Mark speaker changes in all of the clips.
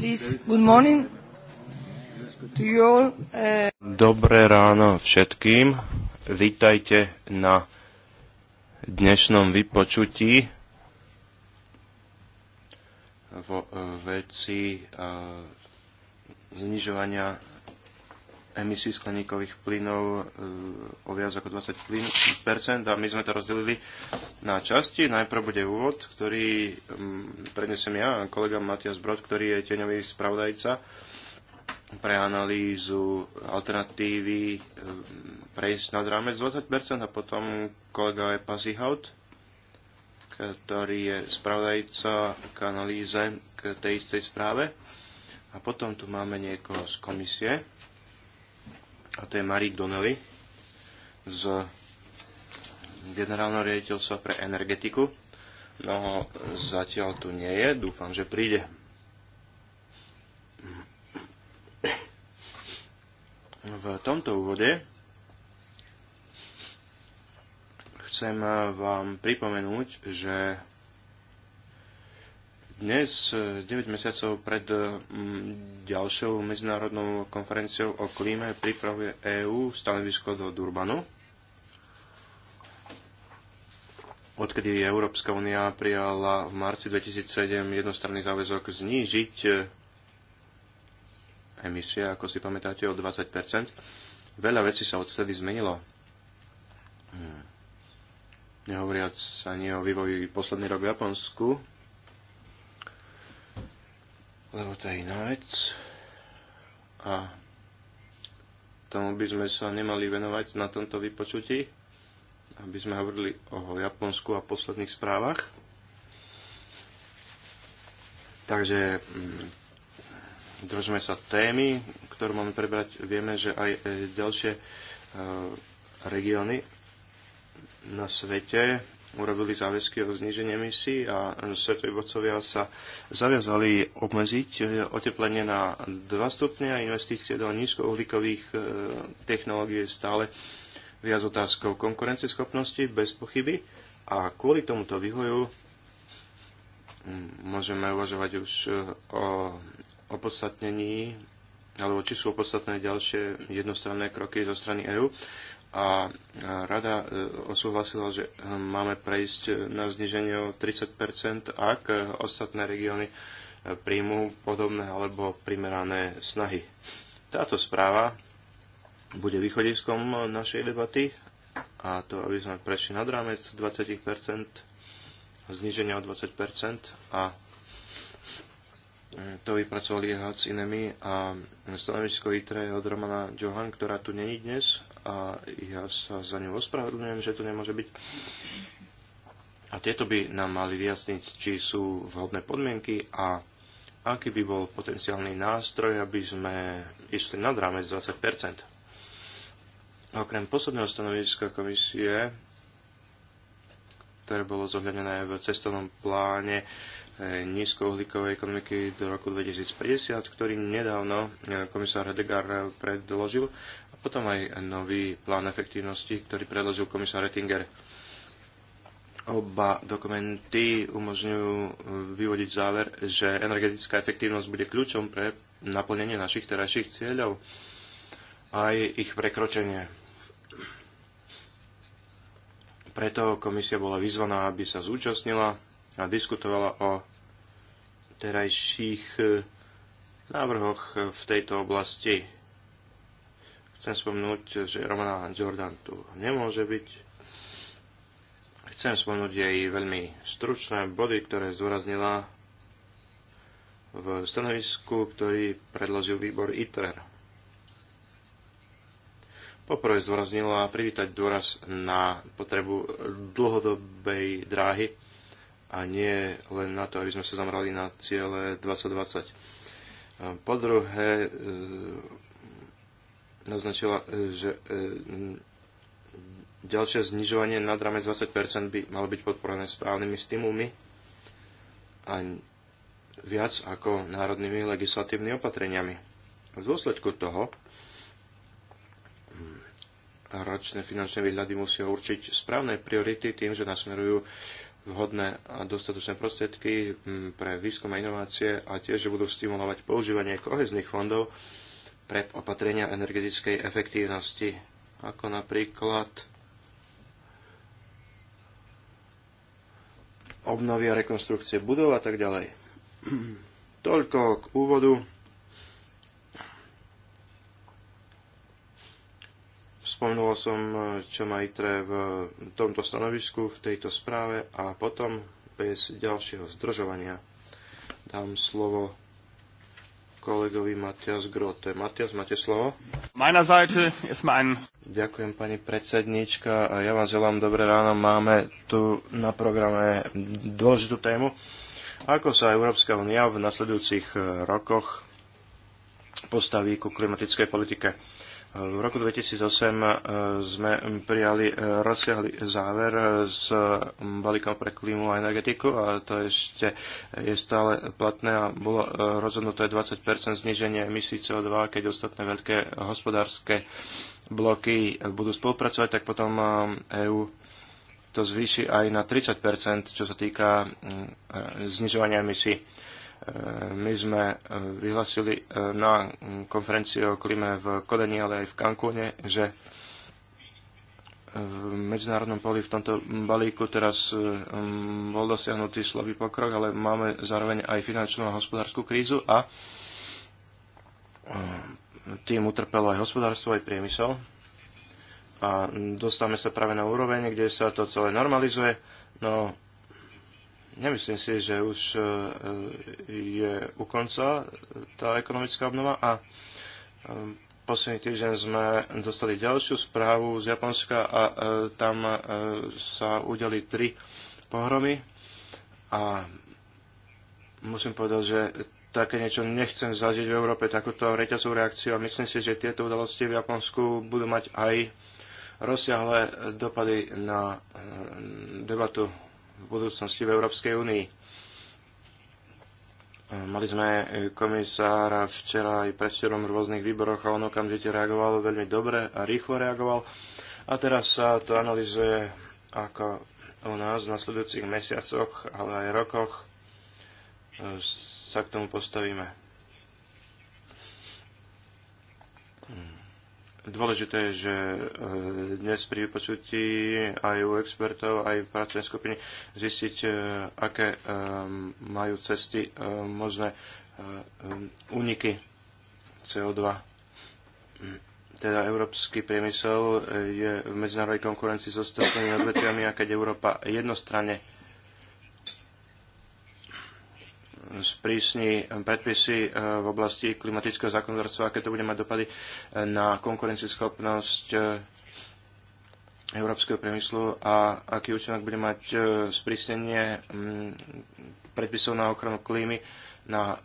Speaker 1: Uh,
Speaker 2: Dobré ráno všetkým. Vítajte na dnešnom vypočutí vo e, veci e, znižovania emisí skleníkových plynov e, o viac ako 20 a my sme to rozdelili na časti. Najprv bude úvod, ktorý mm, prednesem ja a kolega Matias Brod, ktorý je tieňový spravodajca pre analýzu alternatívy e, prejsť nad rámec 20% a potom kolega je Pazihaut, ktorý je spravodajca k analýze k tej istej správe. A potom tu máme niekoho z komisie a to je Marie Donnelly z generálneho riaditeľstva pre energetiku. No, zatiaľ tu nie je, dúfam, že príde. V tomto úvode chcem vám pripomenúť, že dnes, 9 e, mesiacov pred e, ďalšou medzinárodnou konferenciou o klíme, pripravuje EÚ stanovisko do Durbanu. Odkedy Európska únia prijala v marci 2007 jednostranný záväzok znížiť e, emisie, ako si pamätáte, o 20 veľa vecí sa odtedy zmenilo. Hm. Nehovoriac ani o vývoji posledný rok v Japonsku, lebo to je iná vec. A tomu by sme sa nemali venovať na tomto vypočutí, aby sme hovorili o Japonsku a posledných správach. Takže mm, držme sa témy, ktorú máme prebrať. Vieme, že aj e, ďalšie e, regióny na svete urobili záväzky o znižení emisí a svetoví vodcovia sa zaviazali obmedziť e, oteplenie na 2 stupne a investície do nízkouhlíkových e, technológií je stále viac otázkou konkurencieschopnosti, bez pochyby. A kvôli tomuto vývoju môžeme uvažovať už e, o opodstatnení alebo či sú opodstatné ďalšie jednostranné kroky zo strany EÚ a rada e, osúhlasila, že e, máme prejsť e, na zniženie o 30 ak ostatné regióny príjmu podobné alebo primerané snahy. Táto správa bude východiskom našej debaty a to, aby sme prešli nad rámec 20 zniženia o 20 a to vypracovali Hac inými a stanovisko ITRE od Romana Johan, ktorá tu není dnes a ja sa za ňu ospravedlňujem, že to nemôže byť. A tieto by nám mali vyjasniť, či sú vhodné podmienky a aký by bol potenciálny nástroj, aby sme išli nad rámec 20 Okrem posledného stanoviska komisie, ktoré bolo zohľadené v cestovnom pláne eh, nízkouhlíkovej ekonomiky do roku 2050, ktorý nedávno eh, komisár Hedegar predložil potom aj nový plán efektívnosti, ktorý predložil komisár Rettinger. Oba dokumenty umožňujú e, vyvodiť záver, že energetická efektívnosť bude kľúčom pre naplnenie našich terajších cieľov a aj ich prekročenie. Preto komisia bola vyzvaná, aby sa zúčastnila a diskutovala o terajších e, návrhoch v tejto oblasti Chcem spomnúť, že Romana Jordan tu nemôže byť. Chcem spomnúť jej veľmi stručné body, ktoré zdôraznila v stanovisku, ktorý predložil výbor ITRER. Poprvé zdôraznila privítať dôraz na potrebu dlhodobej dráhy a nie len na to, aby sme sa zamrali na ciele 2020. Po druhé, naznačila, e, že e, ďalšie znižovanie nad rámec 20% by malo byť podporené správnymi stimulmi a viac ako národnými legislatívnymi opatreniami. V dôsledku toho ročné finančné výhľady musia určiť správne priority tým, že nasmerujú vhodné a dostatočné prostriedky pre výskum a inovácie a tiež, že budú stimulovať používanie kohezných fondov pre opatrenia energetickej efektívnosti, ako napríklad a rekonstrukcie budov a tak ďalej. Toľko k úvodu. Spomenul som, čo ma ITRE v tomto stanovisku, v tejto správe a potom bez ďalšieho zdržovania dám slovo kolegovi Matias Grote. Matias, máte slovo? Meiner Seite ist mein... Ďakujem, pani predsednička. A ja vám želám dobré ráno. Máme tu na programe dôležitú tému. Ako sa Európska únia v nasledujúcich rokoch postaví ku klimatickej politike? V roku 2008 e, sme prijali e, rozsiahly záver e, s balíkom pre klímu a energetiku a to ešte je stále platné a bolo rozhodnuté 20 zniženie emisí CO2, keď ostatné veľké hospodárske bloky budú spolupracovať, tak potom EÚ to zvýši aj na 30 čo sa týka znižovania emisí. My sme e, vyhlasili e, na konferencii o klime v Kodani, ale aj v Cancúne, že v medzinárodnom poli v tomto balíku teraz e, bol dosiahnutý slabý pokrok, ale máme zároveň aj finančnú a hospodárskú krízu a tým utrpelo aj hospodárstvo, aj priemysel. A dostávame sa práve na úroveň, kde sa to celé normalizuje, no Nemyslím si, že už e, je u konca tá ekonomická obnova a e, posledný týždeň sme dostali ďalšiu správu z Japonska a e, tam sa udeli tri pohromy a musím povedať, že také niečo nechcem zažiť v Európe, takúto reťazovú reakciu a myslím si, že tieto udalosti v Japonsku budú mať aj rozsiahle dopady na debatu v budúcnosti v Európskej únii. Mali sme komisára včera aj predvčerom v rôznych výboroch a on okamžite reagoval veľmi dobre a rýchlo reagoval. A teraz sa to analizuje ako u nás v nasledujúcich mesiacoch, ale aj rokoch sa k tomu postavíme. Dôležité je, že eh, dnes pri vypočutí aj u expertov, aj v pracovnej skupiny zistiť, eh, aké eh, majú cesty možné úniky CO2 teda európsky priemysel je v medzinárodnej konkurencii s so ostatnými odvetviami a keď Európa jednostranne sprísni predpisy eh, v oblasti klimatického zákonodárstva, aké to bude mať dopady eh, na konkurencieschopnosť eh, európskeho priemyslu a aký účinok bude mať sprísnenie mm, predpisov na ochranu klímy na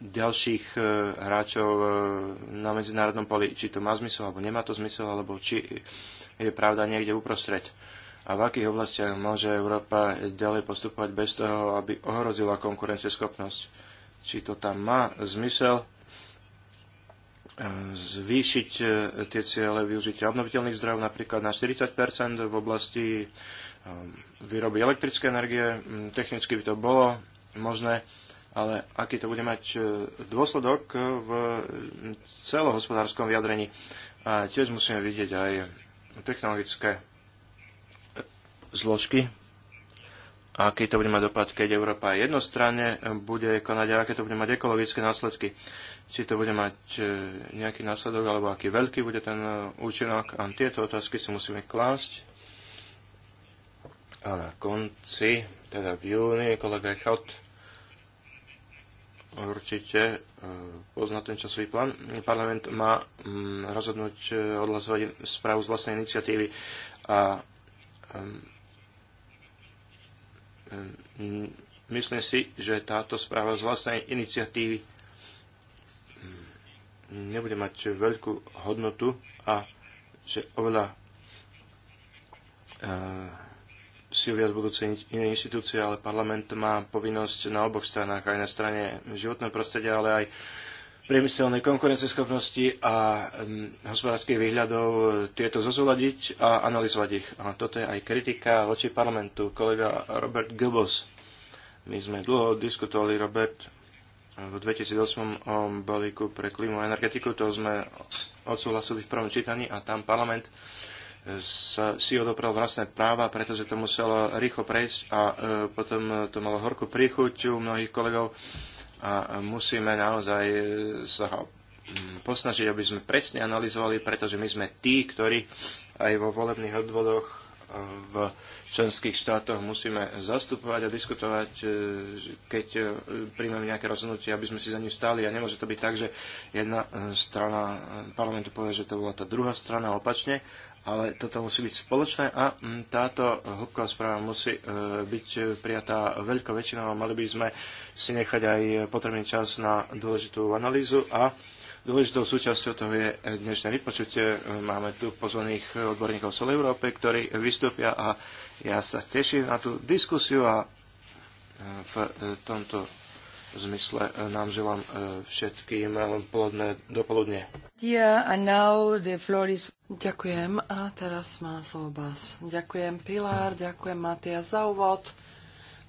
Speaker 2: ďalších hráčov na medzinárodnom poli. Či to má zmysel, alebo nemá to zmysel, alebo či je pravda niekde uprostred a v akých oblastiach môže Európa ďalej postupovať bez toho, aby ohrozila konkurencieschopnosť. Či to tam má zmysel e, zvýšiť e, tie ciele využitia obnoviteľných zdrojov napríklad na 40 v oblasti e, výroby elektrické energie. Mm, technicky by to bolo možné, ale aký to bude mať dôsledok v celohospodárskom vyjadrení. A tiež musíme vidieť aj technologické zložky a aký to bude mať dopad, keď Európa jednostranne bude konať a aké to bude mať ekologické následky. Či to bude mať e, nejaký následok, alebo aký veľký bude ten e, účinok. A tieto otázky si musíme klásť. A na konci, teda v júni, kolega Echot určite e, pozná ten časový plán. Parlament má mm, rozhodnúť odhlasovať správu z vlastnej iniciatívy a mm, Hm, myslím si, že táto správa z vlastnej iniciatívy hm, nebude mať veľkú hodnotu a že oveľa eh, si viac budú ceniť iné inštitúcie, ale parlament má povinnosť na oboch stranách, aj na strane životného prostredia, ale aj priemyselnej konkurenceschopnosti a mm, hospodárskych výhľadov e, tieto zozuladiť a analyzovať ich. A toto je aj kritika voči parlamentu. Kolega Robert Goebbels. My sme dlho diskutovali, Robert, v 2008 o balíku pre klímu a energetiku. To sme odsúhlasili v prvom čítaní a tam parlament e, sa, si odopral vlastné práva, pretože to muselo rýchlo prejsť a e, potom to malo horkú príchuť u mnohých kolegov a musíme naozaj sa posnažiť, aby sme presne analyzovali, pretože my sme tí, ktorí aj vo volebných odvodoch v členských štátoch musíme zastupovať a diskutovať, e, keď e, príjmeme nejaké rozhodnutie, aby sme si za ním stáli. A nemôže to byť tak, že jedna e, strana parlamentu povie, že to bola tá druhá strana opačne, ale toto musí byť spoločné a táto hlubková správa musí byť prijatá veľkou väčšinou a mali by sme si nechať aj potrebný čas na dôležitú analýzu a Dôležitou súčasťou toho je dnešné vypočutie. Máme tu pozvaných odborníkov z celej Európy, ktorí vystúpia a ja sa teším na tú diskusiu a e, v tomto zmysle e, nám želám e, všetkým plodné dopoludne.
Speaker 1: Ďakujem a teraz má slovo Bas. Ďakujem Pilar, ďakujem Matia za úvod.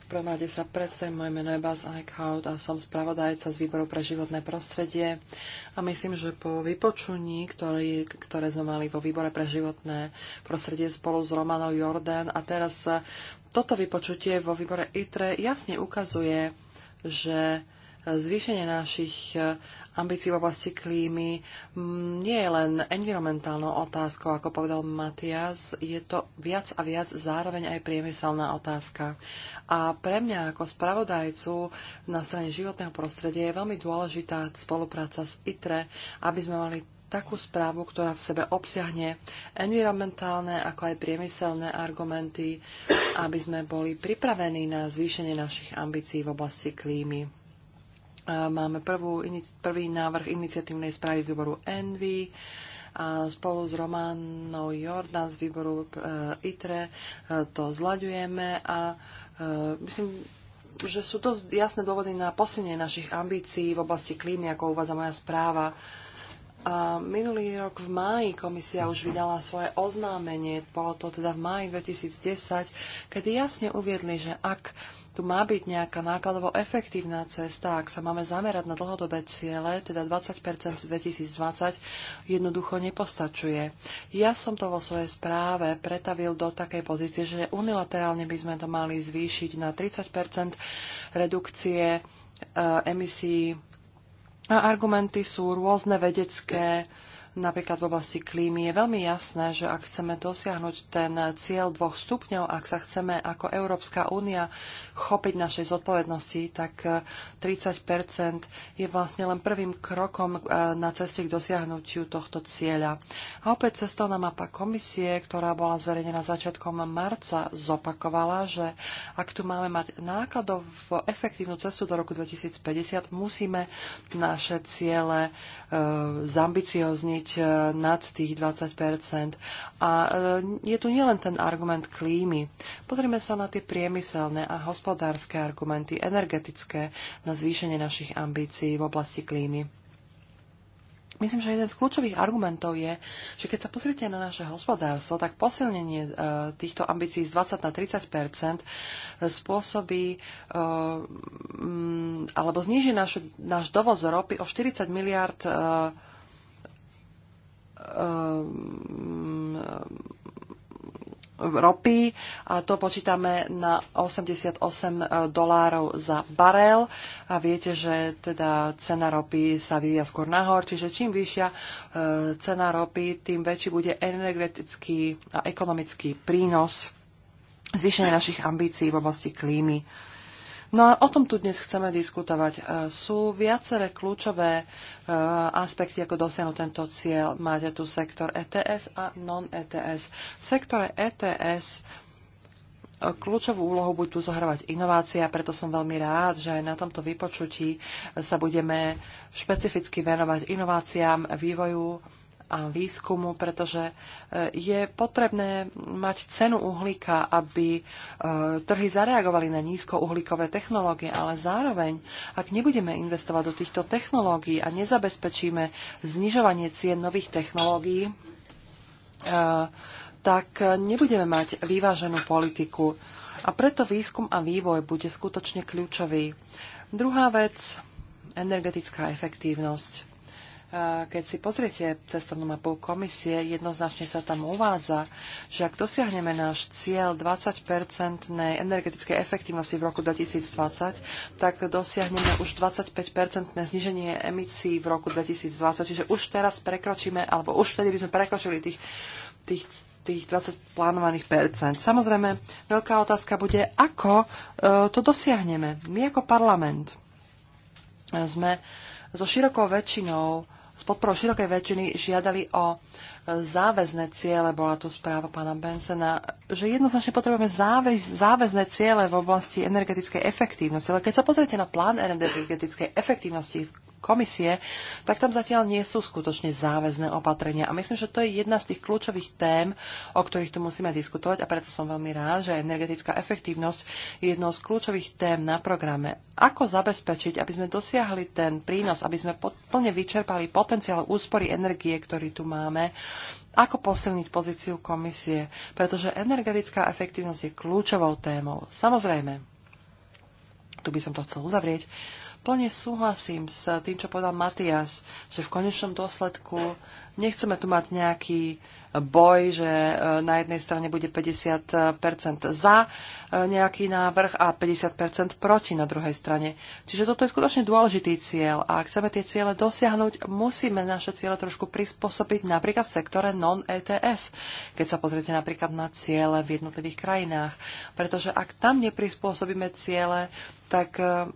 Speaker 1: V prvom rade sa predstavím, moje meno je Bas Eichhout a som spravodajca z Výboru pre životné prostredie a myslím, že po vypočuní, ktorý, ktoré sme mali vo Výbore pre životné prostredie spolu s Romanou Jordan a teraz toto vypočutie vo Výbore ITRE jasne ukazuje, že zvýšenie našich ambícií v oblasti klímy nie je len environmentálnou otázkou, ako povedal Matias, je to viac a viac zároveň aj priemyselná otázka. A pre mňa ako spravodajcu na strane životného prostredia je veľmi dôležitá spolupráca s ITRE, aby sme mali takú správu, ktorá v sebe obsiahne environmentálne ako aj priemyselné argumenty, aby sme boli pripravení na zvýšenie našich ambícií v oblasti klímy. Máme prvú, prvý návrh iniciatívnej správy výboru Envy a spolu s Románou Jordan z výboru e, ITRE e, to zlaďujeme a e, myslím, že sú to jasné dôvody na posilnenie našich ambícií v oblasti klímy, ako uvádza moja správa. A minulý rok v máji komisia už vydala svoje oznámenie, bolo to teda v máji 2010, kedy jasne uviedli, že ak tu má byť nejaká nákladovo efektívna cesta, ak sa máme zamerať na dlhodobé ciele, teda 20% 2020, jednoducho nepostačuje. Ja som to vo svojej správe pretavil do takej pozície, že unilaterálne by sme to mali zvýšiť na 30% redukcie eh, emisí. A argumenty sú rôzne vedecké, napríklad v oblasti klímy, je veľmi jasné, že ak chceme dosiahnuť ten cieľ dvoch stupňov, ak sa chceme ako Európska únia chopiť našej zodpovednosti, tak 30 eh, je vlastne len prvým krokom eh, na ceste k dosiahnutiu tohto cieľa. A opäť cestovná mapa komisie, ktorá bola zverejnená začiatkom marca, zopakovala, že ak tu máme mať nákladov efektívnu cestu do roku 2050, musíme naše ciele e, eh, zambiciozniť byť e, nad tých 20 A e, je tu nielen ten argument klímy. Pozrieme sa na tie priemyselné a hospodárske argumenty, energetické, na zvýšenie našich ambícií v oblasti klímy. Myslím, že jeden z kľúčových argumentov je, že keď sa pozrite na naše hospodárstvo, tak posilnenie e, týchto ambícií z 20 na 30 spôsobí alebo zniží náš, náš dovoz ropy o 40 miliard um, ropy a to počítame na 88 dolárov za barel a viete, že teda cena ropy sa vyvíja skôr nahor, čiže čím vyššia uh, cena ropy, tým väčší bude energetický a ekonomický prínos zvýšenie našich ambícií v oblasti klímy. No a o tom tu dnes chceme diskutovať. E, sú viaceré kľúčové e, aspekty, ako dosiahnuť tento cieľ. Máte tu sektor ETS a non-ETS. V sektore ETS e, kľúčovú úlohu budú zohrávať inovácie preto som veľmi rád, že aj na tomto vypočutí sa budeme špecificky venovať inováciám, vývoju a výskumu, pretože e, je potrebné mať cenu uhlíka, aby e, trhy zareagovali na nízkouhlíkové technológie, ale zároveň, ak nebudeme investovať do týchto technológií a nezabezpečíme znižovanie cien nových technológií, e, tak nebudeme mať vyváženú politiku. A preto výskum a vývoj bude skutočne kľúčový. Druhá vec, energetická efektívnosť keď si pozriete cestovnú mapu komisie, jednoznačne sa tam uvádza, že ak dosiahneme náš cieľ 20-percentnej energetickej efektivnosti v roku 2020, tak dosiahneme už 25-percentné zniženie emisí v roku 2020. Čiže už teraz prekročíme, alebo už vtedy by sme prekročili tých, tých tých 20 plánovaných percent. Samozrejme, veľká otázka bude, ako e, to dosiahneme. My ako parlament sme e, so širokou väčšinou, s podporou širokej väčšiny žiadali o záväzne ciele, bola tu správa pána Bensena, že jednoznačne potrebujeme záväz, záväzne ciele v oblasti energetickej efektívnosti. Ale keď sa pozriete na plán energetickej efektívnosti komisie, tak tam zatiaľ nie sú skutočne záväzné opatrenia. A myslím, že to je jedna z tých kľúčových tém, o ktorých tu musíme diskutovať a preto som veľmi rád, že energetická efektívnosť je jednou z kľúčových tém na programe. Ako zabezpečiť, aby sme dosiahli ten prínos, aby sme plne vyčerpali potenciál úspory energie, ktorý tu máme, ako posilniť pozíciu komisie, pretože energetická efektívnosť je kľúčovou témou. Samozrejme, tu by som to chcel uzavrieť, plne súhlasím s tým, čo povedal Matias, že v konečnom dôsledku nechceme tu mať nejaký boj, že e, na jednej strane bude 50% za e, nejaký návrh a 50% proti na druhej strane. Čiže toto je skutočne dôležitý cieľ a ak chceme tie ciele dosiahnuť, musíme naše ciele trošku prispôsobiť napríklad v sektore non-ETS, keď sa pozriete napríklad na ciele v jednotlivých krajinách. Pretože ak tam neprispôsobíme ciele, tak e,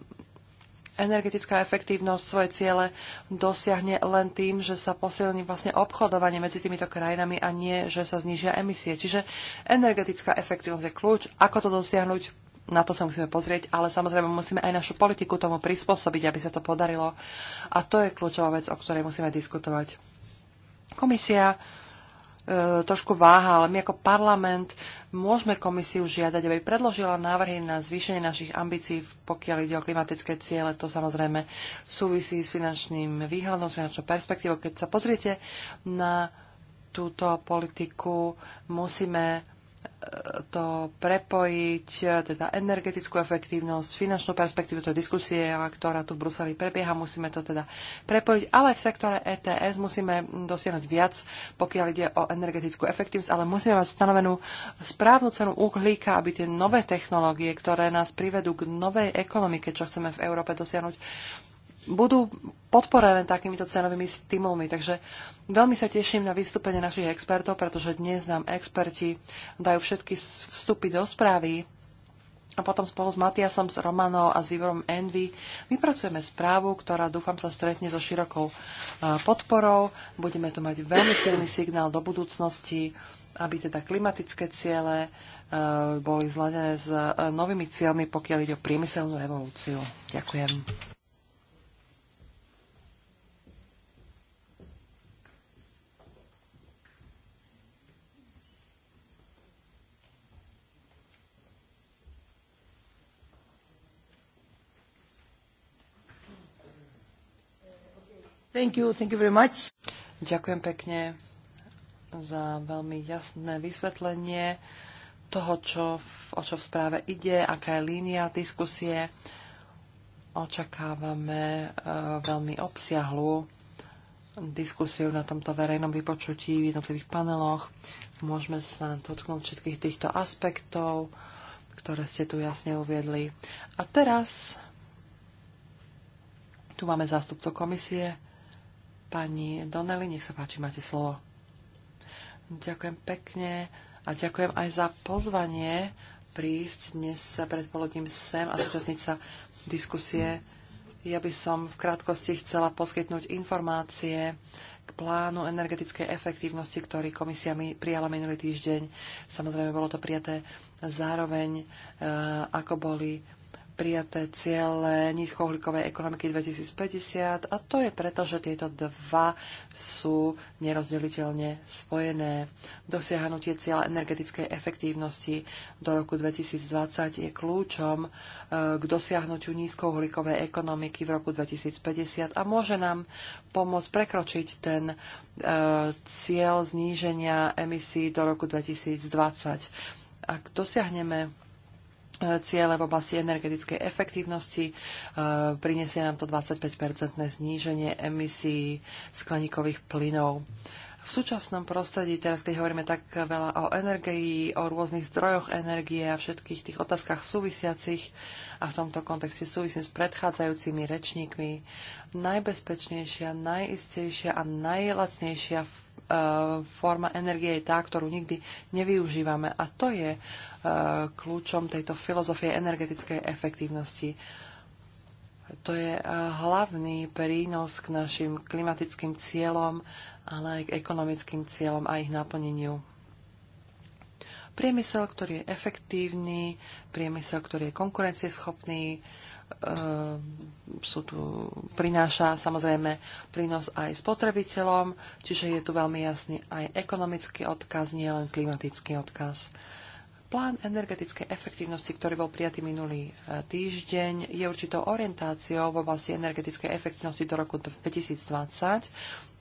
Speaker 1: energetická efektívnosť svoje ciele dosiahne len tým, že sa posilní vlastne obchodovanie medzi týmito krajinami a nie, že sa znižia emisie. Čiže energetická efektívnosť je kľúč. Ako to dosiahnuť? Na to sa musíme pozrieť, ale samozrejme musíme aj našu politiku tomu prispôsobiť, aby sa to podarilo. A to je kľúčová vec, o ktorej musíme diskutovať. Komisia E, trošku váha, ale my ako parlament môžeme komisiu žiadať, aby predložila návrhy na zvýšenie našich ambícií, pokiaľ ide o klimatické ciele. To samozrejme súvisí s finančným výhľadom, s finančnou perspektívou. Keď sa pozriete na túto politiku, musíme to prepojiť, teda energetickú efektívnosť, finančnú perspektívu, to je diskusie, ktorá tu v Bruseli prebieha, musíme to teda prepojiť, ale v sektore ETS musíme dosiahnuť viac, pokiaľ ide o energetickú efektívnosť, ale musíme mať stanovenú správnu cenu uhlíka, aby tie nové technológie, ktoré nás privedú k novej ekonomike, čo chceme v Európe dosiahnuť, budú podporené takýmito cenovými stimulmi. Takže veľmi sa teším na vystúpenie našich expertov, pretože dnes nám experti dajú všetky vstupy do správy a potom spolu s Matiasom, s Romanou a s výborom Envy vypracujeme správu, ktorá dúfam sa stretne so širokou e, podporou. Budeme tu mať veľmi silný signál do budúcnosti, aby teda klimatické ciele e, boli zladené s e, novými cieľmi, pokiaľ ide o priemyselnú revolúciu. Ďakujem. Ďakujem pekne za veľmi jasné vysvetlenie toho, čo, o čo v správe ide, aká je línia diskusie. Očakávame e, veľmi obsiahlu diskusiu na tomto verejnom vypočutí v jednotlivých paneloch. Môžeme sa dotknúť všetkých týchto aspektov, ktoré ste tu jasne uviedli. A teraz tu máme zástupcov komisie Pani Donnelly, nech sa páči, máte slovo. Ďakujem pekne a ďakujem aj za pozvanie prísť dnes sa predpoludním sem a zúčastniť sa diskusie. Ja by som v krátkosti chcela poskytnúť informácie k plánu energetickej efektívnosti, ktorý komisia mi prijala minulý týždeň. Samozrejme, bolo to prijaté zároveň, e, ako boli prijaté ciele nízkouhlíkovej ekonomiky 2050 a to je preto, že tieto dva sú nerozdeliteľne spojené. Dosiahnutie cieľa energetickej efektívnosti do roku 2020 je kľúčom eh, k dosiahnutiu nízkouhlíkovej ekonomiky v roku 2050 a môže nám pomôcť prekročiť ten eh, cieľ zníženia emisí do roku 2020. Ak dosiahneme ciele v oblasti energetickej efektívnosti. E, prinesie nám to 25-percentné zníženie emisí skleníkových plynov. V súčasnom prostredí, teraz keď hovoríme tak veľa o energii, o rôznych zdrojoch energie a všetkých tých otázkach súvisiacich a v tomto kontexte súvisím s predchádzajúcimi rečníkmi, najbezpečnejšia, najistejšia a najlacnejšia E, forma energie je tá, ktorú nikdy nevyužívame. A to je e, kľúčom tejto filozofie energetickej efektívnosti. To je e, hlavný prínos k našim klimatickým cieľom, ale aj k ekonomickým cieľom a ich naplneniu. Priemysel, ktorý je efektívny, priemysel, ktorý je konkurencieschopný, Ehm, sú tu, prináša samozrejme prínos aj spotrebiteľom, čiže je tu veľmi jasný aj ekonomický odkaz, nie len klimatický odkaz. Plán energetickej efektívnosti, ktorý bol prijatý minulý e, týždeň, je určitou orientáciou v oblasti energetickej efektívnosti do roku 2020,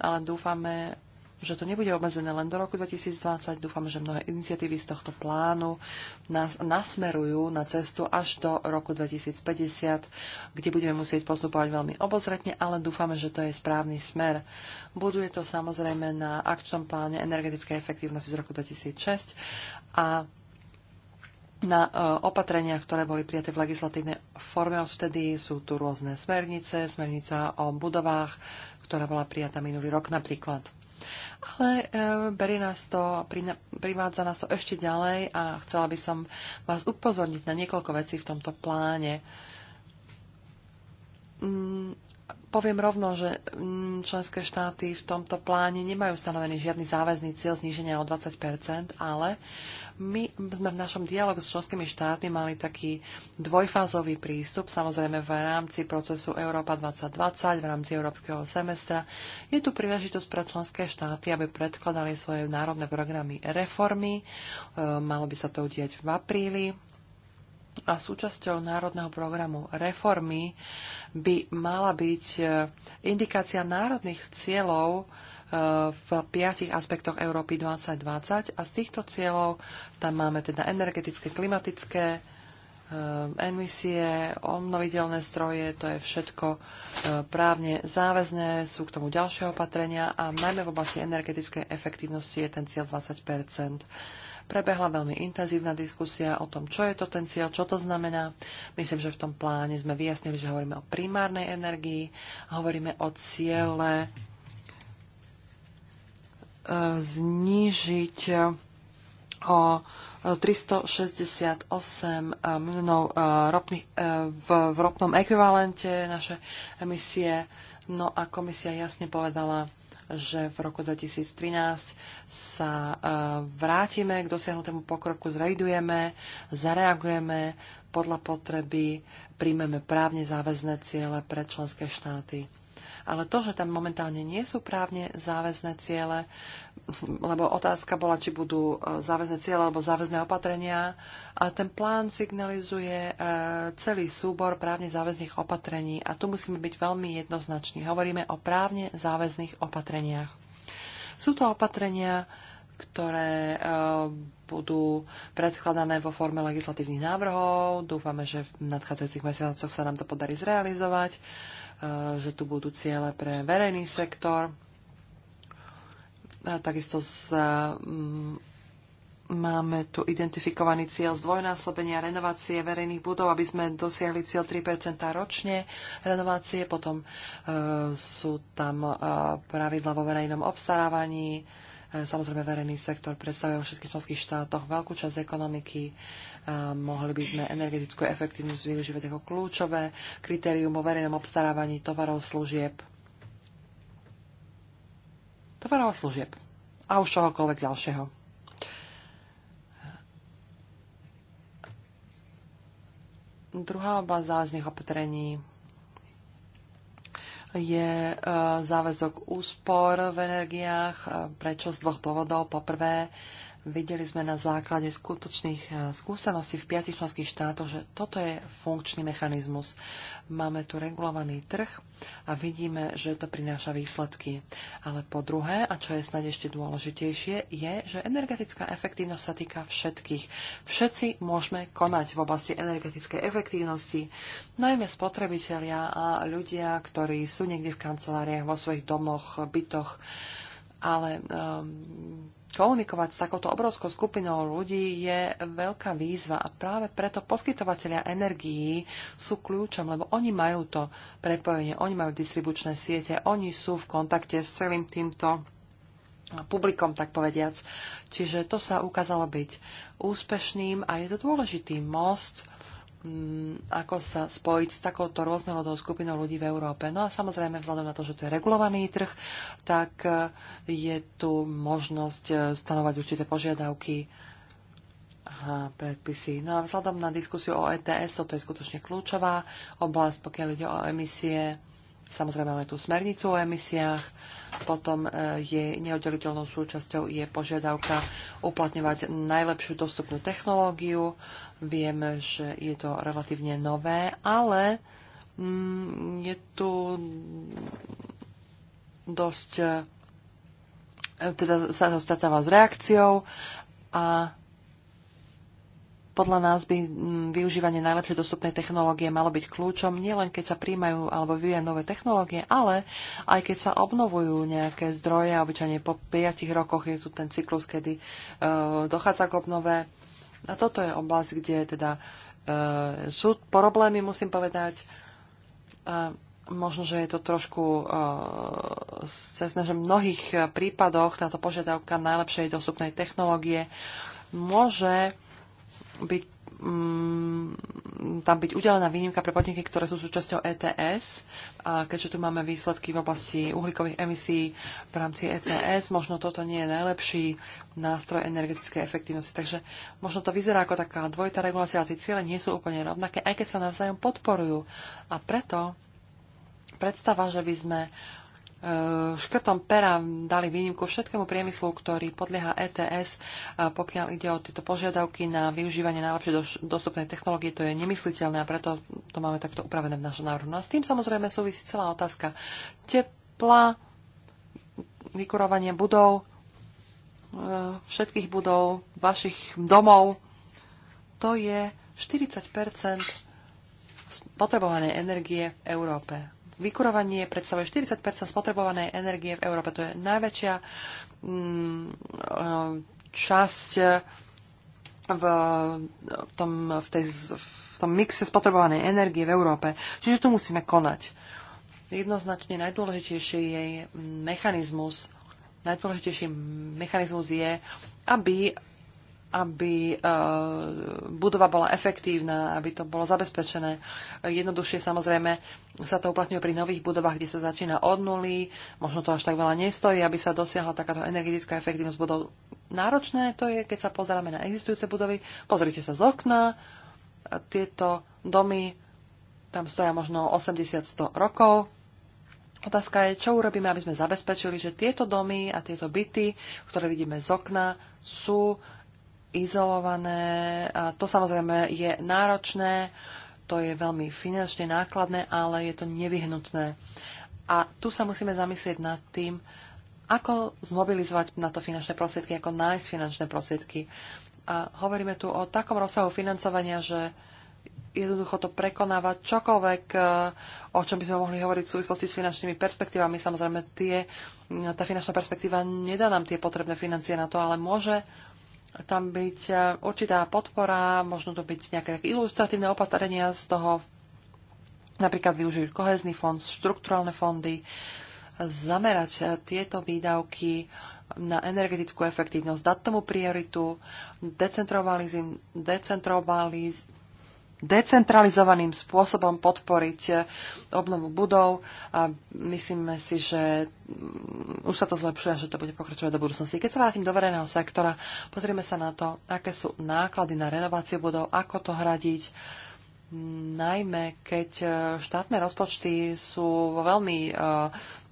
Speaker 1: ale dúfame, že to nebude obmedzené len do roku 2020. Dúfam, že mnohé iniciatívy z tohto plánu nás nasmerujú na cestu až do roku 2050, kde budeme musieť postupovať veľmi obozretne, ale dúfame, že to je správny smer. Buduje to samozrejme na akčnom pláne energetickej efektívnosti z roku 2006 a na e, opatrenia, ktoré boli prijaté v legislatívnej forme odvtedy. Sú tu rôzne smernice, smernica o budovách, ktorá bola prijatá minulý rok napríklad ale e, berie nás to, privádza nás to ešte ďalej a chcela by som vás upozorniť na niekoľko vecí v tomto pláne. Mm, poviem rovno, že mm, členské štáty v tomto pláne nemajú stanovený žiadny záväzný cieľ zníženia o 20 ale my sme v našom dialogu s členskými štátmi mali taký dvojfázový prístup, samozrejme v rámci procesu Európa 2020, v rámci európskeho semestra. Je tu príležitosť pre členské štáty, aby predkladali svoje národné programy reformy. E, malo by sa to udiať v apríli a súčasťou národného programu reformy by mala byť e, indikácia národných cieľov v piatich aspektoch Európy 2020 a z týchto cieľov tam máme teda energetické, klimatické, e, emisie, obnoviteľné stroje, to je všetko e, právne záväzné, sú k tomu ďalšie opatrenia a najmä v oblasti energetickej efektívnosti je ten cieľ 20 Prebehla veľmi intenzívna diskusia o tom, čo je to ten cieľ, čo to znamená. Myslím, že v tom pláne sme vyjasnili, že hovoríme o primárnej energii, hovoríme o ciele znížiť eh, o 368 eh, eh, miliónov ropných, v, v ropnom ekvivalente naše emisie. No a komisia jasne povedala, že v roku 2013 sa vrátime k dosiahnutému pokroku, zrejdujeme, zareagujeme podľa potreby, príjmeme právne záväzné ciele pre členské štáty ale to, že tam momentálne nie sú právne záväzné ciele, lebo otázka bola, či budú e, záväzné ciele alebo záväzné opatrenia, a ten plán signalizuje e, celý súbor právne záväzných opatrení a tu musíme byť veľmi jednoznační. Hovoríme o právne záväzných opatreniach. Sú to opatrenia, ktoré e, budú predkladané vo forme legislatívnych návrhov. Dúfame, že v nadchádzajúcich mesiacoch sa nám to podarí zrealizovať. Eh, že tu budú ciele pre verejný sektor. A takisto z, m, mm, máme tu identifikovaný cieľ zdvojnásobenia renovácie verejných budov, aby sme dosiahli cieľ 3 ročne renovácie. Potom e, sú tam e, pravidla vo verejnom obstarávaní, E, samozrejme, verejný sektor predstavuje vo všetkých členských štátoch veľkú časť ekonomiky. E, mohli by sme energetickú efektivnosť využívať ako kľúčové kritérium o verejnom obstarávaní tovarov služieb. Tovarov služieb. A už čohokoľvek ďalšieho. Druhá oblasť záležných opatrení je e, záväzok úspor v energiách. E, prečo? Z dvoch dôvodov. Po prvé, Videli sme na základe skutočných e, skúseností v piatich členských štátoch, že toto je funkčný mechanizmus. Máme tu regulovaný trh a vidíme, že to prináša výsledky. Ale po druhé, a čo je snad ešte dôležitejšie, je, že energetická efektívnosť sa týka všetkých. Všetci môžeme konať v oblasti energetickej efektívnosti, najmä spotrebitelia a ľudia, ktorí sú niekde v kanceláriách, vo svojich domoch, bytoch, ale um, komunikovať s takouto obrovskou skupinou ľudí je veľká výzva a práve preto poskytovateľia energií sú kľúčom, lebo oni majú to prepojenie, oni majú distribučné siete, oni sú v kontakte s celým týmto publikom, tak povediac. Čiže to sa ukázalo byť úspešným a je to dôležitý most ako sa spojiť s takouto rôznorodou skupinou ľudí v Európe. No a samozrejme, vzhľadom na to, že to je regulovaný trh, tak e, je tu možnosť e, stanovať určité požiadavky a predpisy. No a vzhľadom na diskusiu o ETS, to je skutočne kľúčová oblasť, pokiaľ ide o emisie Samozrejme máme tu smernicu o emisiách, potom e, je neoddeliteľnou súčasťou je požiadavka uplatňovať najlepšiu dostupnú technológiu. Viem, že je to relatívne nové, ale mm, je tu dosť e, teda sa stretáva s reakciou a podľa nás by mm, využívanie najlepšie dostupnej technológie malo byť kľúčom nielen keď sa príjmajú alebo vyvíjajú nové technológie, ale aj keď sa obnovujú nejaké zdroje. Obyčajne po 5 rokoch je tu ten cyklus, kedy e, dochádza k obnove. A toto je oblasť, kde teda e, sú problémy, musím povedať. A možno, že je to trošku uh, cestné, že v mnohých prípadoch táto požiadavka najlepšej dostupnej technológie môže byť, um, tam byť udelená výnimka pre podniky, ktoré sú súčasťou ETS. A keďže tu máme výsledky v oblasti uhlíkových emisí v rámci ETS, možno toto nie je najlepší nástroj energetickej efektivnosti. Takže možno to vyzerá ako taká dvojitá regulácia, ale tie ciele nie sú úplne rovnaké, aj keď sa navzájom podporujú. A preto predstava, že by sme E, škrtom pera dali výnimku všetkému priemyslu, ktorý podlieha ETS, e, pokiaľ ide o tieto požiadavky na využívanie najlepšie dostupnej technológie, to je nemysliteľné a preto to máme takto upravené v našom návrhu. No a s tým samozrejme súvisí celá otázka tepla, vykurovanie budov, e, všetkých budov, vašich domov. To je 40 spotrebovanej energie v Európe vykurovanie predstavuje 40 spotrebovanej energie v Európe. To je najväčšia mm, e, časť v, tom, v, tej, v tom mixe spotrebovanej energie v Európe. Čiže tu musíme konať. Jednoznačne najdôležitejší je mechanizmus. Najdôležitejší mechanizmus je, aby aby e, budova bola efektívna, aby to bolo zabezpečené. Jednoduchšie samozrejme sa to uplatňuje pri nových budovách, kde sa začína od nuly, možno to až tak veľa nestojí, aby sa dosiahla takáto energetická efektívnosť budov. Náročné to je, keď sa pozeráme na existujúce budovy. Pozrite sa z okna, tieto domy tam stoja možno 80-100 rokov, Otázka je, čo urobíme, aby sme zabezpečili, že tieto domy a tieto byty, ktoré vidíme z okna, sú izolované. A to samozrejme je náročné, to je veľmi finančne nákladné, ale je to nevyhnutné. A tu sa musíme zamyslieť nad tým, ako zmobilizovať na to finančné prostriedky, ako nájsť finančné prostriedky. A hovoríme tu o takom rozsahu financovania, že jednoducho to prekonáva čokoľvek, e, o čom by sme mohli hovoriť v súvislosti s finančnými perspektívami. Samozrejme, tie, e, tá finančná perspektíva nedá nám tie potrebné financie na to, ale môže tam byť e, určitá podpora, možno to byť nejaké ilustratívne opatrenia z toho, napríklad využiť kohezný fond, štrukturálne fondy, zamerať e, tieto výdavky na energetickú efektívnosť, dať tomu prioritu, decentralizovať, decentralizovaným spôsobom podporiť eh, obnovu budov a myslíme si, že mm, už sa to zlepšuje že to bude pokračovať do budúcnosti. Keď sa vrátim do verejného sektora, pozrieme sa na to, aké sú náklady na renováciu budov, ako to hradiť, najmä keď eh, štátne rozpočty sú vo veľmi eh,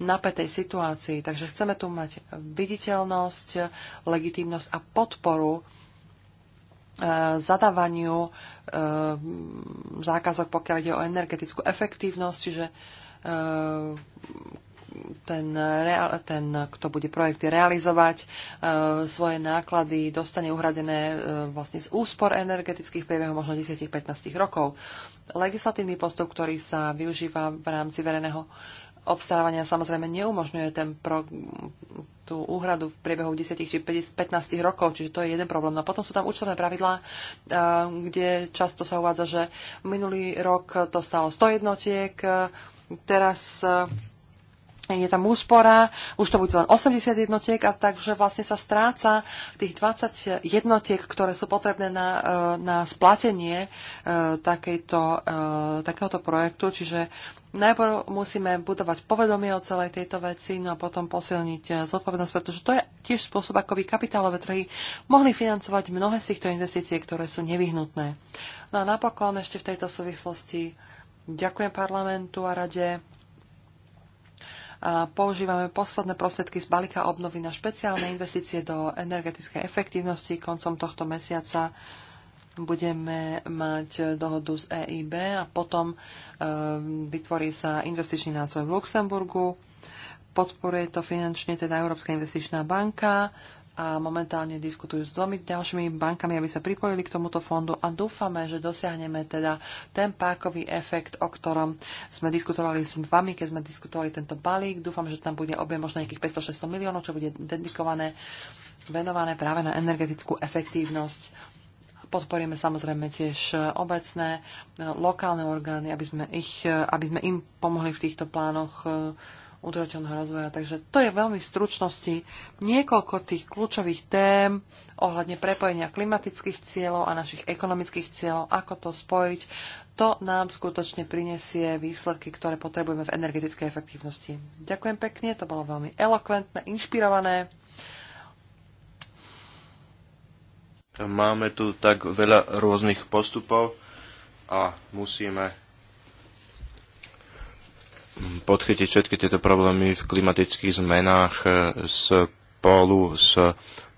Speaker 1: napätej situácii. Takže chceme tu mať viditeľnosť, legitímnosť a podporu Eh, zadávaniu eh, zákazok, pokiaľ ide o energetickú efektívnosť, čiže eh, ten, ten, kto bude projekty realizovať, svoje náklady dostane uhradené vlastne z úspor energetických priebehov možno 10-15 rokov. Legislatívny postup, ktorý sa využíva v rámci verejného obstarávania samozrejme neumožňuje ten pro, tú úhradu v priebehu 10 či 15 rokov, čiže to je jeden problém. No potom sú tam účtovné pravidlá, eh, kde často sa uvádza, že minulý rok to stalo 100 jednotiek, teraz eh, je tam úspora, už to bude len 80 jednotiek a takže vlastne sa stráca tých 20 jednotiek, ktoré sú potrebné na, eh, na splatenie takejto, takéhoto projektu, čiže najprv musíme budovať povedomie o celej tejto veci, no a potom posilniť eh, zodpovednosť, pretože to je tiež spôsob, ako by kapitálové trhy mohli financovať mnohé z týchto investícií, ktoré sú nevyhnutné. No a napokon ešte v tejto súvislosti ďakujem parlamentu a rade. A používame posledné prostriedky z balíka obnovy na špeciálne investície do energetickej efektívnosti koncom tohto mesiaca budeme mať dohodu z EIB a potom ehm, vytvorí sa investičný nástroj v Luxemburgu. Podporuje to finančne teda Európska investičná banka a momentálne diskutujú s dvomi ďalšími bankami, aby sa pripojili k tomuto fondu a dúfame, že dosiahneme teda ten pákový efekt, o ktorom sme diskutovali s vami, keď sme diskutovali tento balík. Dúfam, že tam bude objem možno nejakých 500-600 miliónov, čo bude dedikované, venované práve na energetickú efektívnosť Podporíme samozrejme tiež obecné, e, lokálne orgány, aby sme, ich, e, aby sme im pomohli v týchto plánoch e, udržateľného rozvoja. Takže to je veľmi v stručnosti niekoľko tých kľúčových tém ohľadne prepojenia klimatických cieľov a našich ekonomických cieľov, ako to spojiť. To nám skutočne prinesie výsledky, ktoré potrebujeme v energetickej efektívnosti. Ďakujem pekne, to bolo veľmi elokventné, inšpirované.
Speaker 2: máme tu tak veľa rôznych postupov a musíme podchytiť všetky tieto problémy v klimatických zmenách eh, spolu s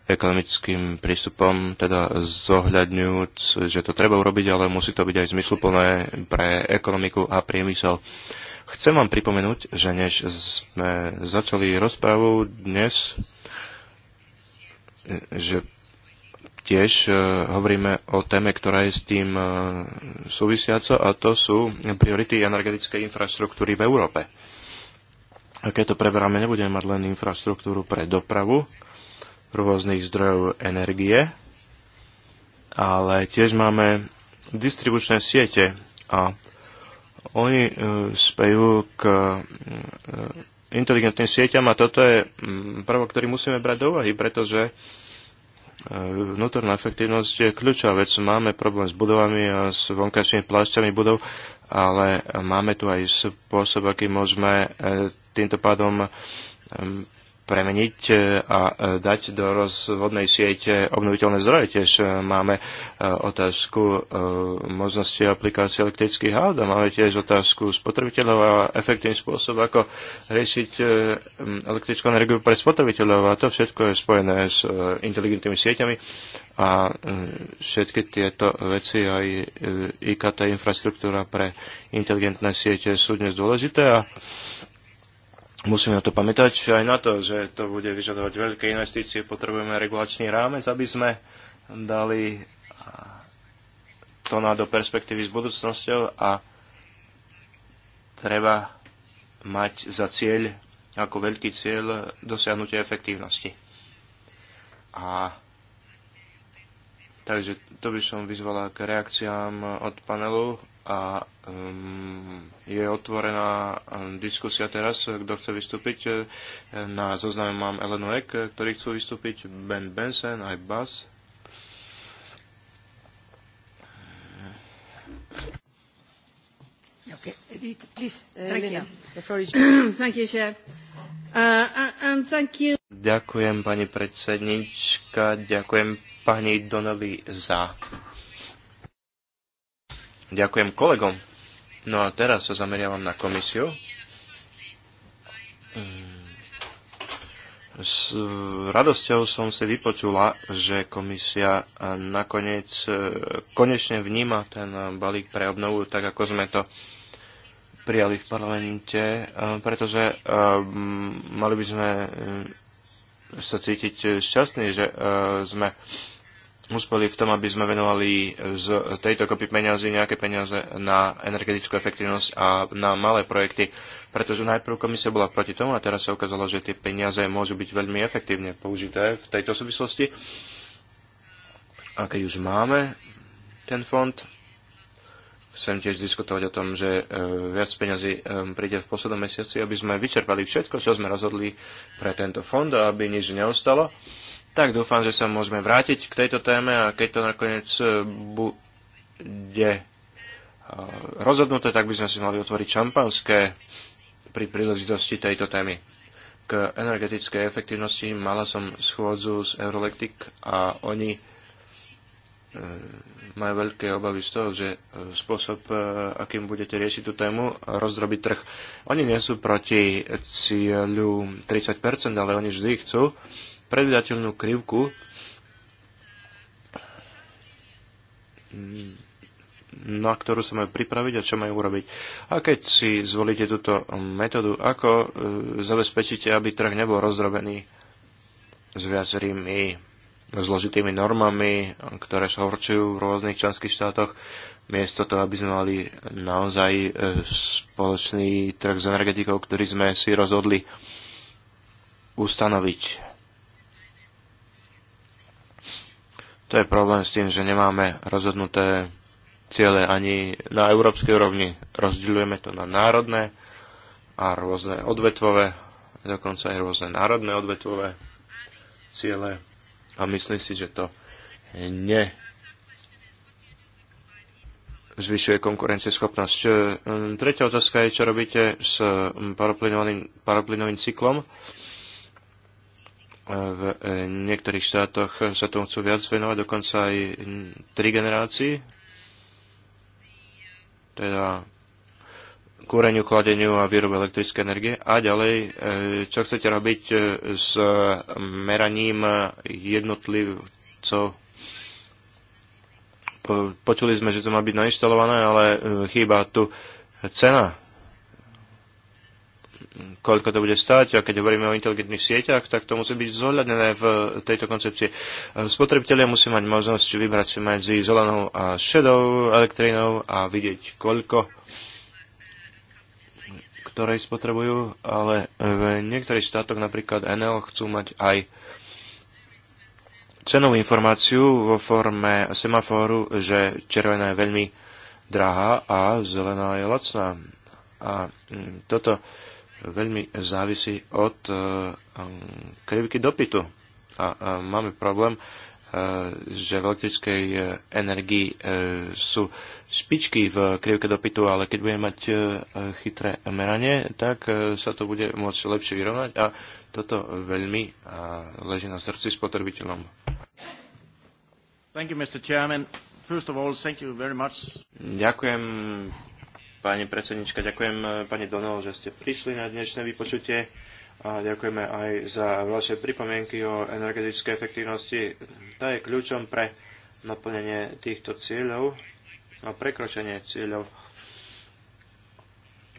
Speaker 2: ekonomickým prístupom, teda zohľadňujúc, že to treba urobiť, ale musí to byť aj zmysluplné pre ekonomiku a priemysel. Chcem vám pripomenúť, že než sme začali rozprávu dnes, eh, že tiež e, hovoríme o téme, ktorá je s tým e, súvisiaca a to sú priority energetickej infraštruktúry v Európe. A keď to preberáme, nebudeme mať len infraštruktúru pre dopravu rôznych zdrojov energie, ale tiež máme distribučné siete a oni e, spejú k inteligentným sieťam a toto je mm, prvok, ktorý musíme brať do úvahy, pretože vnútorná eh, efektívnosť je kľúčová vec. Máme problém s budovami a s vonkajšími plášťami budov, ale máme tu aj spôsob, aký môžeme eh, týmto pádom premeniť e, a e, dať do rozvodnej siete obnoviteľné zdroje. Tiež e, máme otázku možnosti aplikácie elektrických aut a máme tiež otázku spotrebiteľov a efektívny spôsob, ako riešiť elektrickú energiu pre spotrebiteľov. A to všetko je spojené s inteligentnými sieťami a všetky tieto veci, aj IKT infraštruktúra pre inteligentné siete sú dnes dôležité a Musíme na to pamätať aj na to, že to bude vyžadovať veľké investície. Potrebujeme regulačný rámec, aby sme dali to na do perspektívy s budúcnosťou a treba mať za cieľ, ako veľký cieľ, dosiahnutie efektívnosti. A Takže to by som vyzvala k reakciám od panelu a um, je otvorená um, diskusia teraz, kto chce vystúpiť. Na zozname mám Elenu Ek, ktorí chcú vystúpiť, Ben Benson, aj Bas.
Speaker 3: Uh, uh, uh,
Speaker 2: ďakujem, pani predsednička, ďakujem Pani Donnelly za. Ďakujem kolegom. No a teraz sa zameriavam na komisiu. Mm. S radosťou som si vypočula, že komisia eh, nakoniec eh, konečne vníma ten eh, balík pre obnovu, tak ako sme to prijali v parlamente, pretože mali by sme sa cítiť eh, šťastný, že eh, sme uspeli v tom, aby sme venovali z tejto kopy peniazy nejaké peniaze na energetickú efektivnosť a na malé projekty, pretože najprv komisia bola proti tomu a teraz sa ukázalo, že tie peniaze môžu byť veľmi efektívne použité v tejto súvislosti. A keď už máme ten fond, chcem tiež diskutovať o tom, že e, viac peňazí e, príde v poslednom mesiaci, aby sme vyčerpali všetko, čo sme rozhodli pre tento fond a aby nič neostalo. Tak dúfam, že sa môžeme vrátiť k tejto téme a keď to nakoniec e, bude rozhodnuté, tak by sme si mali otvoriť šampanské pri príležitosti tejto témy. K energetickej efektivnosti mala som schôdzu z Eurolektik a oni E, majú veľké obavy z toho, že e, spôsob, e, akým budete riešiť tú tému, rozdrobí trh. Oni nie sú proti cieľu 30%, ale oni vždy chcú predvydateľnú krivku mm, na ktorú sa majú pripraviť a čo majú urobiť. A keď si zvolíte túto metódu, ako zabezpečíte, aby trh nebol rozdrobený s viacerými zložitými normami, ktoré sa určujú v rôznych členských štátoch, miesto toho, aby sme mali naozaj e, spoločný trh s energetikou, ktorý sme si rozhodli ustanoviť. To je problém s tým, že nemáme rozhodnuté ciele ani na európskej úrovni. Rozdielujeme to na národné a rôzne odvetvové, dokonca aj rôzne národné odvetvové ciele. A myslím si, že to ne zvyšuje konkurencieschopnosť. E, tretia otázka je, čo robíte s paroplynovým, paroplynovým cyklom. E, v e, niektorých štátoch sa tomu chcú viac venovať, dokonca aj tri generácii. Teda kúreniu, chladeniu a výrobe elektrické energie. A ďalej, e, čo chcete robiť e, s meraním jednotlivcov? Počuli sme, že to má byť nainštalované, ale e, chýba tu cena koľko to bude stať a keď hovoríme o inteligentných sieťach, tak to musí byť zohľadnené v tejto koncepcii. Spotrebitelia musí mať možnosť vybrať si medzi zelenou a šedou elektrínou a vidieť, koľko ktorej spotrebujú, ale v niektorých štátoch, napríklad NL, chcú mať aj cenovú informáciu vo forme semaforu, že červená je veľmi drahá a zelená je lacná. A mm, toto veľmi závisí od eh, mm, krivky dopytu. A eh, máme problém Eh, že v elektrickej eh, energii eh, sú špičky v krivke dopytu, ale keď budeme mať chytré meranie, tak sa to bude môcť lepšie vyrovnať a toto veľmi leží na srdci spotrebiteľom. Thank you, Mr. Chairman. First of all, thank you very much. Ďakujem, pani predsednička, ďakujem, pani Donal, že ste prišli na dnešné vypočutie a ďakujeme aj za vaše pripomienky o energetickej efektívnosti. Tá je kľúčom pre naplnenie týchto cieľov a prekročenie cieľov.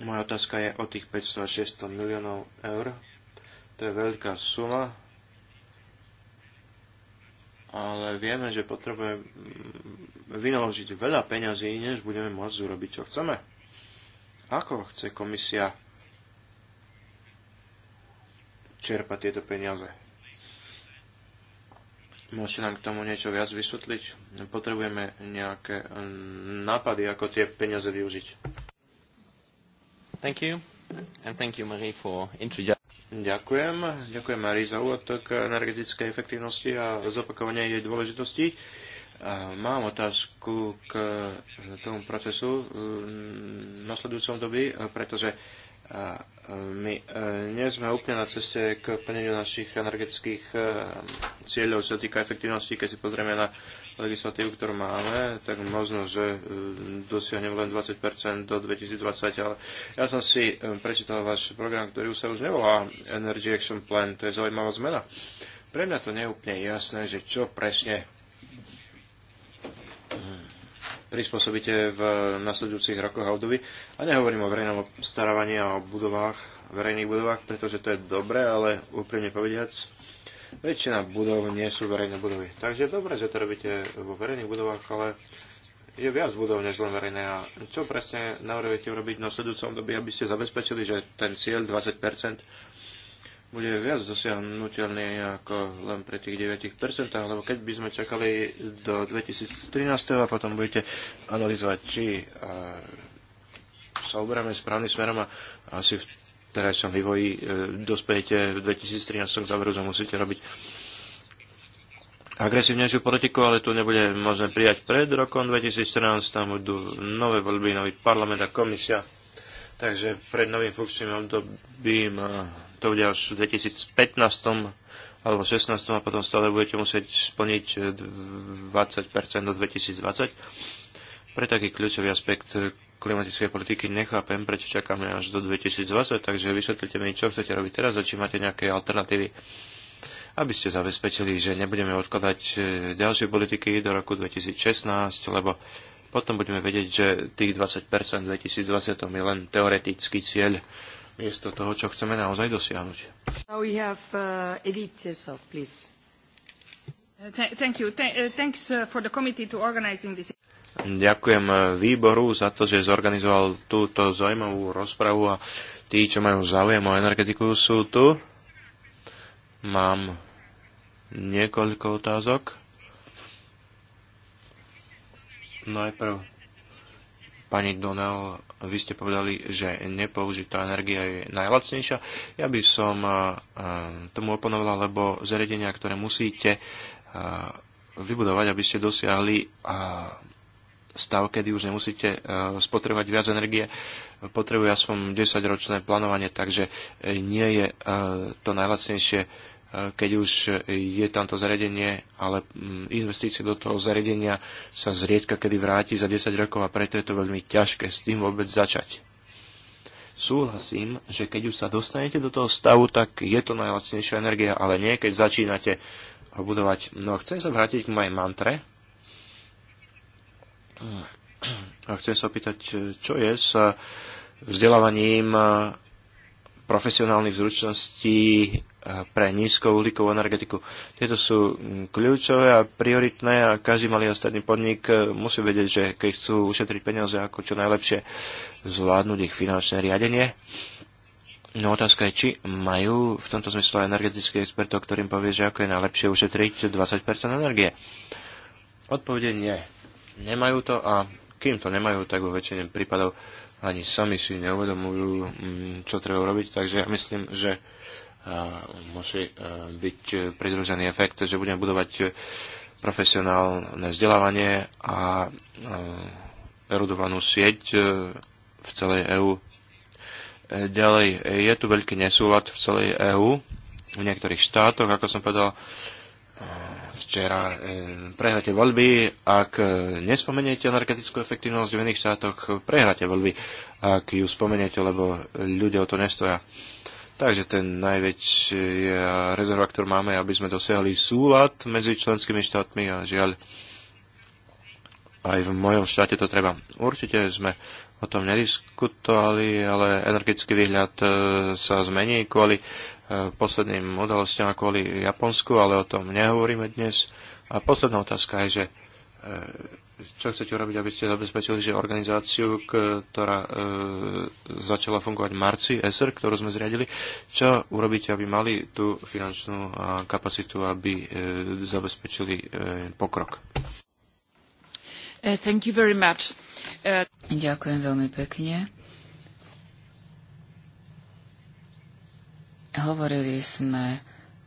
Speaker 2: Moja otázka je o tých 500 a 600 miliónov eur. To je veľká suma, ale vieme, že potrebujeme vynaložiť veľa peňazí, než budeme môcť urobiť, čo chceme. Ako chce komisia čerpať tieto peniaze. Môžete nám k tomu niečo viac vysvetliť? Potrebujeme nejaké mm, nápady, ako tie peniaze využiť. Thank you. And thank you, Marie, for Ďakujem. Ďakujem, Marie, za úvod k energetickej efektivnosti a zopakovanie jej dôležitosti. Mám otázku k tomu procesu v mm, nasledujúcom dobi, pretože a e, my e, nie sme úplne na ceste k plneniu našich energetických e, cieľov, čo sa týka efektivnosti. Keď si pozrieme na legislatívu, ktorú máme, tak možno, že dosiahneme len 20% do 2020, ale ja som si prečítal váš program, ktorý už sa už nevolá Energy Action Plan, to je zaujímavá zmena. Pre mňa to nie je úplne jasné, že čo presne prispôsobíte v nasledujúcich rokoch období. A nehovorím o verejnom starávaní a o budovách, verejných budovách, pretože to je dobré, ale úprimne povediac, väčšina budov nie sú verejné budovy. Takže je dobré, že to robíte vo verejných budovách, ale je viac budov než len verejné. A čo presne navrhujete urobiť v nasledujúcom období, aby ste zabezpečili, že ten cieľ 20 bude viac dosiahnutelný ako len pri tých 9%, lebo keď by sme čakali do 2013 a potom budete analyzovať, či e, sa uberáme správnym smerom a asi v terajšom vývoji e, dospejete v 2013 k záveru, že musíte robiť agresívnejšiu politiku, ale to nebude možné prijať pred rokom 2014, tam budú nové voľby, nový parlament a komisia. Takže pred novým funkčným obdobím e, to bude až v 2015 alebo 16 a potom stále budete musieť splniť 20% e, do 2020. Pre taký kľúčový aspekt e, klimatickej politiky nechápem, prečo čakáme až do 2020, takže vysvetlite mi, čo chcete robiť teraz a či máte nejaké alternatívy, aby ste zabezpečili, že nebudeme odkladať e, ďalšie politiky do roku 2016, lebo potom budeme vedieť, že tých 20% v 2020 je len teoretický cieľ, miesto toho, čo chceme naozaj dosiahnuť.
Speaker 3: Now we have uh, Edith yourself, please. Uh, uh, uh,
Speaker 2: Ďakujem výboru za to, že zorganizoval túto zaujímavú rozpravu a tí, čo majú záujem o energetiku, sú tu. Mám niekoľko otázok. Najprv pani Donel vy ste povedali, že nepoužitá energia je najlacnejšia. Ja by som e, e, tomu oponovala, lebo zariadenia, ktoré musíte e, vybudovať, aby ste dosiahli stav, kedy už nemusíte spotrebovať viac energie, potrebujú aspoň 10-ročné plánovanie, takže nie je to najlacnejšie keď už je tamto zariadenie, ale mm, investície do toho zariadenia sa zriedka kedy vráti za 10 rokov a preto je to veľmi ťažké s tým vôbec začať. Súhlasím, že keď už sa dostanete do toho stavu, tak je to najlacnejšia energia, ale nie keď začínate ho budovať. No a chcem sa vrátiť k mojej mantre. A chcem sa opýtať, čo je s vzdelávaním profesionálnych zručností pre nízkouhlíkovú energetiku. Tieto sú mm, kľúčové a prioritné a každý malý a stredný podnik e, musí vedieť, že keď chcú ušetriť peniaze, ako čo najlepšie zvládnuť ich finančné riadenie. No otázka je, či majú v tomto zmysle energetických expertov, ktorým povie, že ako je najlepšie ušetriť 20% energie. Odpovede nie. Nemajú to a kým to nemajú, tak vo väčšine prípadov ani sami si neuvedomujú, mm, čo treba urobiť. Takže ja myslím, že musí e, byť pridružený efekt, že budeme budovať profesionálne vzdelávanie a e, erudovanú sieť e, v celej EÚ. Ďalej, je tu veľký nesúlad v celej EÚ, v niektorých štátoch, ako som povedal včera, prehráte voľby, ak nespomeniete energetickú efektivnosť v iných štátoch, prehráte voľby, ak ju spomeniete, lebo ľudia o to nestoja. Takže ten najväčší eh, rezerva, ktorý máme, aby sme dosiahli súlad medzi členskými štátmi a žiaľ aj v mojom štáte to treba. Určite sme o tom nediskutovali, ale energetický výhľad eh, sa zmení kvôli eh, posledným udalostiam a kvôli Japonsku, ale o tom nehovoríme dnes. A posledná otázka je, že čo chcete urobiť, aby ste zabezpečili, že organizáciu, ktorá e, začala fungovať v marci, ESR, ktorú sme zriadili, čo urobíte, aby mali tú finančnú kapacitu, aby e, zabezpečili e, pokrok?
Speaker 3: Uh, thank you very much. Uh... Ďakujem veľmi pekne. Hovorili sme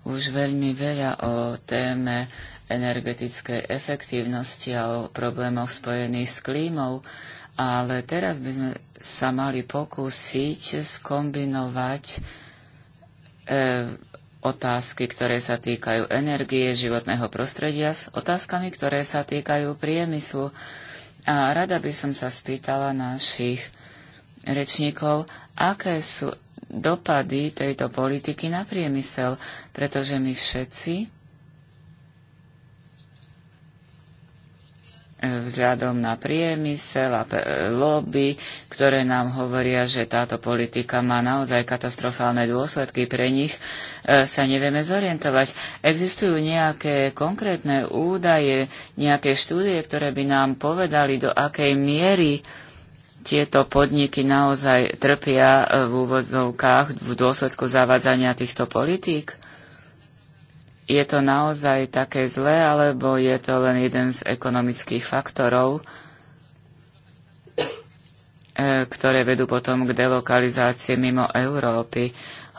Speaker 3: už veľmi veľa o téme energetickej efektívnosti a o problémoch spojených s klímou, ale teraz by sme sa mali pokúsiť skombinovať e, otázky, ktoré sa týkajú energie, životného prostredia s otázkami, ktoré sa týkajú priemyslu. A rada by som sa spýtala našich rečníkov, aké sú dopady tejto politiky na priemysel, pretože my všetci vzhľadom na priemysel a lobby, ktoré nám hovoria, že táto politika má naozaj katastrofálne dôsledky. Pre nich e, sa nevieme zorientovať. Existujú nejaké konkrétne údaje, nejaké štúdie, ktoré by nám povedali, do akej miery tieto podniky naozaj trpia e, v úvodzovkách v dôsledku zavádzania týchto politík? je to naozaj také zlé, alebo je to len jeden z ekonomických faktorov, e, ktoré vedú potom k delokalizácie mimo Európy.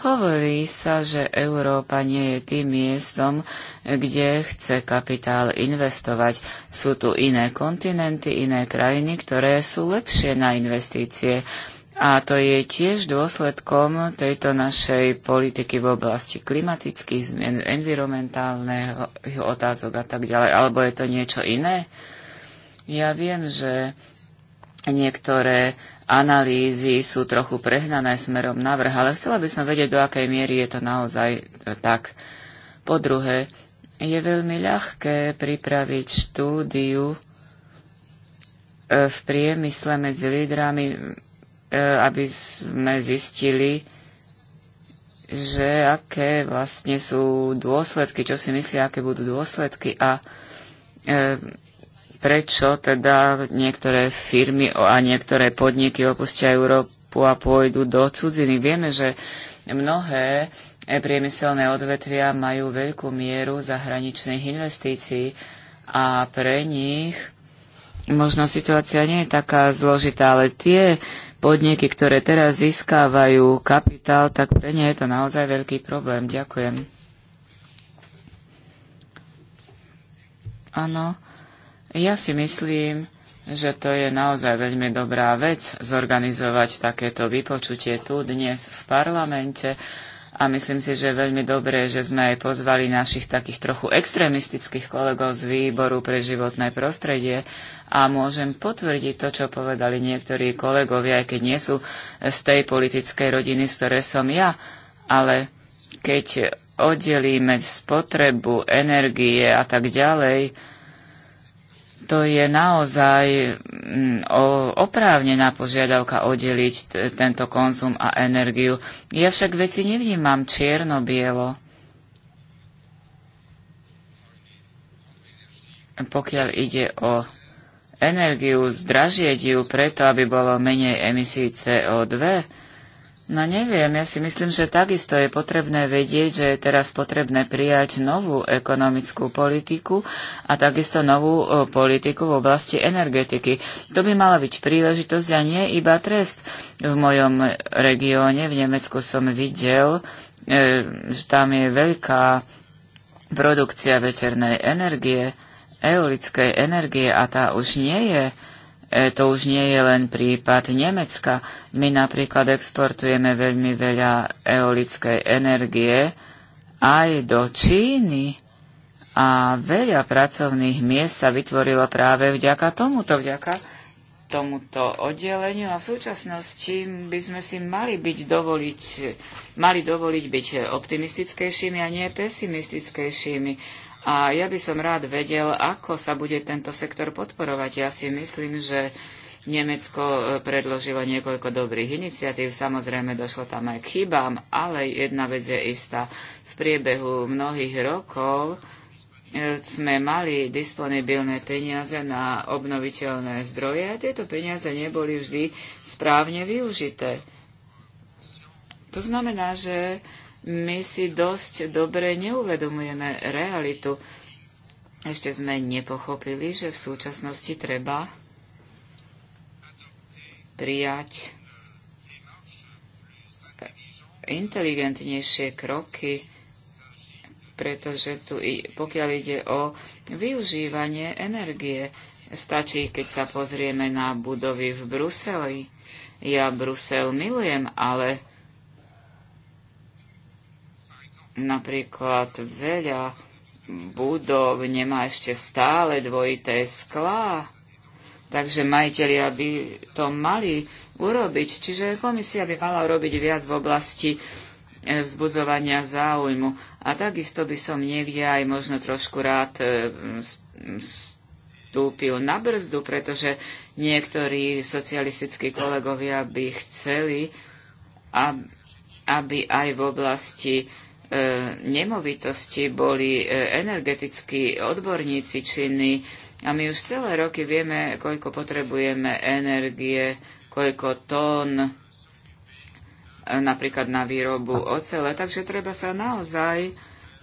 Speaker 3: Hovorí sa, že Európa nie je tým miestom, kde chce kapitál investovať. Sú tu iné kontinenty, iné krajiny, ktoré sú lepšie na investície. A to je tiež dôsledkom tejto našej politiky v oblasti klimatických zmien, environmentálnych otázok a tak ďalej. Alebo je to niečo iné? Ja viem, že niektoré analýzy sú trochu prehnané smerom na vrch, ale chcela by som vedieť, do akej miery je to naozaj tak. Po druhé, je veľmi ľahké pripraviť štúdiu e, v priemysle medzi lídrami E, aby sme zistili, že aké vlastne sú dôsledky, čo si myslia, aké budú dôsledky a e, prečo teda niektoré firmy a niektoré podniky opustia Európu a pôjdu do cudziny. Vieme, že mnohé e, priemyselné odvetvia majú veľkú mieru zahraničných investícií a pre nich možno situácia nie je taká zložitá, ale tie podniky, ktoré teraz získávajú kapitál, tak pre ne je to naozaj veľký problém. Ďakujem. Áno, ja si myslím, že to je naozaj veľmi dobrá vec zorganizovať takéto vypočutie tu dnes v parlamente a myslím si, že je veľmi dobré, že sme aj pozvali našich takých trochu extrémistických kolegov z výboru pre životné prostredie a môžem potvrdiť to, čo povedali niektorí kolegovia, aj keď nie sú z tej politickej rodiny, z ktorej som ja, ale keď oddelíme spotrebu energie a tak ďalej, to je naozaj mm, oprávnená požiadavka oddeliť tento konzum a energiu. Ja však veci nevnímam čierno-bielo. Pokiaľ ide o energiu, zdražieť ju preto, aby bolo menej emisí CO2, No neviem, ja si myslím, že takisto je potrebné vedieť, že je teraz potrebné prijať novú ekonomickú politiku a takisto novú e, politiku v oblasti energetiky. To by mala byť príležitosť a nie iba trest. V mojom regióne, v Nemecku som videl, e, že tam je veľká produkcia veternej energie, eolickej energie a tá už nie je E, to už nie je len prípad Nemecka. My napríklad exportujeme veľmi veľa eolickej energie aj do Číny a veľa pracovných miest sa vytvorilo práve vďaka tomuto, vďaka tomuto oddeleniu a v súčasnosti by sme si mali byť dovoliť, mali dovoliť byť optimistickejšími a nie pesimistickejšími a ja by som rád vedel, ako sa bude tento sektor podporovať. Ja si myslím, že Nemecko e, predložilo niekoľko dobrých iniciatív, samozrejme došlo tam aj k chybám, ale jedna vec je istá. V priebehu mnohých rokov e, sme mali disponibilné peniaze na obnoviteľné zdroje a tieto peniaze neboli vždy správne využité. To znamená, že my si dosť dobre neuvedomujeme realitu. Ešte sme nepochopili, že v súčasnosti treba prijať inteligentnejšie kroky, pretože tu, pokiaľ ide o využívanie energie, stačí, keď sa pozrieme na budovy v Bruseli. Ja Brusel milujem, ale Napríklad veľa budov nemá ešte stále dvojité sklá, takže majiteľia by to mali urobiť. Čiže komisia by mala urobiť viac v oblasti eh, vzbudzovania záujmu. A takisto by som niekde aj možno trošku rád eh, stúpil na brzdu, pretože niektorí socialistickí kolegovia by chceli, aby aj v oblasti E, nemovitosti boli e, energetickí odborníci činní a my už celé roky vieme, koľko potrebujeme energie, koľko tón e, napríklad na výrobu ocele, takže treba sa naozaj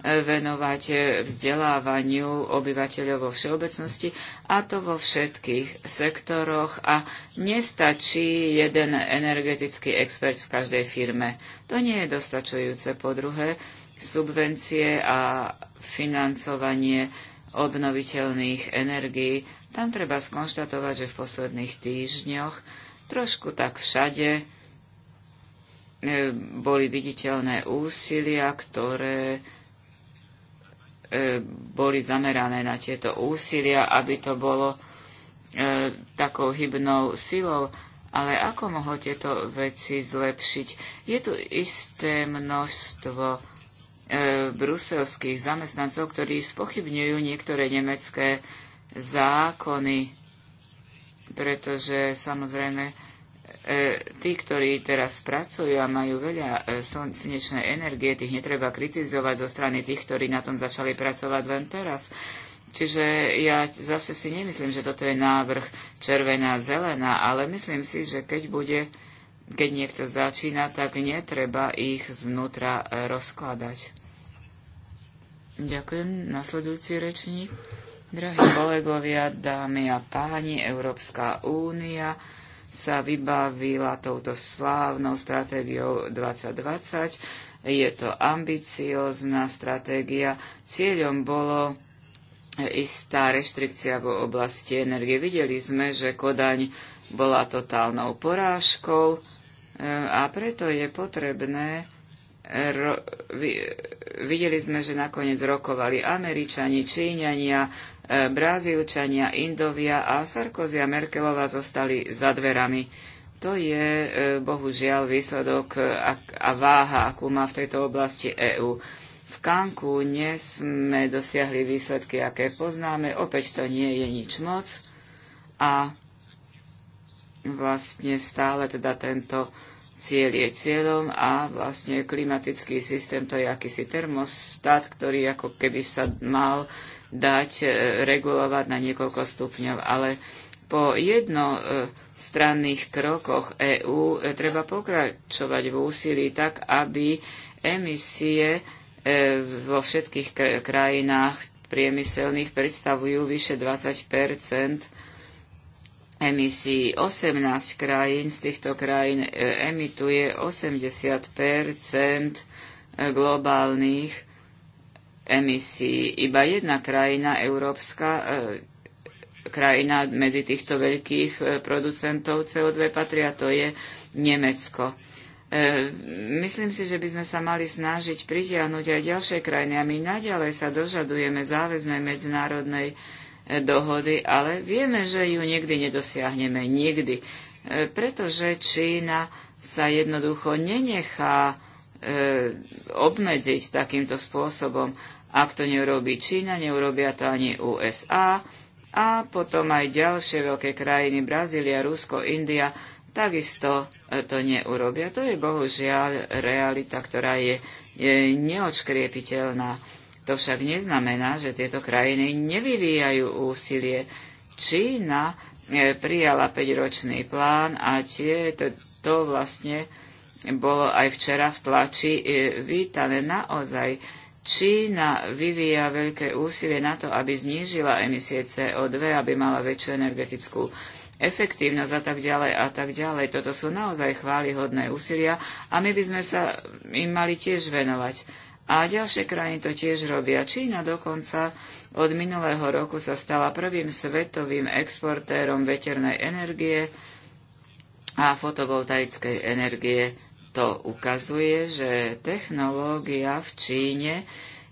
Speaker 3: venovať vzdelávaniu obyvateľov vo všeobecnosti a to vo všetkých sektoroch a nestačí jeden energetický expert v každej firme. To nie je dostačujúce. Po druhé, subvencie a financovanie obnoviteľných energií. Tam treba skonštatovať, že v posledných týždňoch trošku tak všade e, boli viditeľné úsilia, ktoré E, boli zamerané na tieto úsilia, aby to bolo e, takou hybnou silou. Ale ako mohlo tieto veci zlepšiť? Je tu isté množstvo e, bruselských zamestnancov, ktorí spochybňujú niektoré nemecké zákony, pretože samozrejme E, tí, ktorí teraz pracujú a majú veľa e, slnečnej energie, tých netreba kritizovať zo strany tých, ktorí na tom začali pracovať len teraz. Čiže ja zase si nemyslím, že toto je návrh červená, zelená, ale myslím si, že keď bude, keď niekto začína, tak netreba ich zvnútra e, rozkladať. Ďakujem. Nasledujúci rečník. Drahí kolegovia, dámy a páni, Európska únia sa vybavila touto slávnou stratégiou 2020. Je to ambiciózna stratégia. Cieľom bolo istá reštrikcia vo oblasti energie. Videli sme, že Kodaň bola totálnou porážkou e, a preto je potrebné Ro, videli sme, že nakoniec rokovali Američani, Číňania, Brazílčania, Indovia a Sarkozy a Merkelova zostali za dverami. To je e, bohužiaľ výsledok e, a váha, akú má v tejto oblasti EÚ. V Kanku sme dosiahli výsledky, aké poznáme. Opäť to nie je nič moc. A vlastne stále teda tento cieľ je cieľom a vlastne klimatický systém to je akýsi termostat, ktorý ako keby sa mal dať e, regulovať na niekoľko stupňov, ale po jednostranných krokoch EÚ e, treba pokračovať v úsilí tak, aby emisie e, vo všetkých krajinách priemyselných predstavujú vyše 20 emisí. 18 krajín z týchto krajín emituje 80 globálnych emisí. Iba jedna krajina, európska e, krajina medzi týchto veľkých e, producentov CO2 patria, to je Nemecko. E, myslím si, že by sme sa mali snažiť pritiahnuť aj ďalšie krajiny a my naďalej sa dožadujeme záväznej medzinárodnej dohody, ale vieme, že ju nikdy nedosiahneme, nikdy. Pretože Čína sa jednoducho nenechá obmedziť takýmto spôsobom. Ak to neurobi Čína, neurobia to ani USA a potom aj ďalšie veľké krajiny, Brazília, Rusko, India, takisto e, to neurobia. To je bohužiaľ realita, ktorá je, je neočkriepiteľná. To však neznamená, že tieto krajiny nevyvíjajú úsilie. Čína e, prijala 5-ročný plán a tie, to, to vlastne bolo aj včera v tlači e, vítané naozaj Čína vyvíja veľké úsilie na to, aby znížila emisie CO2, aby mala väčšiu energetickú efektívnosť a tak ďalej a tak ďalej. Toto sú naozaj chválihodné úsilia a my by sme sa im mali tiež venovať. A ďalšie krajiny to tiež robia. Čína dokonca od minulého roku sa stala prvým svetovým exportérom veternej energie a fotovoltaickej energie to ukazuje, že technológia v Číne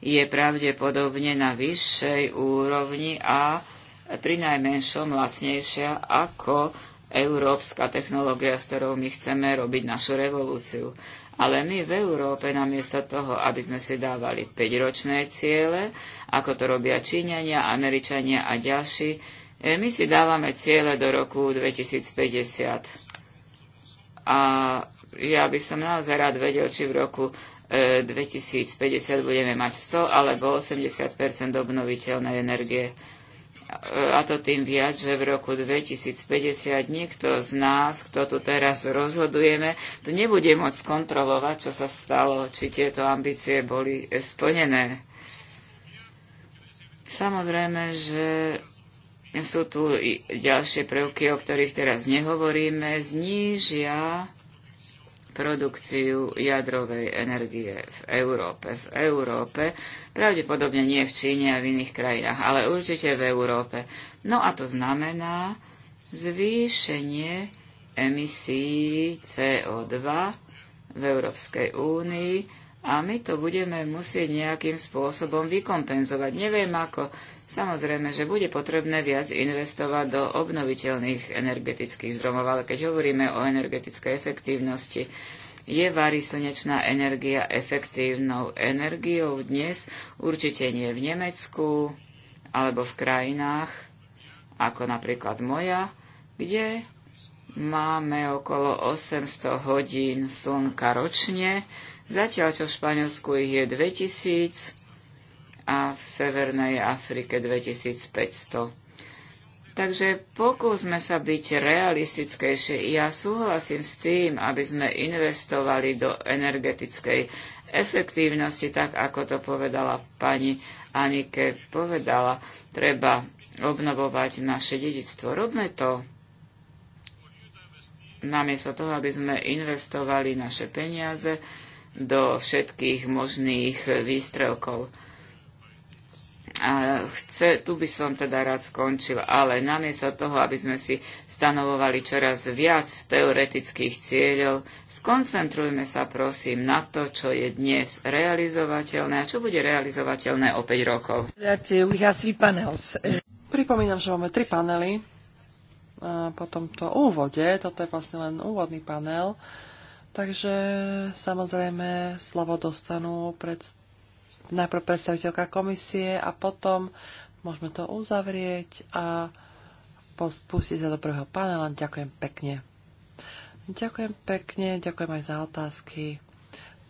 Speaker 3: je pravdepodobne na vyššej úrovni a pri najmenšom lacnejšia ako európska technológia, s ktorou my chceme robiť našu revolúciu. Ale my v Európe namiesto toho, aby sme si dávali 5-ročné ciele, ako to robia Číňania, Američania a ďalší, e, my si dávame ciele do roku 2050. A ja by som naozaj rád vedel, či v roku 2050 e, budeme mať 100 alebo 80 obnoviteľnej energie. E, a to tým viac, že v roku 2050 nikto z nás, kto tu teraz rozhodujeme, tu nebude môcť kontrolovať, čo sa stalo, či tieto ambície boli e, splnené. Samozrejme, že sú tu ďalšie prvky, o ktorých teraz nehovoríme, znížia produkciu jadrovej energie v Európe. V Európe, pravdepodobne nie v Číne a v iných krajinách, ale určite v Európe. No a to znamená zvýšenie emisí CO2 v Európskej únii a my to budeme musieť nejakým spôsobom vykompenzovať. Neviem ako. Samozrejme, že bude potrebné viac investovať do obnoviteľných energetických zdromov, ale keď hovoríme o energetickej efektívnosti, je varí slnečná energia efektívnou energiou dnes? Určite nie v Nemecku alebo v krajinách, ako napríklad moja, kde máme okolo 800 hodín slnka ročne, Zatiaľ, čo v Španielsku ich je 2000 a v Severnej Afrike 2500. Takže pokúsme sa byť realistickejšie. Ja súhlasím s tým, aby sme investovali do energetickej efektívnosti, tak ako to povedala pani Anike, povedala, treba obnovovať naše dedictvo. Robme to namiesto toho, aby sme investovali naše peniaze, do všetkých možných výstrelkov. A chce, tu by som teda rád skončil, ale namiesto toho, aby sme si stanovovali čoraz viac teoretických cieľov, skoncentrujme sa prosím na to, čo je dnes realizovateľné a čo bude realizovateľné o 5 rokov.
Speaker 1: Pripomínam, že máme tri panely po tomto úvode. Toto je vlastne len úvodný panel. Uh, Takže samozrejme slovo dostanú pred, najprv predstaviteľka komisie a potom môžeme to uzavrieť a pustiť sa do prvého panela. Ďakujem pekne. Ďakujem pekne, ďakujem aj za otázky.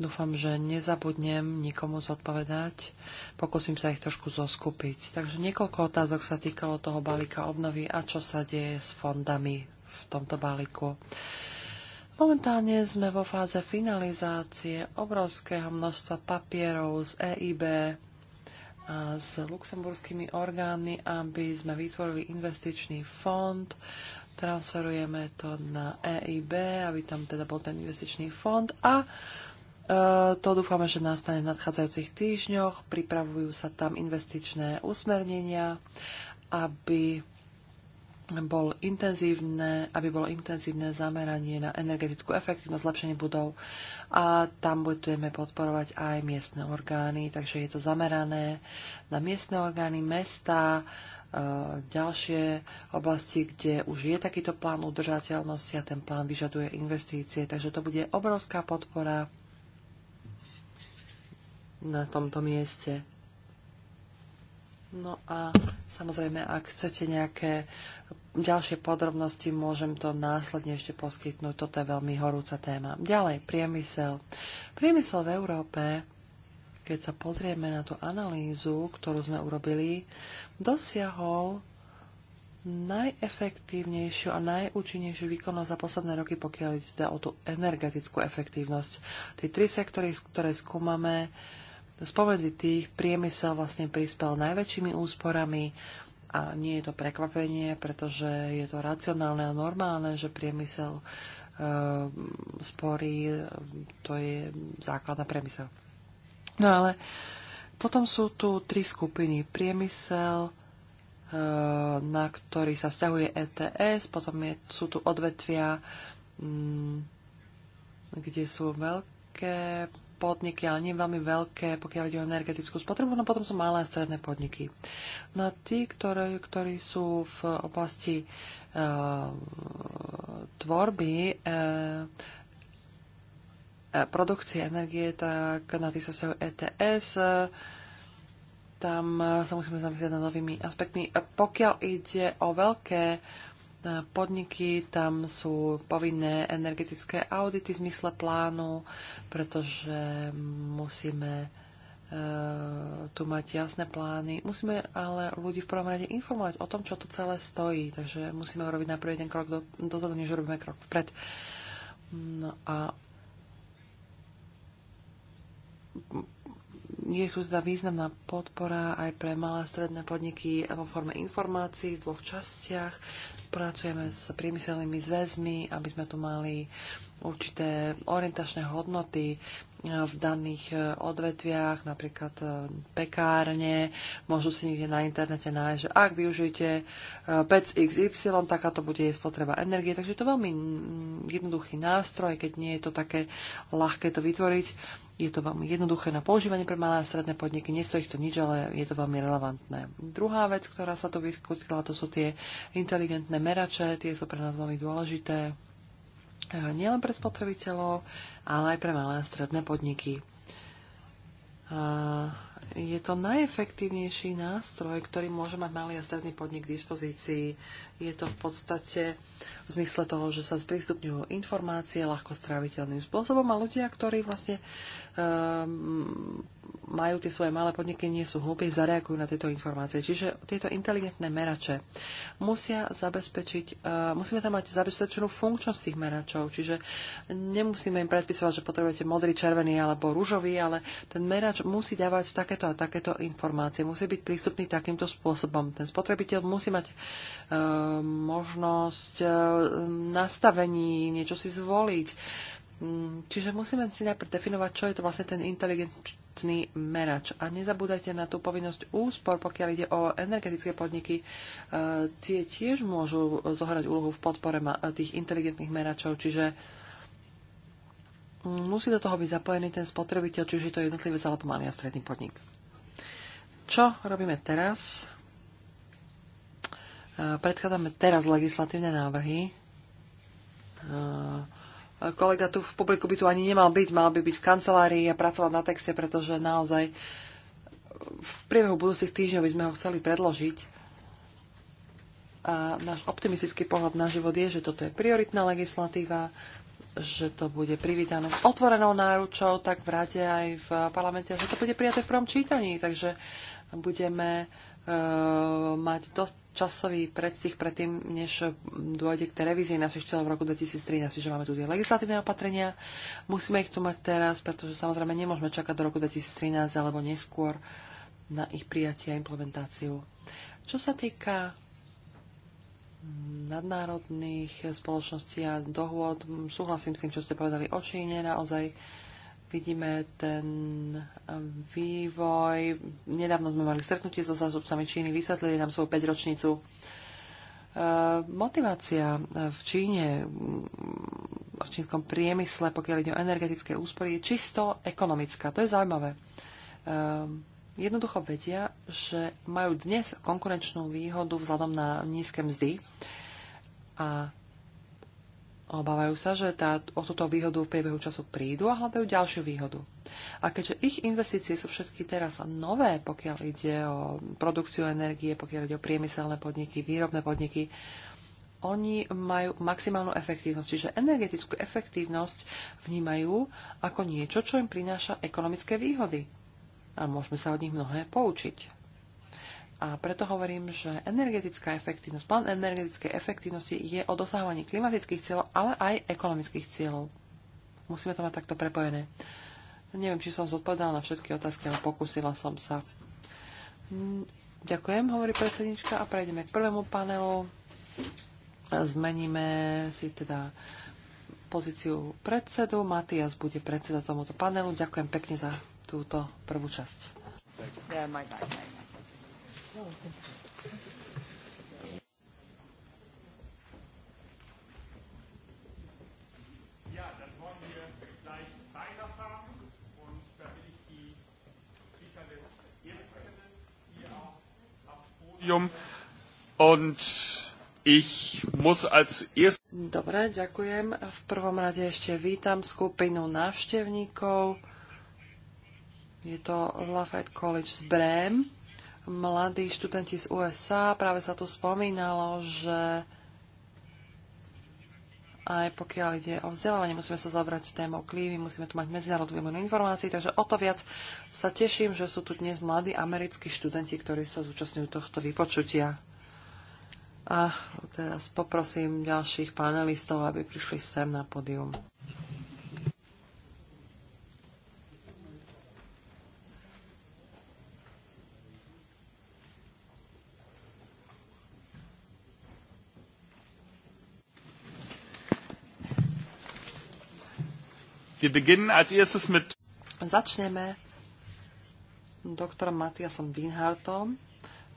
Speaker 1: Dúfam, že nezabudnem nikomu zodpovedať. Pokúsim sa ich trošku zoskupiť. Takže niekoľko otázok sa týkalo toho balíka obnovy a čo sa deje s fondami v tomto balíku. Uh, Momentálne sme vo fáze finalizácie obrovského množstva papierov z EIB a s luxemburskými orgánmi, aby sme vytvorili investičný fond. Transferujeme to na EIB, aby tam teda bol ten investičný fond a e, to dúfame, že nastane v nadchádzajúcich týždňoch. Pripravujú sa tam investičné usmernenia, aby bol intenzívne, aby bolo intenzívne zameranie na energetickú efektívnosť, zlepšenie budov a tam budeme podporovať aj miestne orgány, takže je to zamerané na miestne orgány, mesta, e, ďalšie oblasti, kde už je takýto plán udržateľnosti a ten plán vyžaduje investície. Takže to bude obrovská podpora na tomto mieste. No a samozrejme, ak chcete nejaké ďalšie podrobnosti, môžem to následne ešte poskytnúť. Toto je veľmi horúca téma. Ďalej, priemysel. Priemysel v Európe, keď sa pozrieme na tú analýzu, ktorú sme urobili, dosiahol najefektívnejšiu a najúčinnejšiu výkonnosť za posledné roky, pokiaľ ide o tú energetickú efektívnosť. Tí tri sektory, ktoré skúmame, uh, spomedzi tých priemysel vlastne prispel najväčšími úsporami a nie je to prekvapenie, pretože je to racionálne a normálne, že priemysel e, sporí, e, to je základná premysel. No ale potom sú tu tri skupiny. Priemysel, e, na ktorý sa vzťahuje ETS, potom je, sú tu odvetvia, mm, kde sú veľké podniky, ale nie veľmi veľké, pokiaľ ide o energetickú spotrebu, no potom sú malé a stredné podniky. No a tí, ktoré, ktorí sú v oblasti e, tvorby, e, e produkcie energie, tak na tých sa vzťahuje ETS, e, tam sa musíme zamyslieť nad novými aspektmi. Pokiaľ ide o veľké podniky, tam sú povinné energetické audity v zmysle plánu, pretože musíme e, tu mať jasné plány. Musíme ale ľudí v prvom rade informovať o tom, čo to celé stojí. Takže musíme urobiť najprv jeden krok do, dozadu, než robíme krok vpred. No a je tu teda významná podpora aj pre malé a stredné podniky vo forme informácií v dvoch častiach. Pracujeme s priemyselnými zväzmi, aby sme tu mali určité orientačné hodnoty e, v daných e, odvetviach, napríklad e, pekárne, môžu si niekde na internete nájsť, že ak využijete pec XY, taká to bude jej spotreba energie. Takže je to veľmi jednoduchý nástroj, keď nie je to také ľahké to vytvoriť. Je to veľmi jednoduché na používanie pre malé a stredné podniky, nestojí to nič, ale je to veľmi relevantné. Druhá vec, ktorá sa tu vyskutila, to sú tie inteligentné merače, tie sú pre nás veľmi dôležité nielen pre spotrebiteľov, ale aj pre malé a stredné podniky. A je to najefektívnejší nástroj, ktorý môže mať malý a stredný podnik k dispozícii. Je to v podstate v zmysle toho, že sa sprístupňujú informácie ľahko stráviteľným spôsobom a ľudia, ktorí vlastne um, majú tie svoje malé podniky, nie sú hlúpi, zareagujú na tieto informácie. Čiže tieto inteligentné merače musia zabezpečiť, uh, musíme tam mať zabezpečenú funkčnosť tých meračov, čiže nemusíme im predpisovať, že potrebujete modrý, červený alebo rúžový, ale ten merač musí dávať takéto a takéto informácie, musí byť prístupný takýmto spôsobom. Ten spotrebiteľ musí mať uh, možnosť uh, Um, nastavení, niečo si zvoliť. Mm, čiže musíme si najprv definovať, čo je to vlastne ten inteligentný merač. A nezabúdajte na tú povinnosť úspor, pokiaľ ide o energetické podniky. E, tie tiež môžu zohrať úlohu v podpore tých inteligentných meračov, čiže mm, musí do toho byť zapojený ten spotrebiteľ, čiže je to jednotlivé alebo malý a stredný podnik. Čo robíme teraz? E, Predkladáme teraz legislatívne návrhy. E, kolega tu v publiku by tu ani nemal byť, mal by byť v kancelárii a pracovať na texte, pretože naozaj v priebehu budúcich týždňov by sme ho chceli predložiť. A náš optimistický pohľad na život je, že toto je prioritná legislatíva, že to bude privítané s otvorenou náručou, tak v rade aj v parlamente, že to bude prijaté v prvom čítaní. Takže budeme Eh, mať dosť časový predstih predtým, než dôjde k revízii našich cieľov v roku 2013, čiže máme tu tie legislatívne opatrenia. Musíme ich tu mať teraz, pretože samozrejme nemôžeme čakať do roku 2013 alebo neskôr na ich prijatie a implementáciu. Čo sa týka nadnárodných spoločností a dohôd, súhlasím s tým, čo ste povedali o Číne, naozaj Vidíme ten vývoj. Nedávno sme mali stretnutie so zástupcami Číny, vysvetlili nám svoju 5-ročnicu. E, motivácia v Číne, v čínskom priemysle, pokiaľ ide o energetické úspory, je čisto ekonomická. To je zaujímavé e, jednoducho vedia, že majú dnes konkurenčnú výhodu vzhľadom na nízke mzdy a Obávajú sa, že tá, o túto výhodu v priebehu času prídu a hľadajú ďalšiu výhodu. A keďže ich investície sú všetky teraz nové, pokiaľ ide o produkciu energie, pokiaľ ide o priemyselné podniky, výrobné podniky, oni majú maximálnu efektívnosť, čiže energetickú efektívnosť vnímajú ako niečo, čo im prináša ekonomické výhody. A môžeme sa od nich mnohé poučiť. A preto hovorím, že energetická efektívnosť, plán energetickej efektívnosti je o dosahovaní klimatických cieľov, ale aj ekonomických cieľov. Musíme to mať takto prepojené. Neviem, či som zodpovedala na všetky otázky, ale pokúsila som sa. Ďakujem, hovorí predsednička a prejdeme k prvému panelu. Zmeníme si teda pozíciu predsedu. Matias bude predseda tomuto panelu. Ďakujem pekne za túto prvú časť.
Speaker 3: Yeah, my bad, my bad.
Speaker 1: Dobre, ďakujem. V prvom rade ešte vítam skupinu návštevníkov. Je to Lafayette College z Brém mladí študenti z USA. Práve sa tu spomínalo, že aj pokiaľ ide o vzdelávanie, musíme sa zabrať témou klímy, musíme tu mať medzinárodnú výmenu informácií, takže o to viac sa teším, že sú tu dnes mladí americkí študenti, ktorí sa zúčastňujú tohto vypočutia. A teraz poprosím ďalších panelistov, aby prišli sem na pódium. Wir beginnen als erstes mit... Začneme doktorom Matiasom Dinhartom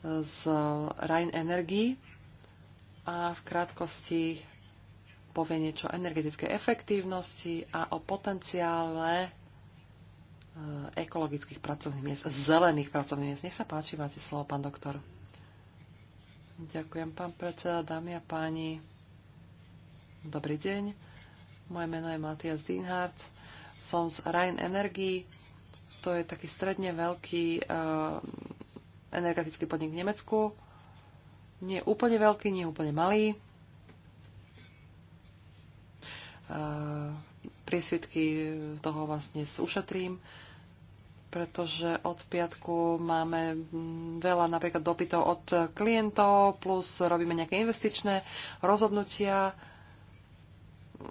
Speaker 1: z Rhein Energy a v krátkosti povie niečo o energetickej efektívnosti a o potenciále e, ekologických pracovných miest, zelených pracovných miest. Nech sa páči, máte slovo, pán doktor. Ďakujem, pán predseda, dámy a páni. Dobrý deň. Moje meno je Matias Dinhardt, som z Rhein Energy, to je taký stredne veľký uh, energetický podnik v Nemecku. Nie úplne veľký, nie úplne malý. Uh, priesvitky toho vlastne ušetrím, pretože od piatku máme hm, veľa napríklad dopytov od klientov, plus robíme nejaké investičné rozhodnutia,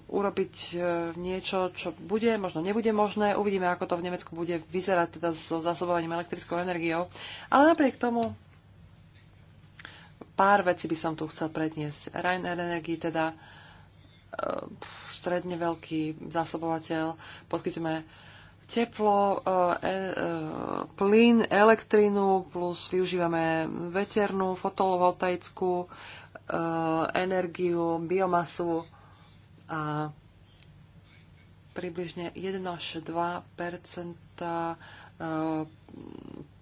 Speaker 1: urobiť e, niečo, čo bude, možno nebude možné. Uvidíme, ako to v Nemecku bude vyzerať teda so zásobovaním elektrickou energiou. Ale napriek tomu pár vecí by som tu chcel predniesť. Ryanair Energy teda e, stredne veľký zásobovateľ, poskytujeme teplo, e, e, plyn, elektrínu, plus využívame veternú, fotovoltaickú e, energiu, biomasu a približne 1 až 2 e,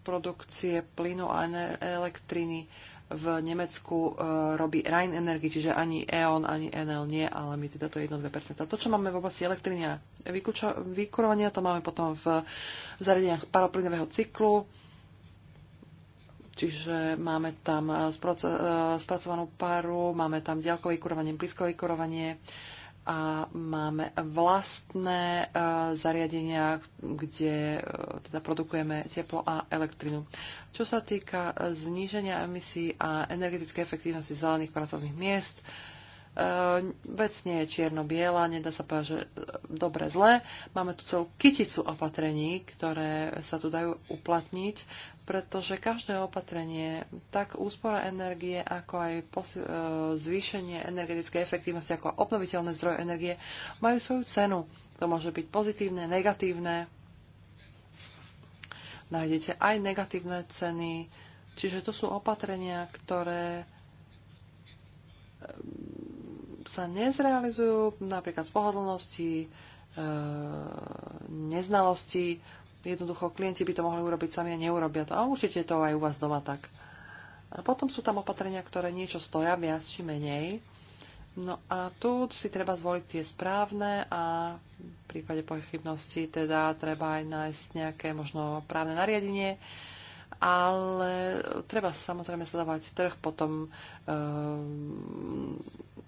Speaker 1: produkcie plynu a elektriny v Nemecku e, robí Rhein Energy, čiže ani E.ON, ani Enel nie, ale my teda to je 1-2%. To, čo máme v oblasti elektriny a vykurovania, to máme potom v zariadeniach paroplynového cyklu, Čiže máme tam e, spracovanú paru, máme tam ďalkové kurovanie, blízkové kurovanie, a máme vlastné e, zariadenia, kde e, teda produkujeme teplo a elektrinu. Čo sa týka e, zníženia emisí a energetickej efektívnosti zelených pracovných miest, vec nie je čierno-biela, nedá sa povedať, že dobre, zlé. Máme tu celú kyticu opatrení, ktoré sa tu dajú uplatniť pretože každé opatrenie, tak úspora energie, ako aj e, zvýšenie energetickej efektívnosti, ako obnoviteľné zdroje energie, majú svoju cenu. To môže byť pozitívne, negatívne. Nájdete aj negatívne ceny. Čiže to sú opatrenia, ktoré e, sa nezrealizujú napríklad z pohodlnosti, e, neznalosti Jednoducho klienti by to mohli urobiť sami a neurobia to. A určite to aj u vás doma tak. A potom sú tam opatrenia, ktoré niečo stoja viac či menej. No a tu si treba zvoliť tie správne a v prípade pochybnosti teda treba aj nájsť nejaké možno právne nariadenie, ale treba samozrejme sledovať trh, potom um,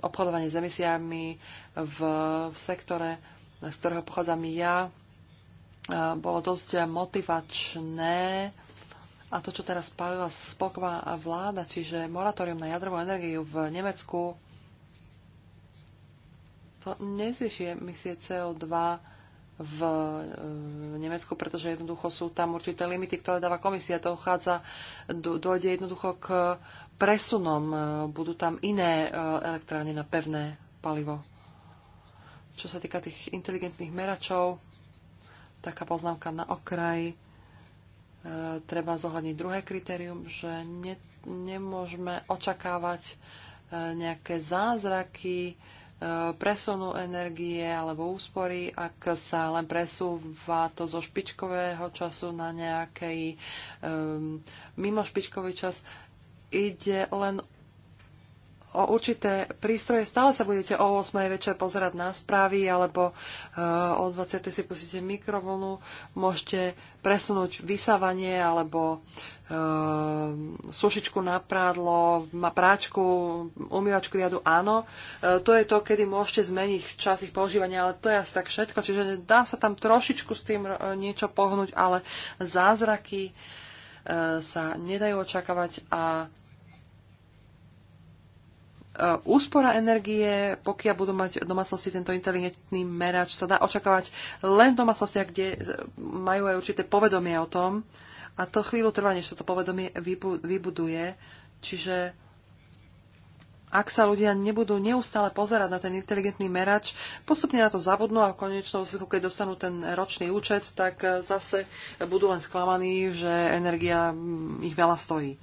Speaker 1: obchodovanie s emisiami v, v sektore, z ktorého pochádzam ja, bolo dosť motivačné a to, čo teraz spálila spoková vláda, čiže moratórium na jadrovú energiu v Nemecku, to nezvyšuje emisie CO2 v, v Nemecku, pretože jednoducho sú tam určité limity, ktoré dáva komisia. To uchádza, dojde jednoducho k presunom. Budú tam iné e, elektrárne na pevné palivo. Čo sa týka tých inteligentných meračov, Taká poznámka na okraj. E, treba zohľadniť druhé kritérium, že ne, nemôžeme očakávať e, nejaké zázraky, e, presunu energie alebo úspory, ak sa len presúva to zo špičkového času na nejaký um, e, mimo špičkový čas. Ide len o určité prístroje. Stále sa budete o 8. večer pozerať na správy, alebo e, o 20. si pustíte mikrovlnu, môžete presunúť vysávanie, alebo e, sušičku na prádlo, práčku, umývačku riadu, áno. E, to je to, kedy môžete zmeniť čas ich používania, ale to je asi tak všetko. Čiže dá sa tam trošičku s tým niečo pohnúť, ale zázraky sa nedajú očakávať a E, úspora energie, pokiaľ budú mať v domácnosti tento inteligentný merač, sa dá očakávať len v domácnostiach, kde e, majú aj určité povedomie o tom. A to chvíľu trvá, než sa to povedomie vybuduje. Čiže ak sa ľudia nebudú neustále pozerať na ten inteligentný merač, postupne na to zabudnú a v konečnom výsledku, keď dostanú ten ročný účet, tak e, zase budú len sklamaní, že energia ich veľa stojí.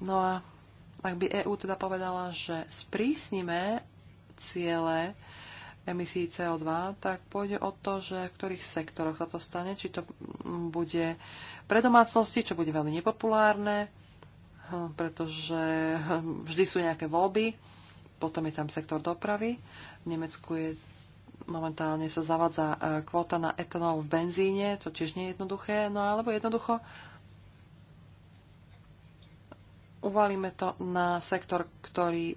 Speaker 1: No a ak by EÚ teda povedala, že sprísnime ciele emisí CO2, tak pôjde o to, že v ktorých sektoroch sa to stane, či to bude pre domácnosti, čo bude veľmi nepopulárne, hm, pretože hm, vždy sú nejaké voľby, potom je tam sektor dopravy. V Nemecku je momentálne sa zavádza eh, kvóta na etanol v benzíne, to tiež nie je jednoduché, no alebo jednoducho uvalíme to na sektor, ktorý e,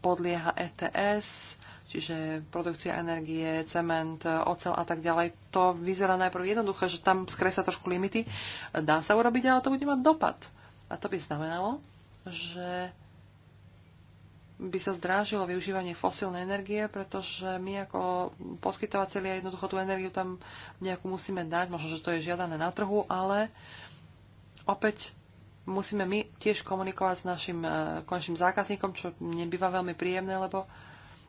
Speaker 1: podlieha ETS, čiže produkcia energie, cement, e, ocel a tak ďalej. To vyzerá najprv jednoduché, že tam skresa trošku limity. Dá sa urobiť, ale to bude mať dopad. A to by znamenalo, že by sa zdrážilo využívanie fosílnej energie, pretože my ako poskytovateľia jednoducho tú energiu tam nejakú musíme dať, možno, že to je žiadané na trhu, ale opäť musíme my tiež komunikovať s našim e, končným zákazníkom, čo nebýva veľmi príjemné, lebo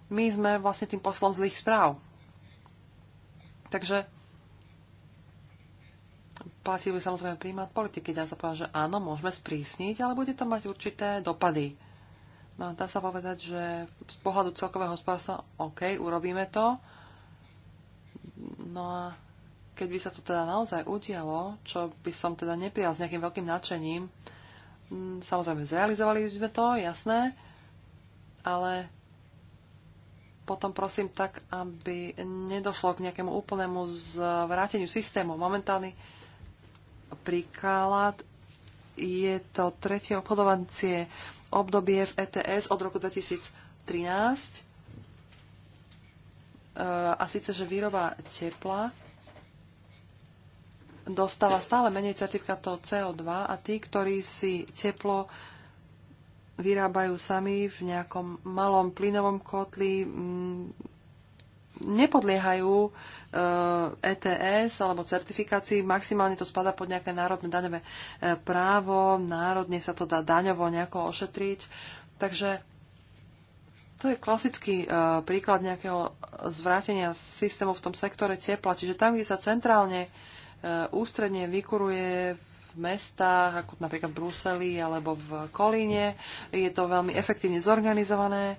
Speaker 1: my sme vlastne tým poslom zlých správ. Takže by samozrejme príjmať politiky. Dá sa povedať, že áno, môžeme sprísniť, ale bude to mať určité dopady. No a dá sa povedať, že z pohľadu celkového hospodárstva, OK, urobíme to. No a keď by sa to teda naozaj udialo, čo by som teda neprijal s nejakým veľkým nadšením, mm, samozrejme zrealizovali sme to, jasné, ale potom prosím tak, aby nedošlo k nejakému úplnému zvráteniu systému. Momentálny príklad je to tretie obchodovacie obdobie v ETS od roku 2013. E, a síce, že výroba tepla dostáva stále menej certifikátov CO2 a tí, ktorí si teplo vyrábajú sami v nejakom malom plynovom kotli, mm, nepodliehajú ETS e alebo certifikácii, maximálne to spada pod nejaké národné daňové e, právo, národne sa to dá daňovo nejako ošetriť. Takže to je klasický e, príklad nejakého zvrátenia systému v tom sektore tepla. Čiže tam, kde sa centrálne Eh, ústredne vykuruje v mestách, ako napríklad v Bruseli alebo v Kolíne. Je to veľmi efektívne zorganizované.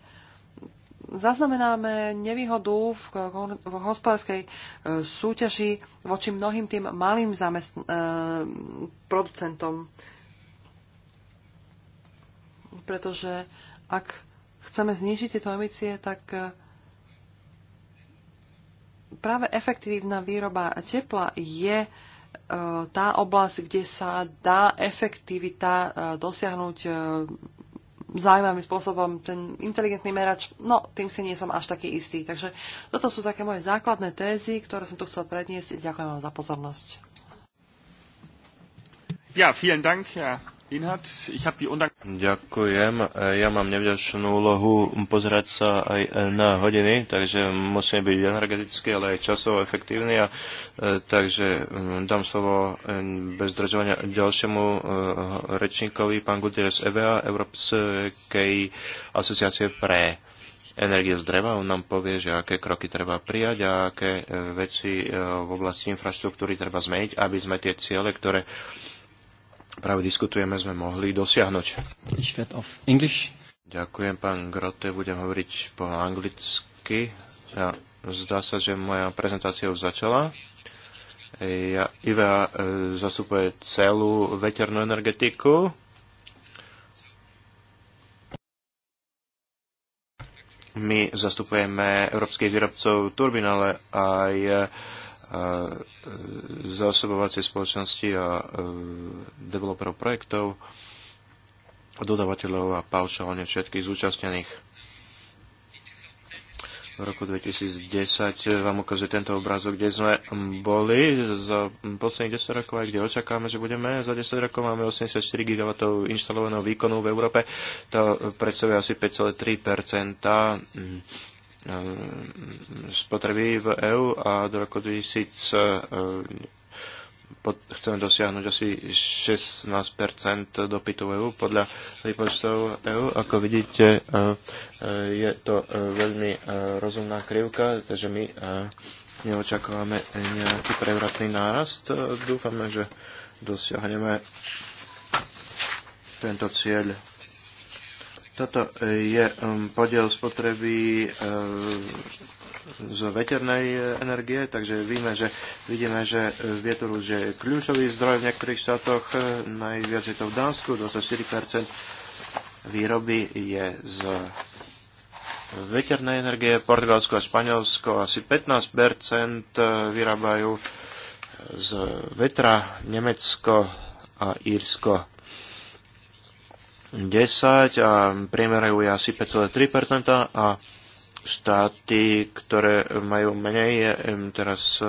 Speaker 1: Zaznamenáme nevýhodu v, v hospodárskej eh, súťaži voči mnohým tým malým zamestn- eh, producentom. Pretože ak chceme znižiť tieto emície, tak práve efektívna výroba tepla je e, tá oblasť, kde sa dá efektivita e, dosiahnuť e, zaujímavým spôsobom ten inteligentný merač, no tým si nie som až taký istý. Takže toto sú také moje základné tézy, ktoré som tu chcel predniesť. Ďakujem vám za pozornosť.
Speaker 2: Ja, vielen Dank, ja. Ďakujem. E, ja mám nevďačnú úlohu pozerať sa aj e, na hodiny, takže musíme byť energetický, ale aj časovo efektívni. A, e, takže mm, dám slovo bez zdržovania ďalšiemu rečníkovi, pán Gutierrez EVA, Európskej asociácie pre energie z dreva. On nám povie, že aké kroky treba prijať a aké veci v oblasti infraštruktúry treba zmeniť, aby sme tie ciele, ktoré práve diskutujeme, sme mohli dosiahnuť. Ďakujem, pán Grote, budem hovoriť po anglicky. Ja, zdá sa, že moja prezentácia už začala. Ja, IVA e, zastupuje celú veternú energetiku. My zastupujeme európskych výrobcov turbín, ale aj e, E, zásobovacie spoločnosti a e, developerov projektov, dodavateľov a paušálne všetkých zúčastnených. V roku 2010 vám ukazuje tento obrázok, kde sme boli za posledných 10 rokov, kde očakávame, že budeme. Za 10 rokov máme 84 GW inštalovaného výkonu v Európe. To predstavuje asi 5,3 Eh, spotreby v EÚ a do roku 2000 eh, pod, chceme dosiahnuť asi 16% dopytu EU podľa výpočtov EU. Ako vidíte, eh, je to veľmi rozumná krivka, takže my neočakávame nejaký prevratný nárast. Dúfame, že dosiahneme tento cieľ. Toto e, je um, podiel spotreby e, z veternej energie, takže víme, že vidíme, že e, vietor už je kľúčový zdroj v niektorých štátoch, najviac je to v Dánsku, 24% výroby je z z veternej energie Portugalsko a Španielsko asi 15% vyrábajú z vetra Nemecko a Írsko. 10 a priemerajú je asi 5,3% a štáty, ktoré majú menej, teraz eh,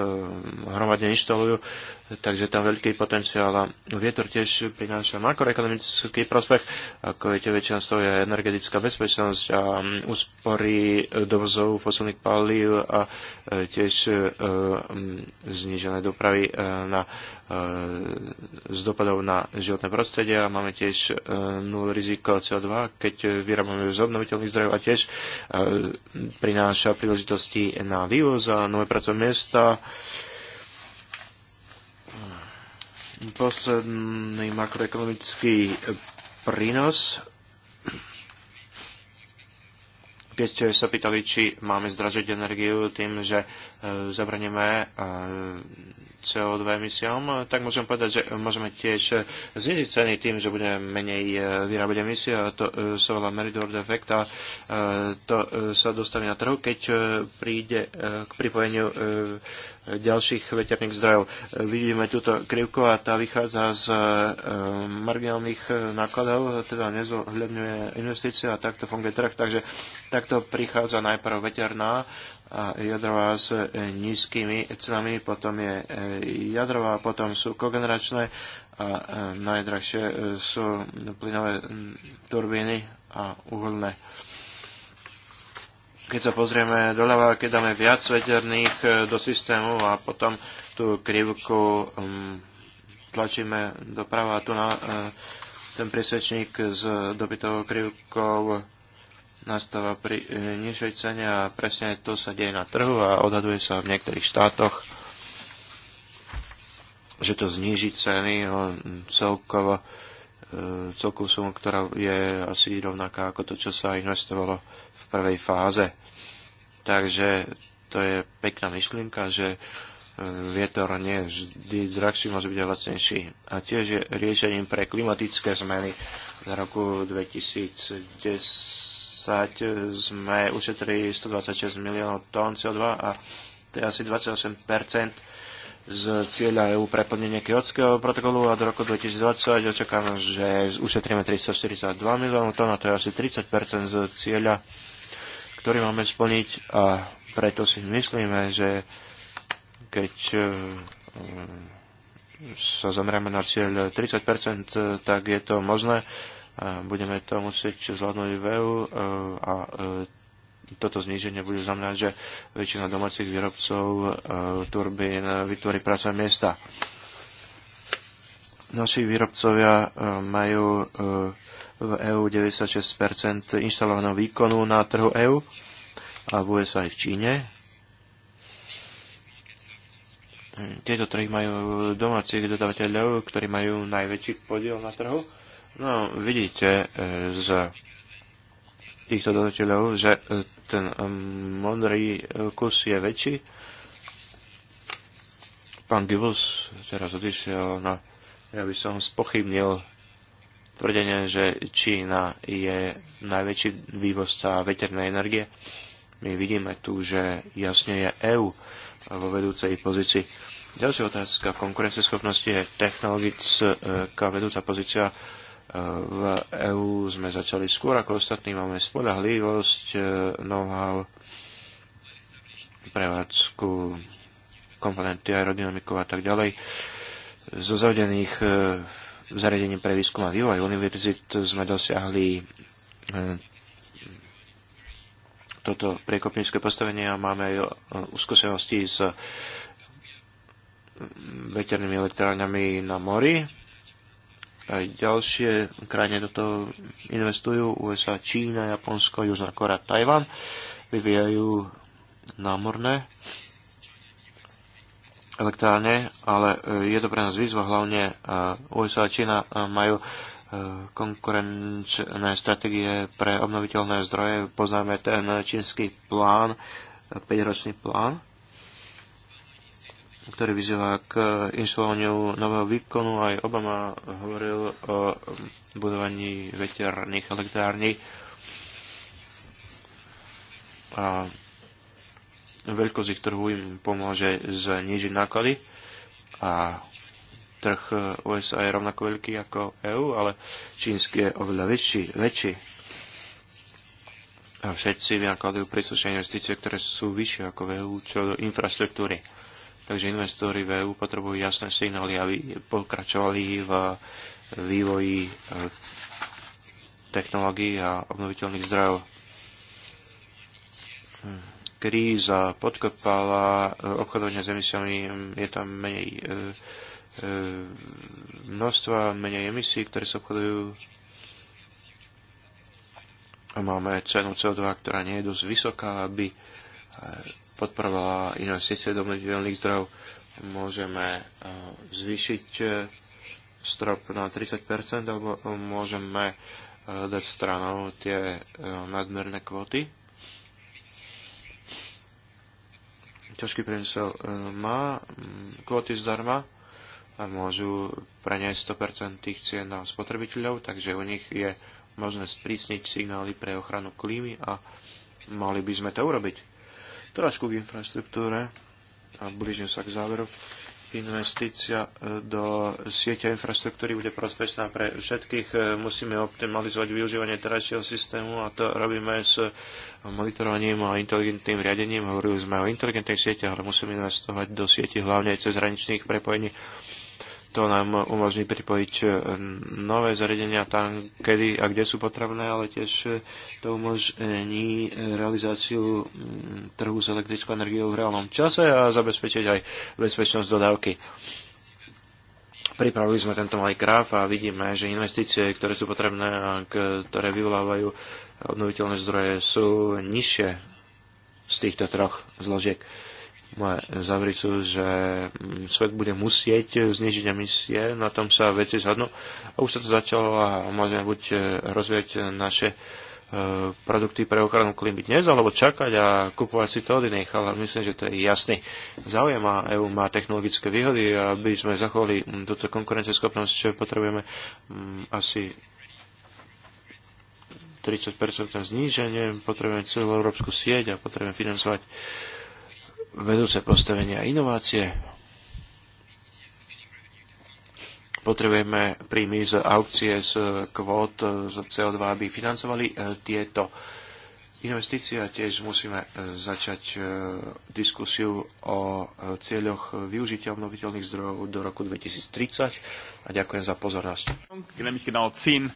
Speaker 2: hromadne inštalujú takže tam veľký potenciál a vietor tiež prináša makroekonomický prospech, ako viete, väčšina z toho je energetická bezpečnosť a um, úspory dovozov fosilných palív a e, tiež e, um, znižené dopravy e, na, z dopadov na životné prostredie a máme tiež nul riziko CO2, keď vyrábame z obnoviteľných zdrojov a tiež prináša príležitosti na vývoz a nové pracovné miesta Posledný makroekonomický prínos. Keď ste sa pýtali, či máme zdražiť energiu tým, že eh, zabranieme eh, CO2 emisiám, tak môžem povedať, že môžeme tiež znižiť ceny tým, že budeme menej e, vyrábať emisie a to e, sa volá Meridor defekt a e, to sa dostane na trhu, keď príde k pripojeniu ďalších veterných zdrojov. Vidíme túto krivku a tá vychádza z marginálnych nákladov, teda nezohľadňuje investície a takto funguje trh, takže takto prichádza najprv veterná a jadrová s e, nízkymi cenami, potom je e, jadrová, potom sú kogeneračné a e, najdrahšie sú plynové turbíny a uhlné. Keď sa pozrieme doľava, keď dáme viac veterných do systému a potom tú krivku tlačíme doprava a tu na ten presvedčník s dobytovou krivkou nastáva pri e, nižšej cene a presne to sa deje na trhu a odhaduje sa v niektorých štátoch, že to zníži ceny o celkovo e, celkovú sumu, ktorá je asi rovnaká ako to, čo sa investovalo v prvej fáze. Takže to je pekná myšlienka, že e, vietor nie vždy drahší, môže byť aj lacnejší. A tiež je riešením pre klimatické zmeny za roku 2010 E, sme ušetrili 126 miliónov tón CO2 a to je asi 28 z cieľa EU preplnenie plnenie Kyotského protokolu a do roku 2020 očakávam, že ušetríme 342 miliónov tón a to je asi 30 z cieľa, ktorý máme splniť a preto si myslíme, že keď e, e, sa zamrieme na cieľ 30%, tak je to možné budeme to musieť zvládnuť v EU e, a e, toto zníženie bude znamenáť, že väčšina domácich výrobcov e, turbín vytvorí práce miesta. Naši výrobcovia majú v EU 96% inštalovaného výkonu na trhu EU a v USA aj v Číne. Tieto trhy majú domácich dodavateľov, ktorí majú najväčší podiel na trhu No, vidíte e, z týchto dodateľov, že e, ten e, modrý kus je väčší. Pán Givels teraz odišiel, na ja by som spochybnil tvrdenie, že Čína je najväčší vývozca veternej energie. My vidíme tu, že jasne je EÚ vo vedúcej pozícii. Ďalšia otázka konkurenceschopnosti je technologická vedúca pozícia v EÚ sme začali skôr ako ostatní, máme spolahlivosť, e, know-how, prevádzku, komponenty aerodynamiku a tak ďalej. Zo zavedených e, zariadení pre výskum a vývoj univerzit sme dosiahli e, toto priekopnícke postavenie a máme aj skúsenosti s veternými elektrárňami na mori a ďalšie krajiny do toho investujú, USA, Čína, Japonsko, Južná Korea, Tajvan. Vyvíjajú námorné elektrárne, ale e, je to pre nás výzva, hlavne e, USA a Čína e, majú konkurenčné stratégie pre obnoviteľné zdroje. Poznáme ten čínsky plán, 5-ročný plán ktorý vyzýva k e, inštalovaniu nového výkonu. Aj Obama hovoril o e, budovaní veterných elektrární. A veľkosť ich trhu im pomôže znižiť náklady a trh e, USA je rovnako veľký ako EU, ale čínsky je oveľa väčší. väčší. A všetci vynakladajú príslušné investície, ktoré sú vyššie ako v EU, čo do infraštruktúry. Takže investori v EU potrebujú jasné signály, aby pokračovali v vývoji e, technológií a obnoviteľných zdrojov. Kríza podkopala e, obchodovanie s emisiami, mm, je tam menej e, množstva, menej emisí, ktoré sa obchodujú. a Máme cenu CO2, ktorá nie je dosť vysoká, aby podporovala investície do obnoviteľných zdrojov. Môžeme e, zvýšiť e, strop na 30 alebo e, môžeme dať stranou tie nadmerné kvóty. Ťažký priemysel má kvóty zdarma a môžu preniesť 100% tých cien na spotrebiteľov, takže u nich je možné sprísniť signály pre ochranu klímy a mali by sme to urobiť Trošku v infraštruktúre a blížim sa k záveru. Investícia e, do siete infraštruktúry bude prospešná pre všetkých. E, musíme optimalizovať využívanie terajšieho systému a to robíme s monitorovaním a inteligentným riadením. Hovorili sme o inteligentnej siete, ale musíme investovať do sieti hlavne aj cez hraničných prepojení to nám umožní pripojiť e, nové zariadenia tam, kedy a kde sú potrebné, ale tiež e, to umožní e, realizáciu trhu s elektrickou energiou v reálnom čase a zabezpečiť aj bezpečnosť dodávky. Pripravili sme tento malý graf a vidíme, že investície, ktoré sú potrebné a ktoré vyvolávajú obnoviteľné zdroje, sú nižšie z týchto troch zložiek. Moje závery sú, že mm, svet bude musieť e, znižiť emisie, na tom sa veci zhodnú. A už sa to začalo a môžeme buď e, rozvieť e, naše produkty pre ochranu klímy dnes, alebo čakať a kupovať si to od iných, ale myslím, že to je jasný záujem a EU má technologické výhody a aby sme zachovali mm, túto konkurencieschopnosť, potrebujeme mm, asi 30% zníženie, potrebujeme celú európsku sieť a potrebujeme financovať uh, vedúce postavenie a inovácie. Potrebujeme príjmy z aukcie, z kvót, z CO2, aby financovali eh, tieto Investícia tiež musíme e, začať e, diskusiu o e, cieľoch využitia obnoviteľných zdrojov do roku 2030 a ďakujem za pozornosť.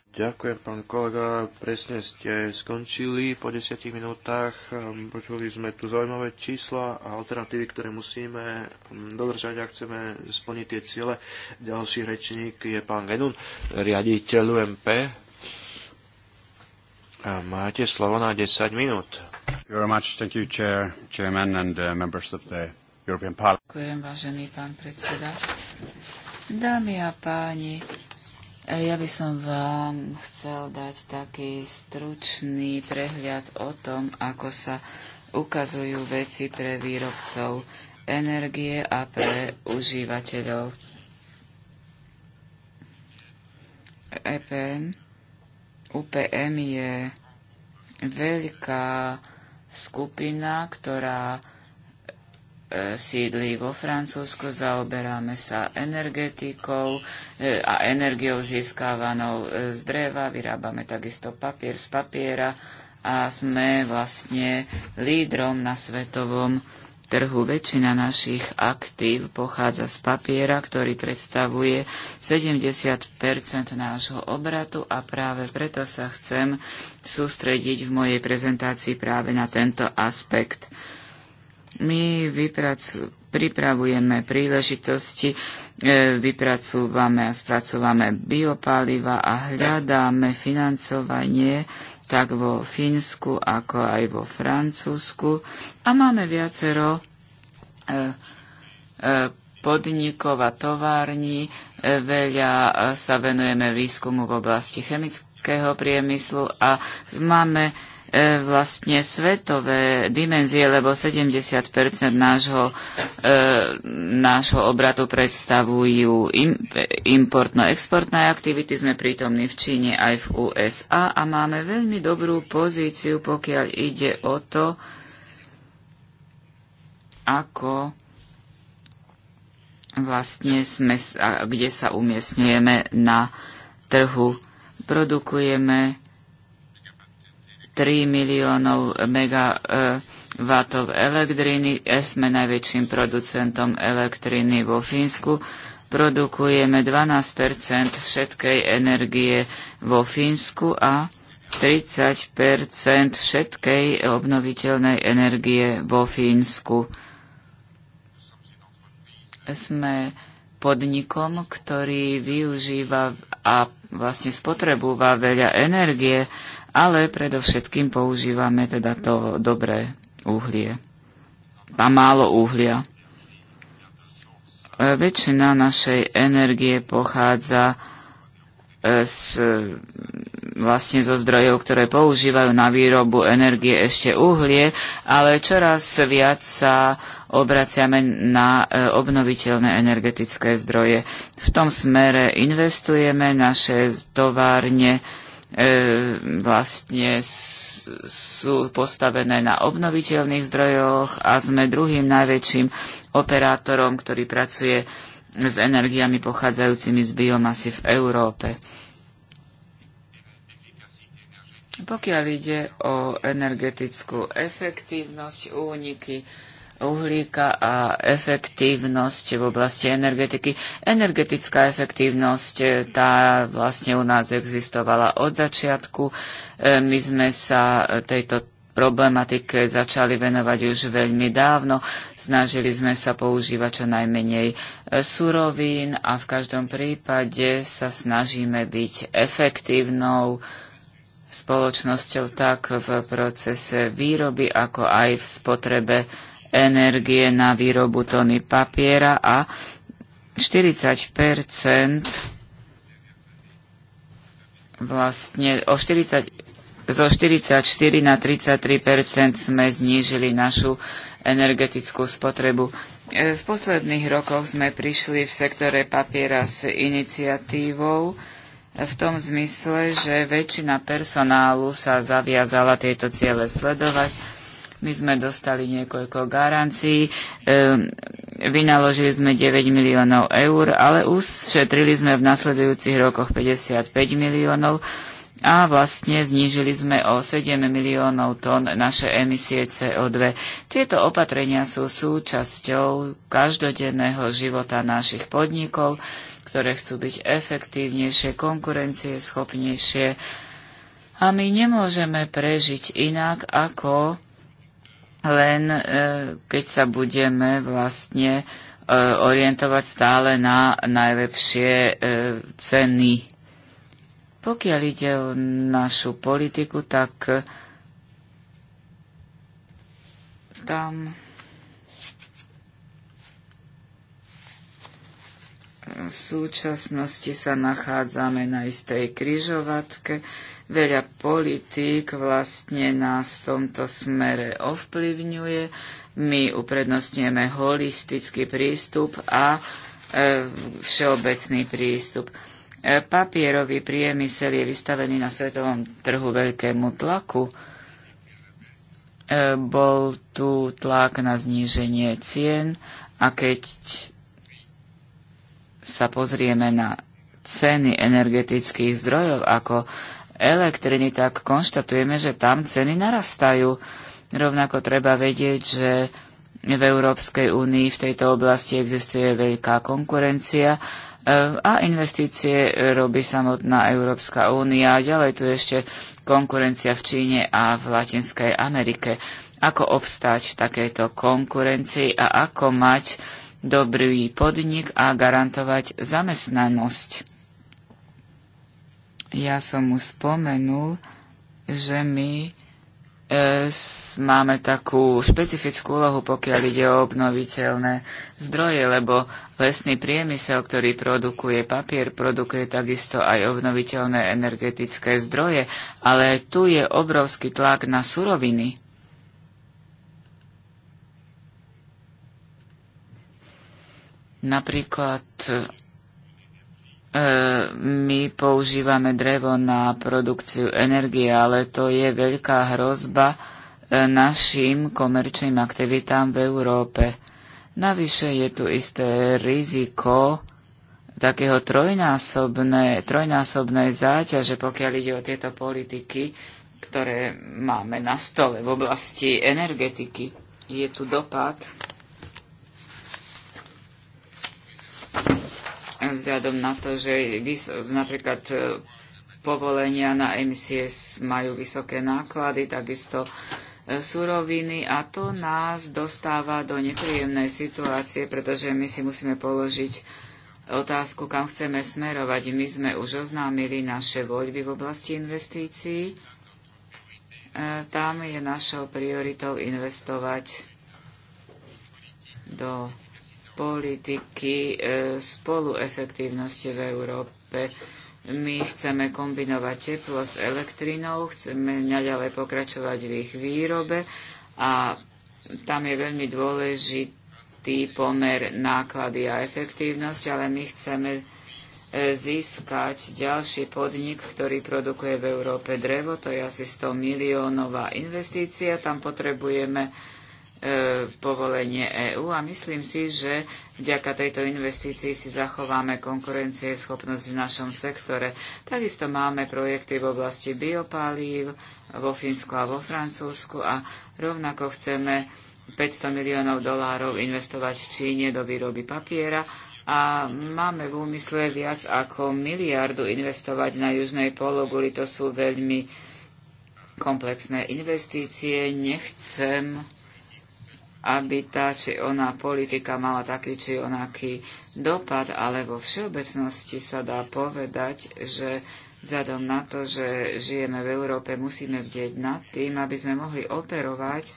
Speaker 2: Ďakujem, pán kolega. Presne ste skončili po desiatich minútach. Ehm, počuli sme tu zaujímavé čísla a alternatívy, ktoré musíme dodržať, ak chceme splniť tie ciele. Ďalší rečník je pán Genun, riaditeľ UMP Máte slovo na 10 minút. Uh, Ďakujem,
Speaker 3: vážený pán predseda. Dámy a páni, e, ja by som vám chcel dať taký stručný prehľad o tom, ako sa ukazujú veci pre výrobcov energie a pre užívateľov. EPN UPM je veľká skupina, ktorá e, sídli vo Francúzsku, zaoberáme sa energetikou e, a energiou získávanou e, z dreva, vyrábame takisto papier z papiera a sme vlastne lídrom na svetovom trhu. Väčšina našich aktív pochádza z papiera, ktorý predstavuje 70 nášho obratu a práve preto sa chcem sústrediť v mojej prezentácii práve na tento aspekt. My pripravujeme príležitosti, e, vypracúvame a spracúvame biopáliva a hľadáme financovanie tak vo Fínsku, ako aj vo Francúzsku. A máme viacero e, e, podnikov a tovární. E, veľa sa venujeme výskumu v oblasti chemického priemyslu a máme E, vlastne svetové dimenzie, lebo 70 nášho, e, nášho obratu predstavujú e, importno-exportné aktivity. Sme prítomní v Číne aj v USA a máme veľmi dobrú pozíciu, pokiaľ ide o to, ako vlastne sme, kde sa umiestňujeme na trhu. Produkujeme 3 miliónov megawatov elektriny. Sme najväčším producentom elektriny vo Fínsku. Produkujeme 12 všetkej energie vo Fínsku a 30 všetkej obnoviteľnej energie vo Fínsku. Sme podnikom, ktorý využíva a vlastne spotrebúva veľa energie ale predovšetkým používame teda to dobré uhlie. A málo uhlia. E, väčšina našej energie pochádza e, z, vlastne zo zdrojov, ktoré používajú na výrobu energie ešte uhlie, ale čoraz viac sa obraciame na e, obnoviteľné energetické zdroje. V tom smere investujeme, naše továrne E, vlastne sú postavené na obnoviteľných zdrojoch a sme druhým najväčším operátorom, ktorý pracuje s energiami pochádzajúcimi z biomasy v Európe. Pokiaľ ide o energetickú efektívnosť, úniky, uhlíka a efektívnosť v oblasti energetiky. Energetická efektívnosť, e, tá vlastne u nás existovala od začiatku. E, my sme sa e, tejto problematike začali venovať už veľmi dávno. Snažili sme sa používať čo najmenej surovín a v každom prípade sa snažíme byť efektívnou spoločnosťou tak v procese výroby, ako aj v spotrebe energie na výrobu tony papiera a 40 vlastne o 40, zo 44 na 33 sme znížili našu energetickú spotrebu. E, v posledných rokoch sme prišli v sektore papiera s iniciatívou v tom zmysle, že väčšina personálu sa zaviazala tieto ciele sledovať my sme dostali niekoľko garancií, ehm, vynaložili sme 9 miliónov eur, ale ušetrili sme v nasledujúcich rokoch 55 miliónov a vlastne znížili sme o 7 miliónov tón naše emisie CO2. Tieto opatrenia sú súčasťou každodenného života našich podnikov, ktoré chcú byť efektívnejšie, konkurencieschopnejšie a my nemôžeme prežiť inak ako len e, keď sa budeme vlastne e, orientovať stále na najlepšie e, ceny. Pokiaľ ide o našu politiku, tak tam v súčasnosti sa nachádzame na istej kryžovatke Veľa politík vlastne nás v tomto smere ovplyvňuje. My uprednostňujeme holistický prístup a e, všeobecný prístup. E, papierový priemysel je vystavený na svetovom trhu veľkému tlaku. E, bol tu tlak na zníženie cien a keď sa pozrieme na ceny energetických zdrojov ako elektriny, tak konštatujeme, že tam ceny narastajú. Rovnako treba vedieť, že v Európskej únii v tejto oblasti existuje veľká konkurencia e, a investície robí samotná Európska únia. Ďalej tu ešte konkurencia v Číne a v Latinskej Amerike. Ako obstať v takejto konkurencii a ako mať dobrý podnik a garantovať zamestnanosť. Ja som mu spomenul, že my e, s, máme takú špecifickú úlohu, pokiaľ ide o obnoviteľné zdroje, lebo lesný priemysel, ktorý produkuje papier, produkuje takisto aj obnoviteľné energetické zdroje, ale tu je obrovský tlak na suroviny. Napríklad E, my používame drevo na produkciu energie, ale to je veľká hrozba e, našim komerčným aktivitám v Európe. Navyše je tu isté riziko takého trojnásobné, trojnásobnej záťaže, pokiaľ ide o tieto politiky, ktoré máme na stole v oblasti energetiky. Je tu dopad vzhľadom na to, že napríklad e, povolenia na emisie majú vysoké náklady, takisto e, suroviny a to nás dostáva do nepríjemnej situácie, pretože my si musíme položiť otázku, kam chceme smerovať. My sme už oznámili naše voľby v oblasti investícií. E, tam je našou prioritou investovať do politiky e, spoluefektívnosti v Európe. My chceme kombinovať teplo s elektrínou, chceme naďalej pokračovať v ich výrobe a tam je veľmi dôležitý pomer náklady a efektívnosť, ale my chceme e, získať ďalší podnik, ktorý produkuje v Európe drevo. To je asi 100 miliónová investícia. Tam potrebujeme E, povolenie EÚ a myslím si, že vďaka tejto investícii si zachováme konkurencieschopnosť v našom sektore. Takisto máme projekty v oblasti biopálív, vo Fínsku a vo Francúzsku a rovnako chceme 500 miliónov dolárov investovať v Číne do výroby papiera a máme v úmysle viac ako miliardu investovať na južnej pologuli. To sú veľmi komplexné investície. Nechcem aby tá či ona politika mala taký či onaký dopad, ale vo všeobecnosti sa dá povedať, že vzhľadom na to, že žijeme v Európe, musíme vdieť nad tým, aby sme mohli operovať e,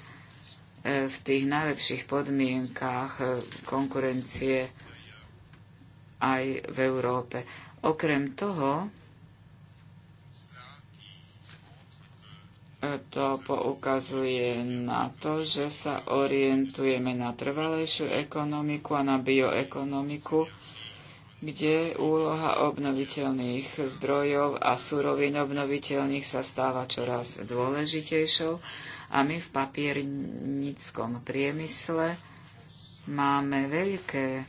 Speaker 3: v tých najlepších podmienkách e, konkurencie aj v Európe. Okrem toho, to poukazuje na to, že sa orientujeme na trvalejšiu ekonomiku a na bioekonomiku, kde úloha obnoviteľných zdrojov a súrovín obnoviteľných sa stáva čoraz dôležitejšou a my v papiernickom priemysle máme veľké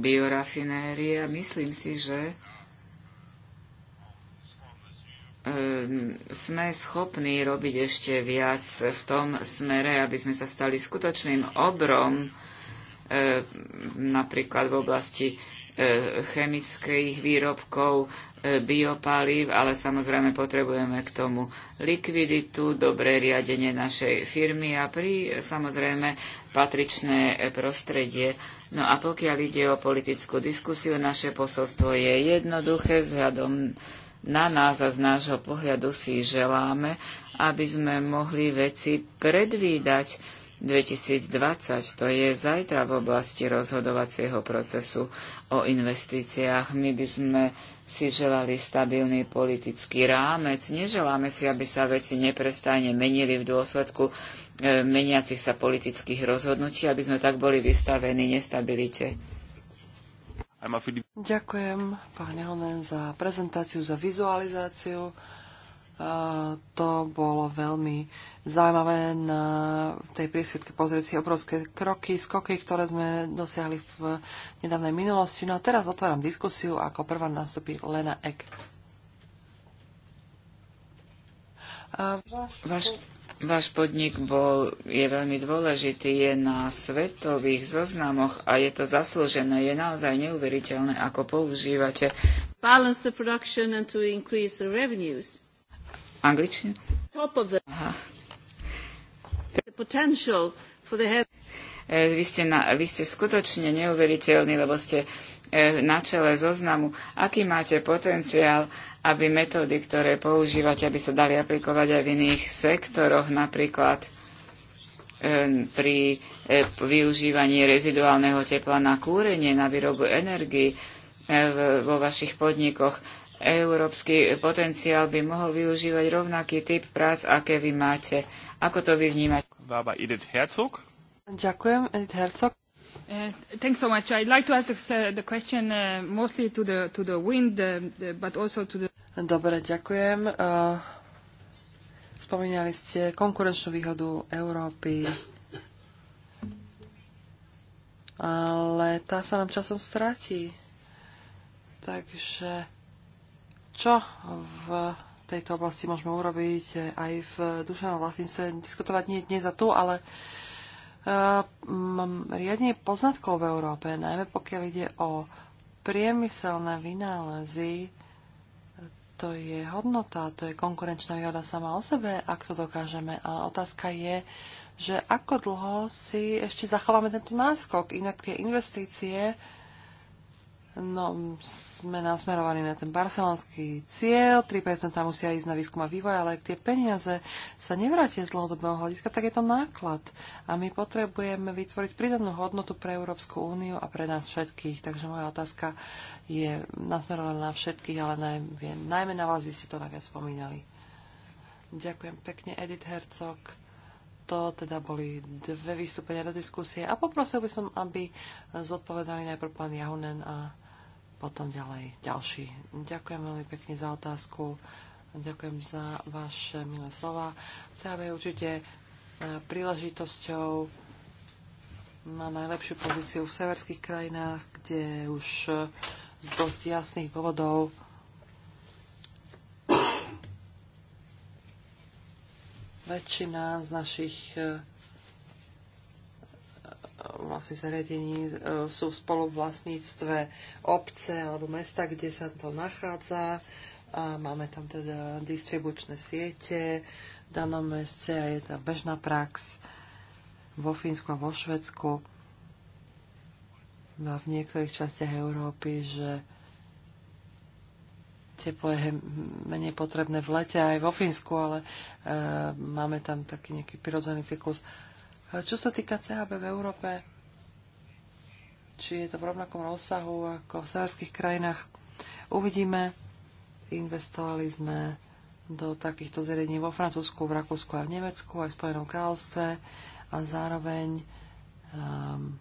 Speaker 3: biorafinérie a myslím si, že Ehm, sme schopní robiť ešte viac v tom smere, aby sme sa stali skutočným obrom ehm, napríklad v oblasti ehm, chemických výrobkov, biopalív, ale samozrejme potrebujeme k tomu likviditu, dobré riadenie našej firmy a pri samozrejme patričné prostredie. No a pokiaľ ide o politickú diskusiu, naše posolstvo je jednoduché vzhľadom na nás a z nášho pohľadu si želáme, aby sme mohli veci predvídať. 2020 to je zajtra v oblasti rozhodovacieho procesu o investíciách. My by sme si želali stabilný politický rámec. Neželáme si, aby sa veci neprestajne menili v dôsledku e, meniacich sa politických rozhodnutí, aby sme tak boli vystavení nestabilite.
Speaker 1: Ďakujem, pán Honen, za prezentáciu, za vizualizáciu. E, to bolo veľmi zaujímavé na tej priesvitke pozrieť si obrovské kroky, skoky, ktoré sme dosiahli v nedávnej minulosti. No a teraz otváram diskusiu. Ako prvá nastupí Lena Ek. E, váš... Váš...
Speaker 3: Váš podnik bol, je veľmi dôležitý, je na svetových zoznamoch a je to zaslúžené. Je naozaj neuveriteľné, ako používate. Balance the production and to increase the revenues. Anglične? Top of the... Aha. The potential for the heavy... Eh, vy ste, na, vy ste skutočne neuveriteľní, lebo ste eh, na čele zoznamu, aký máte potenciál aby metódy, ktoré používate, aby sa dali aplikovať aj v iných sektoroch, napríklad e, pri e, využívaní reziduálneho tepla na kúrenie, na výrobu energii e, vo vašich podnikoch. Európsky potenciál by mohol využívať rovnaký typ prác, aké vy máte. Ako to vy vnímate? Ďakujem, Edith Herzog.
Speaker 1: Uh, thanks so much. I'd like to ask the, uh, the question uh, mostly to the, to the wind, uh, the, but also to the... Dobre, ďakujem. Uh, spomínali ste konkurenčnú výhodu Európy, ale tá sa nám časom stratí. Takže čo v tejto oblasti môžeme urobiť aj v dušenom vlastníctve? Diskutovať nie dnes a tu, ale uh, riadne poznatkov v Európe, najmä pokiaľ ide o priemyselné vynálezy, to je hodnota, to je konkurenčná výhoda sama o sebe, ak to dokážeme. Ale otázka je, že ako dlho si ešte zachováme tento náskok. Inak tie investície No, sme nasmerovaní na ten barcelonský cieľ, 3% musia ísť na výskum a vývoj, ale ak tie peniaze sa nevrátia z dlhodobého hľadiska, tak je to náklad. A my potrebujeme vytvoriť pridanú hodnotu pre Európsku úniu a pre nás všetkých. Takže moja otázka je nasmerovaná na všetkých, ale najmä, najmä na vás, vy ste to najviac spomínali. Ďakujem pekne, Edith Hercog to teda boli dve vystúpenia do diskusie a poprosil by som, aby zodpovedali najprv pán Jahunen a potom ďalej ďalší. Ďakujem veľmi pekne za otázku. Ďakujem za vaše milé slova. CAB je určite e, príležitosťou na najlepšiu pozíciu v severských krajinách, kde už e, z dosť jasných dôvodov väčšina z našich e, vlastne zariadení e, sú v spoluvlastníctve obce alebo mesta, kde sa to nachádza. A máme tam teda distribučné siete v danom meste a je tam bežná prax vo Fínsku a vo Švedsku a v niektorých častiach Európy, že teplo je menej potrebné v lete aj vo Fínsku, ale e, máme tam taký nejaký prirodzený cyklus. Čo sa týka CHB v Európe, či je to v rovnakom rozsahu ako v sárských krajinách, uvidíme. Investovali sme do takýchto zariadení vo Francúzsku, v Rakúsku a v Nemecku, aj v Spojenom kráľovstve a zároveň um,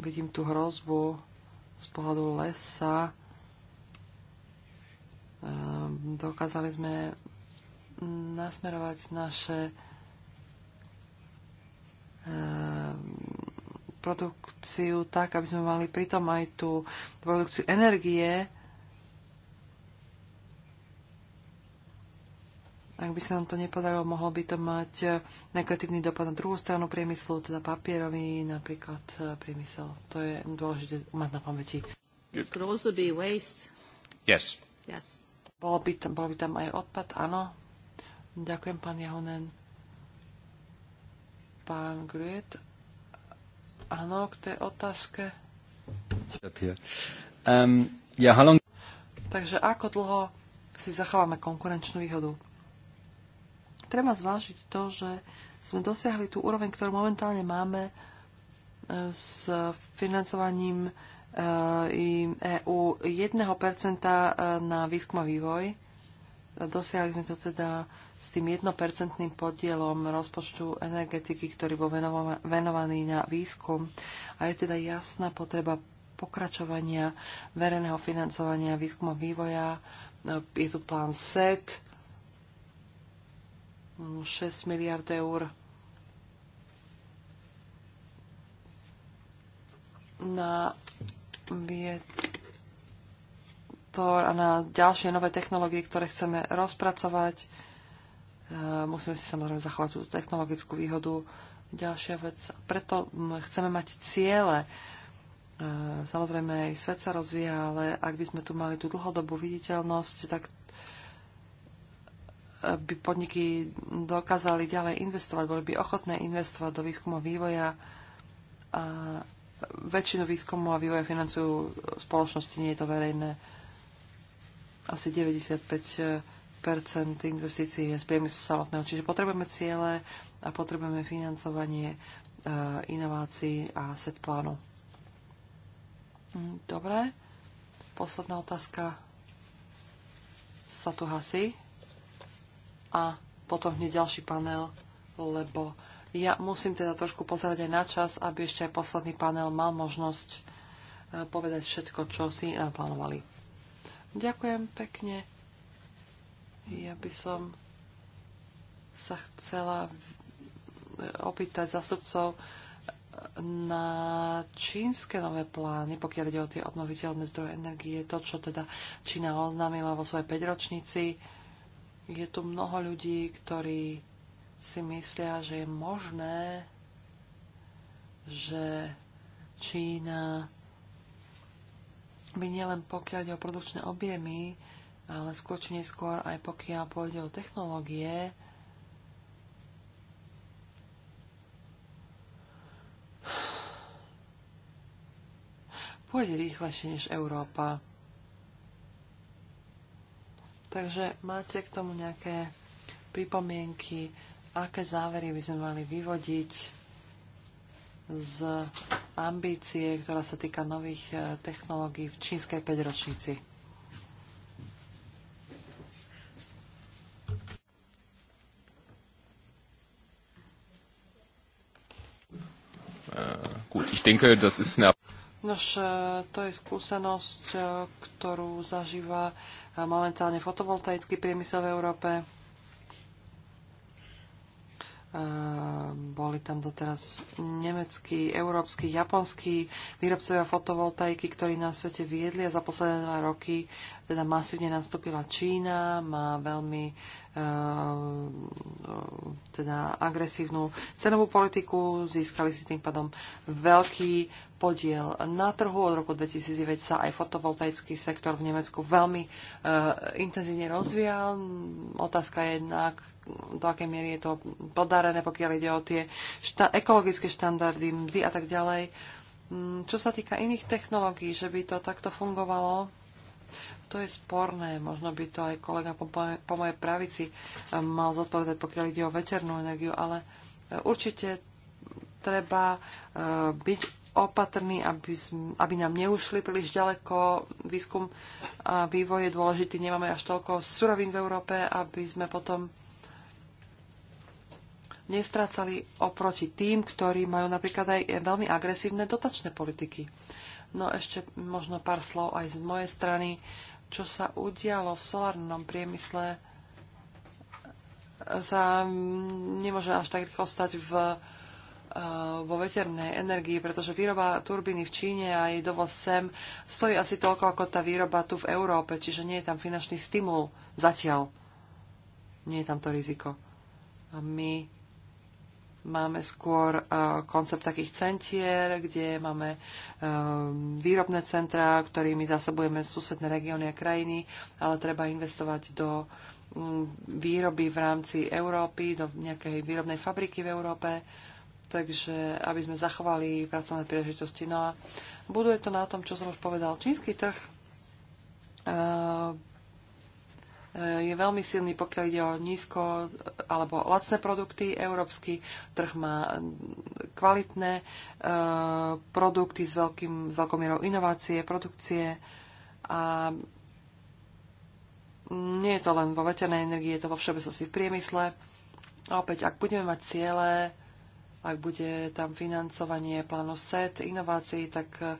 Speaker 1: vidím tú hrozbu z pohľadu lesa. Um, dokázali sme nasmerovať naše Ehm, produkciu tak, aby sme mali pritom aj tú produkciu energie. Ak by sa nám to nepodarilo, mohlo by to mať eh, negatívny dopad na druhú stranu priemyslu, teda papierový napríklad eh, priemysel. To je dôležité mať na pamäti. Yes. Yes. Bol by, tam, bol by tam aj odpad, áno. Ďakujem, pán Jahonen pán Gret. Áno, k tej otázke. Um, yeah, long... Takže ako dlho si zachovávame konkurenčnú výhodu? Treba zvážiť to, že sme dosiahli tú úroveň, ktorú momentálne máme e, s financovaním EU e 1% e, na výskum a vývoj Dosiahli sme to teda s tým jednopercentným podielom rozpočtu energetiky, ktorý bol venovaný na výskum. A je teda jasná potreba pokračovania verejného financovania výskuma vývoja. Je tu plán SET, 6 miliard eur na vietu priestor a na ďalšie nové technológie, ktoré chceme rozpracovať. E, musíme si samozrejme zachovať tú technologickú výhodu. Ďalšia vec, preto chceme mať ciele. E, samozrejme, aj svet sa rozvíja, ale ak by sme tu mali tú dlhodobú viditeľnosť, tak e, by podniky dokázali ďalej investovať, boli by ochotné investovať do výskumu a vývoja. A väčšinu výskumu a vývoja financujú spoločnosti, nie je to verejné asi 95 investícií je z priemyslu samotného. Čiže potrebujeme ciele a potrebujeme financovanie e, inovácií a set plánu. Mm, dobre. Posledná otázka sa tu hasí. A potom hneď ďalší panel, lebo ja musím teda trošku pozerať aj na čas, aby ešte aj posledný panel mal možnosť e, povedať všetko, čo si naplánovali. Ďakujem pekne. Ja by som sa chcela opýtať zastupcov na čínske nové plány, pokiaľ ide o tie obnoviteľné zdroje energie, to, čo teda Čína oznámila vo svojej 5 Je tu mnoho ľudí, ktorí si myslia, že je možné, že Čína by nielen pokiaľ ide o produkčné objemy, ale skôr či neskôr aj pokiaľ pôjde o technológie, pôjde rýchlejšie než Európa. Takže máte k tomu nejaké pripomienky, aké závery by sme mali vyvodiť z ambície, ktorá sa týka nových eh, technológií v čínskej 5-ročnici. Äh, Nož, eh, to je skúsenosť, eh, ktorú zažíva momentálne fotovoltaický priemysel v Európe. Ehm, boli tam doteraz nemeckí, európsky, japonskí výrobcovia fotovoltaiky, ktorí na svete viedli a za posledné dva roky teda masívne nastúpila Čína, má veľmi ehm, teda agresívnu cenovú politiku, získali si tým pádom veľký podiel na trhu. Od roku 2009 sa aj fotovoltaický sektor v Nemecku veľmi uh, intenzívne rozvíjal. Otázka je, na do akej miery je to podarené, pokiaľ ide o tie šta- ekologické štandardy, mzdy a tak ďalej. Mm, čo sa týka iných technológií, že by to takto fungovalo, to je sporné. Možno by to aj kolega po, po mojej pravici eh, mal zodpovedať, pokiaľ ide o veternú energiu, ale eh, určite treba eh, byť opatrní, aby, aby nám neušli príliš ďaleko. Výskum a vývoj je dôležitý, nemáme až toľko surovín v Európe, aby sme potom nestrácali oproti tým, ktorí majú napríklad aj veľmi agresívne dotačné politiky. No ešte možno pár slov aj z mojej strany, čo sa udialo v solárnom priemysle sa mm, nemôže až tak rýchlo stať v, eh, vo veternej energii, pretože výroba turbíny v Číne a jej dovoz sem stojí asi toľko ako tá výroba tu v Európe, čiže nie je tam finančný stimul zatiaľ. Nie je tam to riziko. A my Máme skôr e, koncept takých centier, kde máme e, výrobné centrá, ktorými zasobujeme susedné regióny a krajiny, ale treba investovať do výroby v rámci Európy, do nejakej výrobnej fabriky v Európe, takže aby sme zachovali pracovné príležitosti. No a buduje to na tom, čo som už povedal. Čínsky trh e, Eh, je veľmi silný, pokiaľ ide o nízko alebo lacné produkty. Európsky trh má kvalitné eh, produkty s, veľkým, s veľkou mierou inovácie, produkcie a nie je to len vo veternej energii, je to vo všeobecnosti v priemysle. A opäť, ak budeme mať ciele, ak bude tam financovanie plánu SET, inovácií, tak e,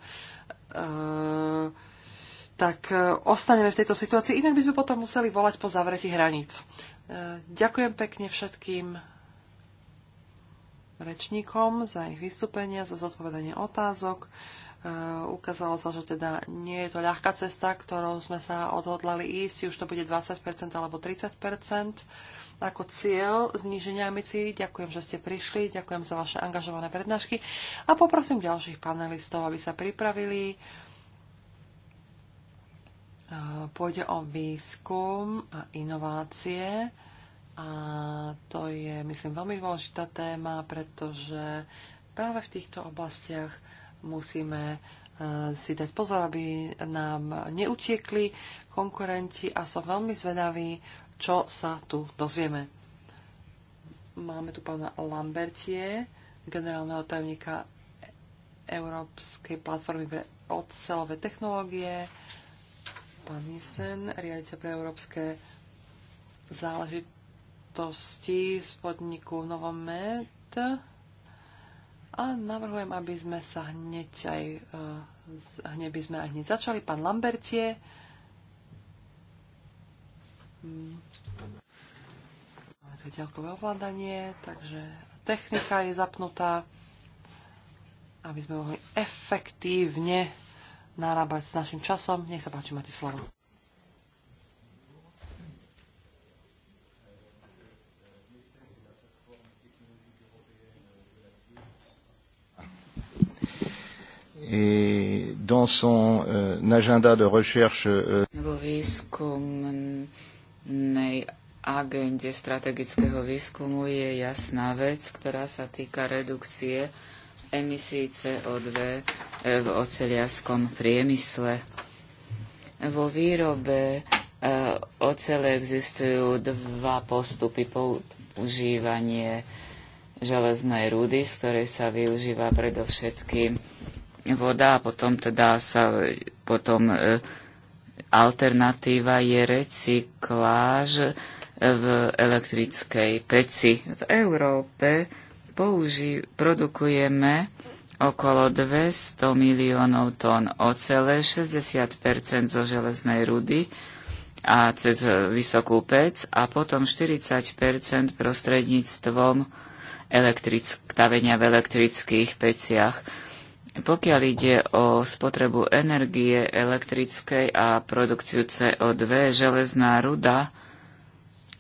Speaker 1: tak e, ostaneme v tejto situácii. Inak by sme potom museli volať po zavretí hraníc. E, ďakujem pekne všetkým rečníkom za ich vystúpenia, za zodpovedanie otázok. E, ukázalo sa, že teda nie je to ľahká cesta, ktorou sme sa odhodlali ísť, už to bude 20% alebo 30% ako cieľ zníženia emisí. Ďakujem, že ste prišli, ďakujem za vaše angažované prednášky a poprosím ďalších panelistov, aby sa pripravili Pôjde o výskum a inovácie a to je, myslím, veľmi dôležitá téma, pretože práve v týchto oblastiach musíme e, si dať pozor, aby nám neutiekli konkurenti a som veľmi zvedavý, čo sa tu dozvieme. Máme tu pána Lambertie, generálneho tajomníka Európskej platformy pre ocelové technológie pán Nisen, riaditeľ pre európske záležitosti z podniku Novomed. A navrhujem, aby sme sa hneď aj e, hneď by sme aj hneď začali. Pán Lambertie. Mm. Máme tu ďalkové ovládanie, takže technika je zapnutá, aby sme mohli efektívne narábať s našim časom. Nech sa páči, máte slovo.
Speaker 2: et dans son euh, agenda de recherche euh,
Speaker 3: agende strategického výskumu je jasná vec, ktorá sa týka redukcie emisí CO2 e, v oceliarskom priemysle. Vo výrobe e, ocele existujú dva postupy používanie železnej rudy, z ktorej sa využíva predovšetkým voda a potom teda sa potom e, alternatíva je recykláž v elektrickej peci. V Európe použi- produkujeme okolo 200 miliónov tón ocele, 60 zo železnej rudy a cez vysokú pec a potom 40 prostredníctvom elektrick- tavenia v elektrických peciach. Pokiaľ ide o spotrebu energie elektrickej a produkciu CO2, železná ruda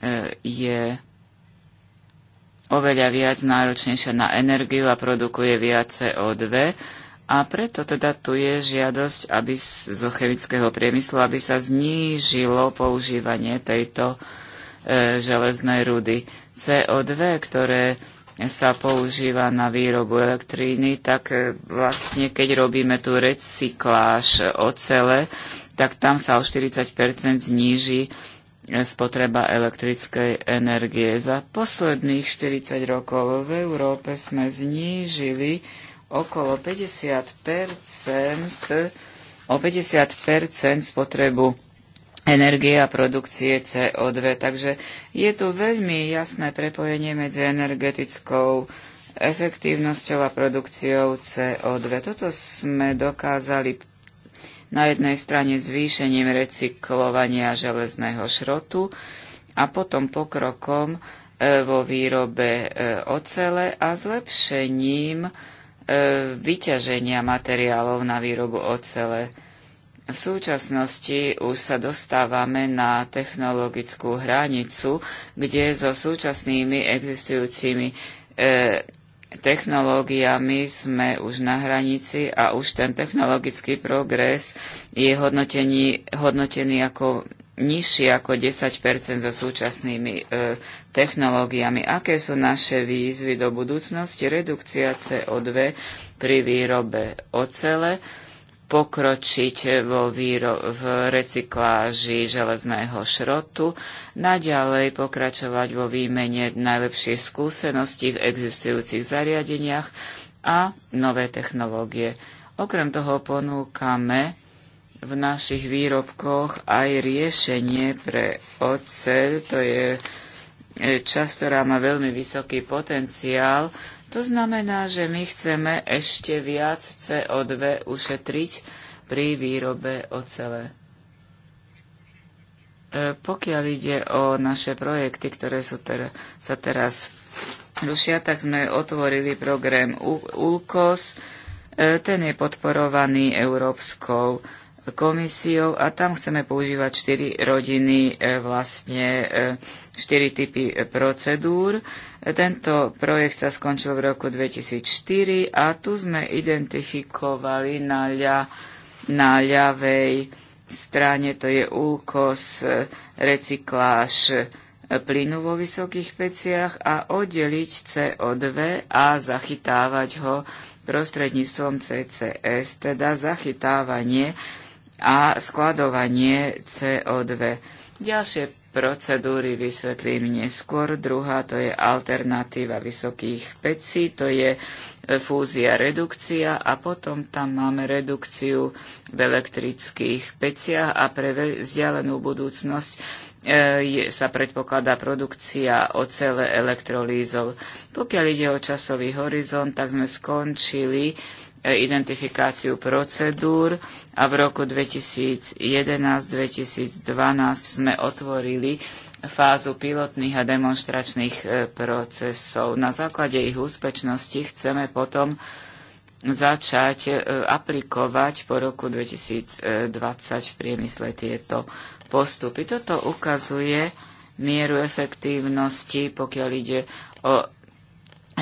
Speaker 3: e, je oveľa viac náročnejšia na energiu a produkuje viac CO2 a preto teda tu je žiadosť aby zo chemického priemyslu, aby sa znížilo používanie tejto e, železnej rudy. CO2, ktoré sa používa na výrobu elektríny, tak e, vlastne keď robíme tú recykláž ocele, tak tam sa o 40 zníži spotreba elektrickej energie. Za posledných 40 rokov v Európe sme znížili okolo 50 o 50 spotrebu energie a produkcie CO2. Takže je tu veľmi jasné prepojenie medzi energetickou efektívnosťou a produkciou CO2. Toto sme dokázali na jednej strane zvýšením recyklovania železného šrotu a potom pokrokom e, vo výrobe e, ocele a zlepšením e, vyťaženia materiálov na výrobu ocele. V súčasnosti už sa dostávame na technologickú hranicu, kde so súčasnými existujúcimi technológiami sme už na hranici a už ten technologický progres je hodnotený ako nižší ako 10 so súčasnými e, technológiami. Aké sú naše výzvy do budúcnosti? Redukcia CO2 pri výrobe ocele pokročiť vo výro- v recykláži železného šrotu, naďalej pokračovať vo výmene najlepších skúseností v existujúcich zariadeniach a nové technológie. Okrem toho ponúkame v našich výrobkoch aj riešenie pre oceľ, to je e, časť, ktorá má veľmi vysoký potenciál to znamená, že my chceme ešte viac CO2 ušetriť pri výrobe ocele. E, pokiaľ ide o naše projekty, ktoré sú ter- sa teraz rušia, tak sme otvorili program ULKOS. E, ten je podporovaný Európskou komisiou a tam chceme používať 4 rodiny e, vlastne štyri typy procedúr. Tento projekt sa skončil v roku 2004 a tu sme identifikovali na, ľa, na ľavej strane, to je úkos, eh, recykláž eh, plynu vo vysokých peciach a oddeliť CO2 a zachytávať ho prostredníctvom CCS, teda zachytávanie a skladovanie CO2. Ďalšie procedúry vysvetlím neskôr. Druhá to je alternatíva vysokých pecí, to je e, fúzia redukcia a potom tam máme redukciu v elektrických peciach a pre vzdialenú budúcnosť e, sa predpokladá produkcia ocele elektrolízov. Pokiaľ ide o časový horizont, tak sme skončili identifikáciu procedúr a v roku 2011-2012 sme otvorili fázu pilotných a demonstračných e, procesov. Na základe ich úspečnosti chceme potom začať e, aplikovať po roku 2020 v priemysle tieto postupy. Toto ukazuje mieru efektívnosti, pokiaľ ide o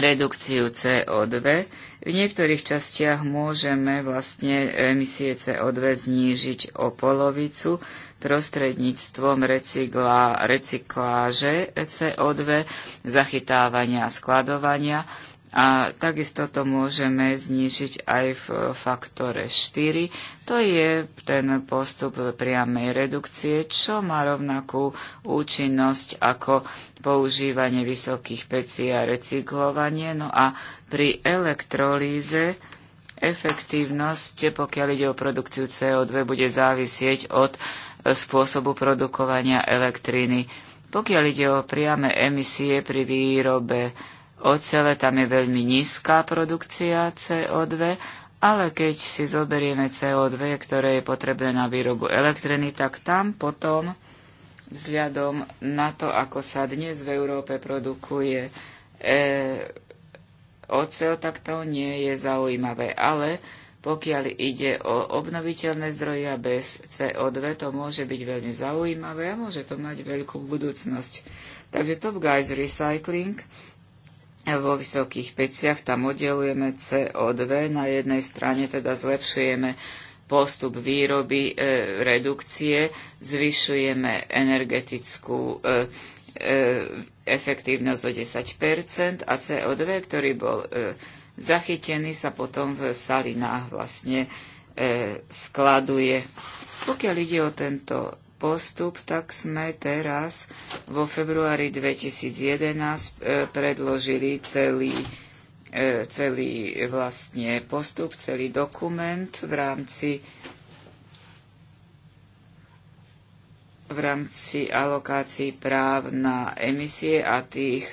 Speaker 3: redukciu CO2. V niektorých častiach môžeme vlastne emisie CO2 znížiť o polovicu prostredníctvom recykla, recykláže CO2, zachytávania a skladovania a takisto to môžeme znižiť aj v faktore 4. To je ten postup priamej redukcie, čo má rovnakú účinnosť ako používanie vysokých pecí a recyklovanie. No a pri elektrolíze efektívnosť, pokiaľ ide o produkciu CO2, bude závisieť od spôsobu produkovania elektriny. Pokiaľ ide o priame emisie pri výrobe ocele, tam je veľmi nízka produkcia CO2, ale keď si zoberieme CO2, ktoré je potrebné na výrobu elektriny, tak tam potom vzhľadom na to, ako sa dnes v Európe produkuje e, oceľ, tak to nie je zaujímavé. Ale pokiaľ ide o obnoviteľné zdroje a bez CO2, to môže byť veľmi zaujímavé a môže to mať veľkú budúcnosť. Takže Top Guys Recycling vo vysokých peciach, tam oddelujeme CO2, na jednej strane teda zlepšujeme postup výroby, e, redukcie, zvyšujeme energetickú e, e, efektívnosť o 10 a CO2, ktorý bol e, zachytený, sa potom v salinách vlastne e, skladuje. Pokiaľ ide o tento postup, tak sme teraz vo februári 2011 e, predložili celý, e, celý vlastne postup, celý dokument v rámci v rámci alokácií práv na emisie a tých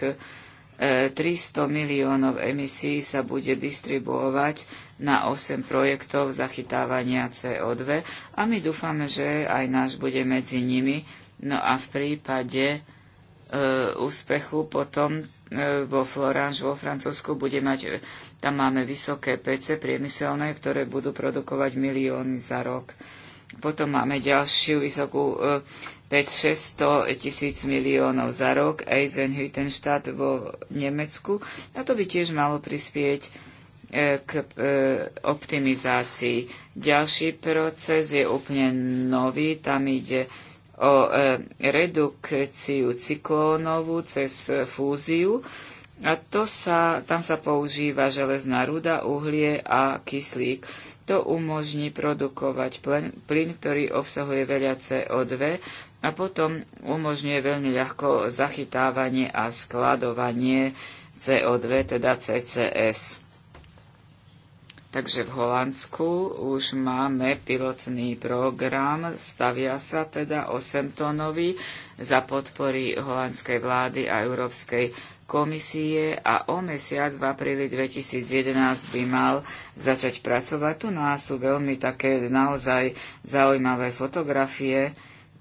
Speaker 3: 300 miliónov emisí sa bude distribuovať na 8 projektov zachytávania CO2 a my dúfame, že aj náš bude medzi nimi. No a v prípade e, úspechu potom e, vo Florange vo Francúzsku bude mať, e, tam máme vysoké PC priemyselné, ktoré budú produkovať milióny za rok. Potom máme ďalšiu vysokú e, 5-600 tisíc miliónov za rok, Eisenhüttenstadt vo Nemecku. A to by tiež malo prispieť e, k e, optimizácii. Ďalší proces je úplne nový, tam ide o e, redukciu cyklónovú cez fúziu a to sa, tam sa používa železná ruda, uhlie a kyslík. To umožní produkovať plyn, ktorý obsahuje veľa CO2 a potom umožňuje veľmi ľahko zachytávanie a skladovanie CO2, teda CCS. Takže v Holandsku už máme pilotný program, stavia sa teda 8-tónový za podpory holandskej vlády a Európskej komisie a o mesiac v apríli 2011 by mal začať pracovať. Tu nás sú veľmi také naozaj zaujímavé fotografie,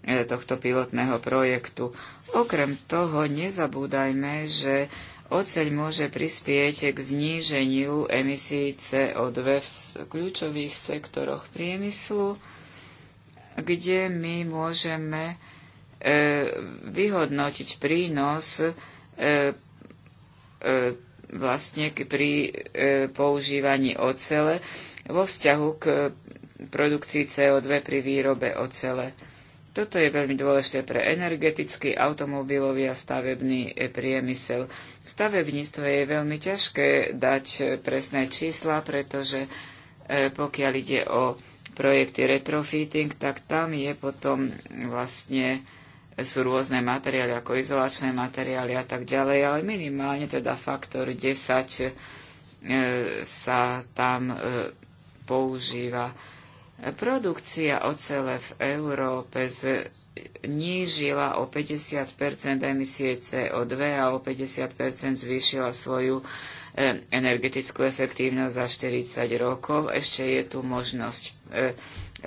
Speaker 3: tohto pilotného projektu. Okrem toho nezabúdajme, že oceľ môže prispieť k zníženiu emisí CO2 v kľúčových sektoroch priemyslu, kde my môžeme e, vyhodnotiť prínos e, e, vlastne pri používaní ocele vo vzťahu k produkcii CO2 pri výrobe ocele. Toto je veľmi dôležité pre energetický, automobilový a stavebný e, priemysel. V stavebníctve je veľmi ťažké dať e, presné čísla, pretože e, pokiaľ ide o projekty retrofitting, tak tam je potom vlastne sú rôzne materiály ako izolačné materiály a tak ďalej, ale minimálne teda faktor 10 sa tam používa Produkcia ocele v Európe znížila o 50 emisie CO2 a o 50 zvýšila svoju e, energetickú efektívnosť za 40 rokov. Ešte je tu možnosť e,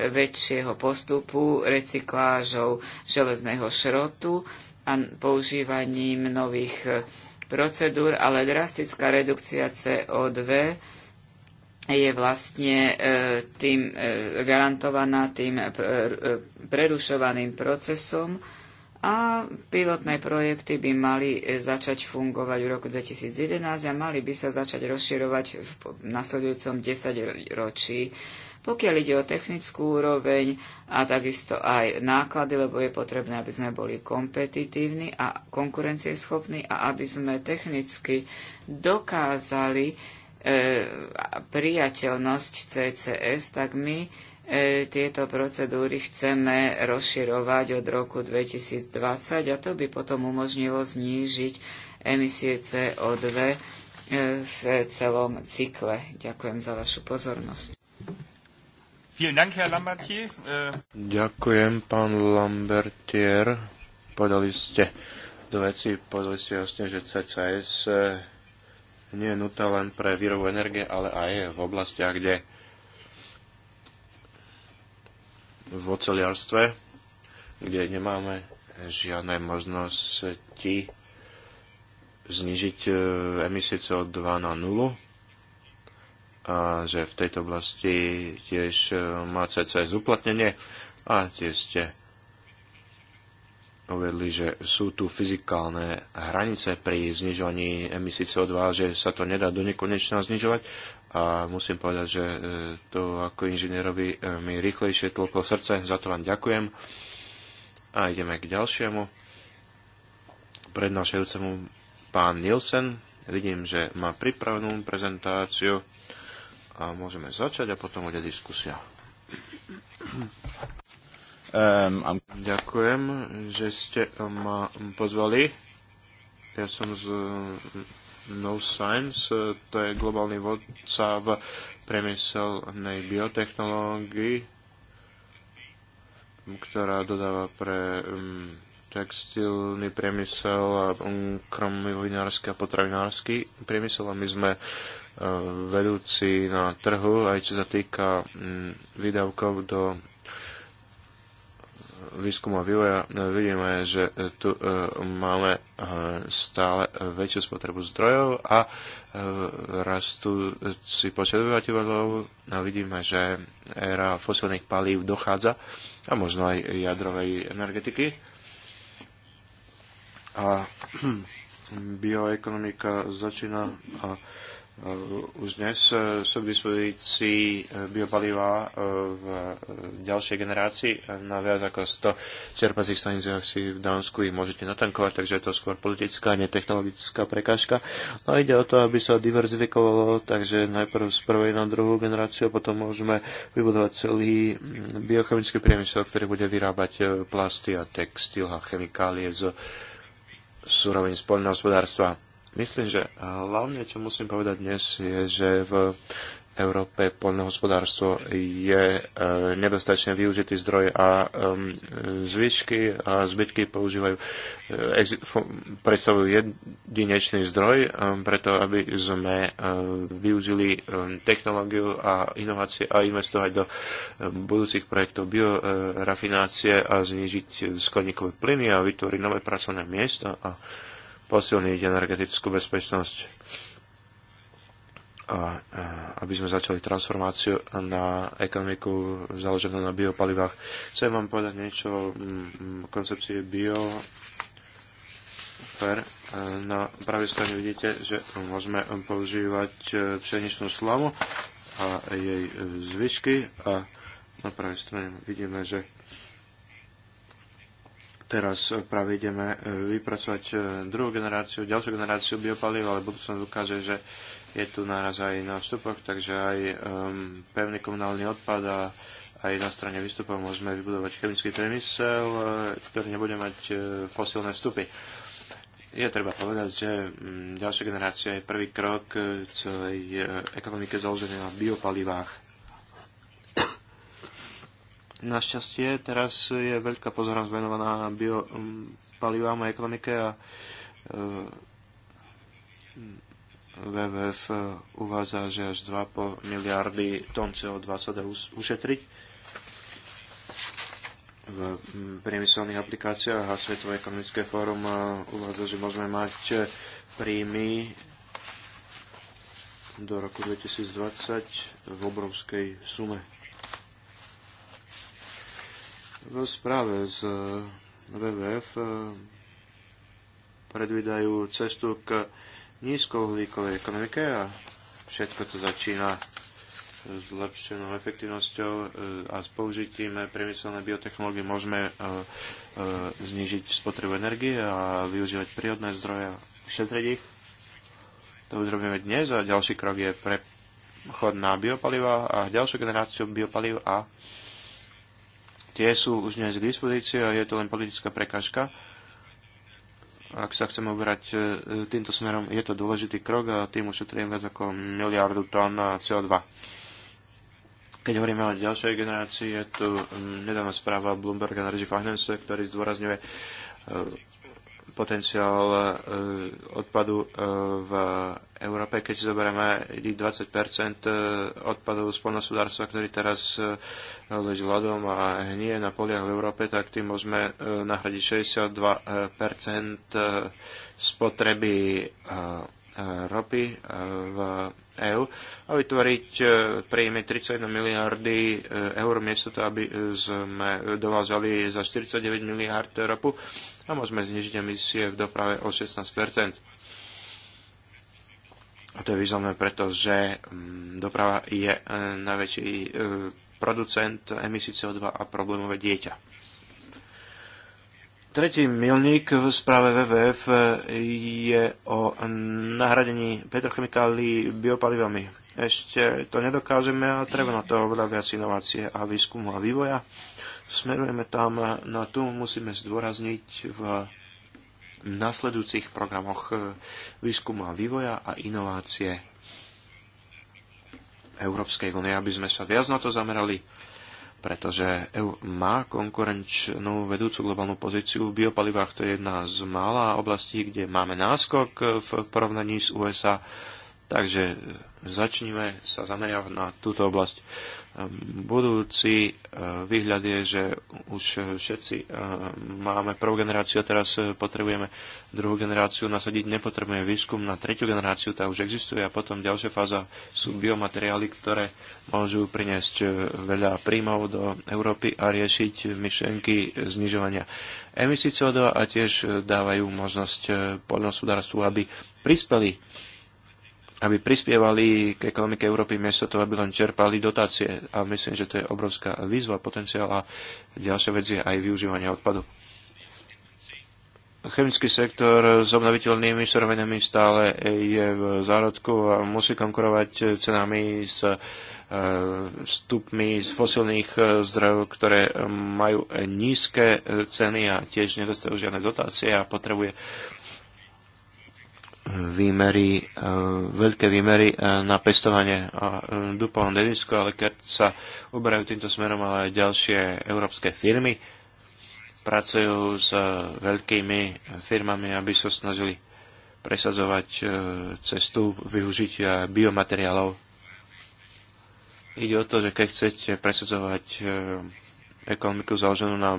Speaker 3: väčšieho postupu recyklážou železného šrotu a používaním nových e, procedúr, ale drastická redukcia CO2 je vlastne e, tým e, garantovaná tým e, prerušovaným procesom a pilotné projekty by mali začať fungovať v roku 2011 a mali by sa začať rozširovať v nasledujúcom 10 ročí. Pokiaľ ide o technickú úroveň a takisto aj náklady, lebo je potrebné, aby sme boli kompetitívni a konkurencieschopní a aby sme technicky dokázali E, priateľnosť CCS, tak my e, tieto procedúry chceme rozširovať od roku 2020 a to by potom umožnilo znížiť emisie CO2 e, v celom cykle. Ďakujem za vašu pozornosť.
Speaker 1: Äh,
Speaker 2: Ďakujem, pán Lambertier. Podali ste do veci, podali ste jasne, že CCS nie je nutné len pre výrobu energie, ale aj v oblastiach, kde v oceliarstve, kde nemáme žiadne možnosti znižiť e, emisie CO2 na nulu a že v tejto oblasti tiež e, má CCS uplatnenie a tiež ste uvedli, že sú tu fyzikálne hranice pri znižovaní emisí CO2, že sa to nedá do nekonečna znižovať. A musím povedať, že e, to ako inžinierovi e, mi rýchlejšie tlklo srdce, za to vám ďakujem. A ideme k ďalšiemu prednášajúcemu pán Nielsen. Vidím, že má pripravenú prezentáciu a môžeme začať a potom bude diskusia. Um, Ďakujem, že ste ma pozvali. Ja som z mm, No Science, to je globálny vodca v priemyselnej biotechnológii, ktorá dodáva pre mm, textilný priemysel a mm, krmivinárske a potravinársky priemysel a my sme eh, vedúci na trhu, aj čo sa týka výdavkov do výskumu a vývoja e, vidíme, že e, tu e, máme stále väčšiu spotrebu zdrojov a si počet obyvateľov a vidíme, že éra fosilných palív dochádza a možno aj jadrovej energetiky. A bioekonomika začína a Eh, už dnes eh, sú k dispozícii eh, biopalivá v ďalšej generácii na viac ako 100 čerpacích staniciach si v Dánsku ich môžete natankovať, takže je to skôr politická, netechnologická prekážka. No ide o to, aby sa diverzifikovalo, takže najprv z prvej na druhú generáciu a potom môžeme vybudovať celý mm, biochemický priemysel, ktorý bude vyrábať plasty a textil a chemikálie z súrovín spolného hospodárstva Myslím, že hlavne, čo musím povedať dnes, je, že v Európe poľnohospodárstvo je e, nedostatečne využitý zdroj a zvyšky a zbytky používajú, e, predstavujú jedinečný zdroj, preto aby sme e, využili technológiu a inovácie a investovať do budúcich projektov biorafinácie a znižiť skleníkové plyny a vytvoriť nové pracovné miesta a posilniť energetickú bezpečnosť a aby sme začali transformáciu na ekonomiku založenú na biopalivách. Chcem vám povedať niečo o mm, koncepcii bio Fair. E, na pravej strane vidíte, že môžeme používať e, pšeničnú slamu a jej e, zvyšky a na pravej strane vidíme, že teraz práve ideme e, vypracovať e, druhú generáciu, ďalšiu generáciu biopalív, ale budú sa ukáže, že je tu náraz aj na vstupoch, takže aj um, pevný komunálny odpad a aj na strane výstupov môžeme vybudovať chemický priemysel, ktorý nebude mať fosílne vstupy. Je treba povedať, že mm, ďalšia generácia je prvý krok celej ekonomike založenia na biopalivách Našťastie teraz je veľká pozornosť venovaná biopalivám a ekonomike a e, WWF e, uvádza, že až 2,5 miliardy tón CO2 sa dá ušetriť v priemyselných aplikáciách a Svetové ekonomické fórum e, uvádza, že môžeme mať príjmy do roku 2020 v obrovskej sume. V správe z eh, WWF eh, predvídajú cestu k nízkouhlíkovej ekonomike a všetko to začína lepšenou efektivnosťou eh, a s použitím priemyselnej biotechnológie môžeme znižiť spotrebu energie a využívať prírodné zdroje a šetriť ich. To už robíme dnes a ďalší krok je prechod na biopaliva a ďalšiu generáciu biopaliv a tie sú už dnes k dispozícii a je to len politická prekažka. Ak sa chceme uberať e, týmto smerom, je to dôležitý krok a tým ušetrím viac ako miliardu tón CO2. Keď hovoríme o ďalšej generácii, je tu nedávna správa Bloomberg Energy Finance, ktorý zdôrazňuje e, potenciál e, odpadu v Európe, keď si zoberieme 20 e, odpadov z polnospodárstva, ktorý teraz e, leží ľadom a hnie na poliach v Európe, tak tým môžeme e, nahradiť 62 spotreby ropy v EÚ a vytvoriť príjmy 31 miliardy eur miesto to, aby sme dovážali za 49 miliard ropu a môžeme znižiť emisie v doprave o 16 a to je významné, že mm, doprava je e, najväčší e, producent emisí CO2 a problémové dieťa. Tretí milník v správe WWF e, je o nahradení petrochemikálií biopalivami. Ešte to nedokážeme a treba na to oveľa viac inovácie a výskumu a vývoja. Smerujeme tam na tu, musíme zdôrazniť v nasledujúcich programoch e, výskumu a vývoja a inovácie Európskej únie, aby sme sa viac na to zamerali, pretože EU má konkurenčnú vedúcu globálnu pozíciu v biopalivách. To je jedna z mála oblastí, kde máme náskok v porovnaní s USA. Takže e, začnime sa zameriavať na túto oblasť budúci e, výhľad je, že už všetci e, máme prvú generáciu a teraz potrebujeme druhú generáciu nasadiť. Nepotrebujeme výskum na tretiu generáciu, tá už existuje a potom ďalšia fáza sú biomateriály, ktoré môžu priniesť e, veľa príjmov do Európy a riešiť myšlenky, znižovania emisí CO2 a tiež dávajú možnosť poľnohospodárstvu, aby prispeli aby prispievali k ekonomike Európy miesto toho, aby len čerpali dotácie. A myslím, že to je obrovská výzva, potenciál a ďalšia vec je aj využívanie odpadu. Chemický sektor s obnoviteľnými surovinami stále je v zárodku a musí konkurovať cenami s e, vstupmi z fosilných e, zdrojov, ktoré majú nízke ceny a tiež nedostajú žiadne dotácie a potrebuje výmery, e, veľké výmery e, na pestovanie e, dupovom dedisku, ale keď sa uberajú týmto smerom, ale aj ďalšie európske firmy pracujú s veľkými firmami, aby sa snažili presadzovať cestu využitia biomateriálov. Ide o to, že keď chcete presadzovať ekonomiku založenú na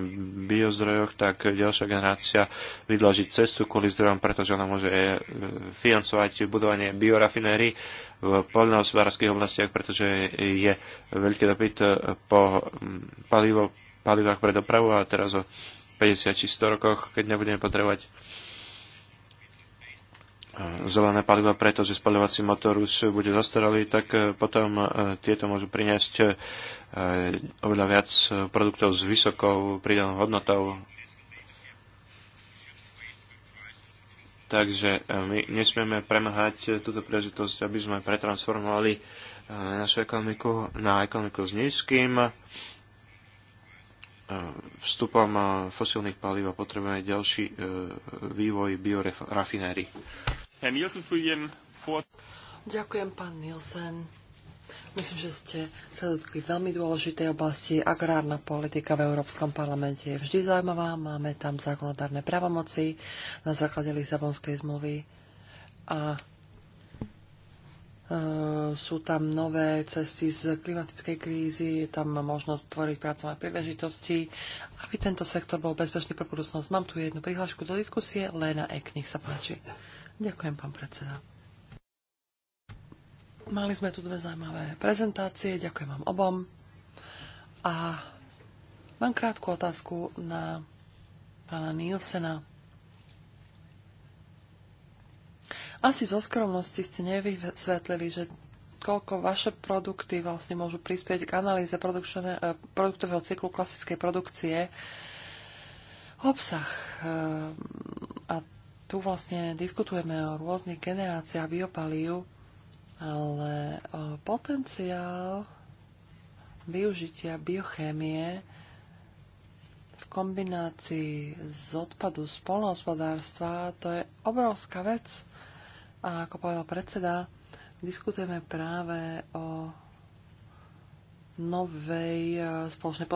Speaker 2: biozdrojoch, tak ďalšia generácia vydlaží cestu kvôli zdrojom, pretože ona môže eh, financovať budovanie biorafinérií v poľnohospodárských oblastiach, pretože je veľký dopyt eh, po hm, palivo, palivách pre dopravu a teraz o 50 či 100 rokoch, keď nebudeme potrebovať zelené paliva, pretože spaľovací motor už bude zastaralý, tak e, potom e, tieto môžu priniesť e, oveľa viac produktov s vysokou pridanou hodnotou. Takže my nesmieme premahať túto príležitosť, aby sme pretransformovali našu ekonomiku na ekonomiku s nízkym vstupom fosílnych palív a potrebujeme ďalší vývoj biorafinérií. Herr Nielsen, für Ihren
Speaker 1: Ďakujem, pán Nielsen. Myslím, že ste sa dotkli veľmi dôležitej oblasti. Agrárna politika v Európskom parlamente je vždy zaujímavá. Máme tam zákonodárne pravomoci na základe Lisabonskej zmluvy a e, sú tam nové cesty z klimatickej krízy, je tam možnosť tvoriť pracovné príležitosti, aby tento sektor bol bezpečný pre budúcnosť. Mám tu jednu prihlášku do diskusie, Lena Ek, nech sa páči. Ďakujem, pán predseda. Mali sme tu dve zaujímavé prezentácie, ďakujem vám obom. A mám krátku otázku na pána Nielsena. Asi zo skromnosti ste nevysvetlili, že koľko vaše produkty vlastne môžu prispieť k analýze eh, produktového cyklu klasickej produkcie. Obsah eh, a tu vlastne diskutujeme o rôznych generáciách biopalív, ale e, potenciál využitia biochémie v kombinácii z odpadu z polnohospodárstva, to je obrovská vec. A ako povedal predseda, diskutujeme práve o novej eh, spoločnej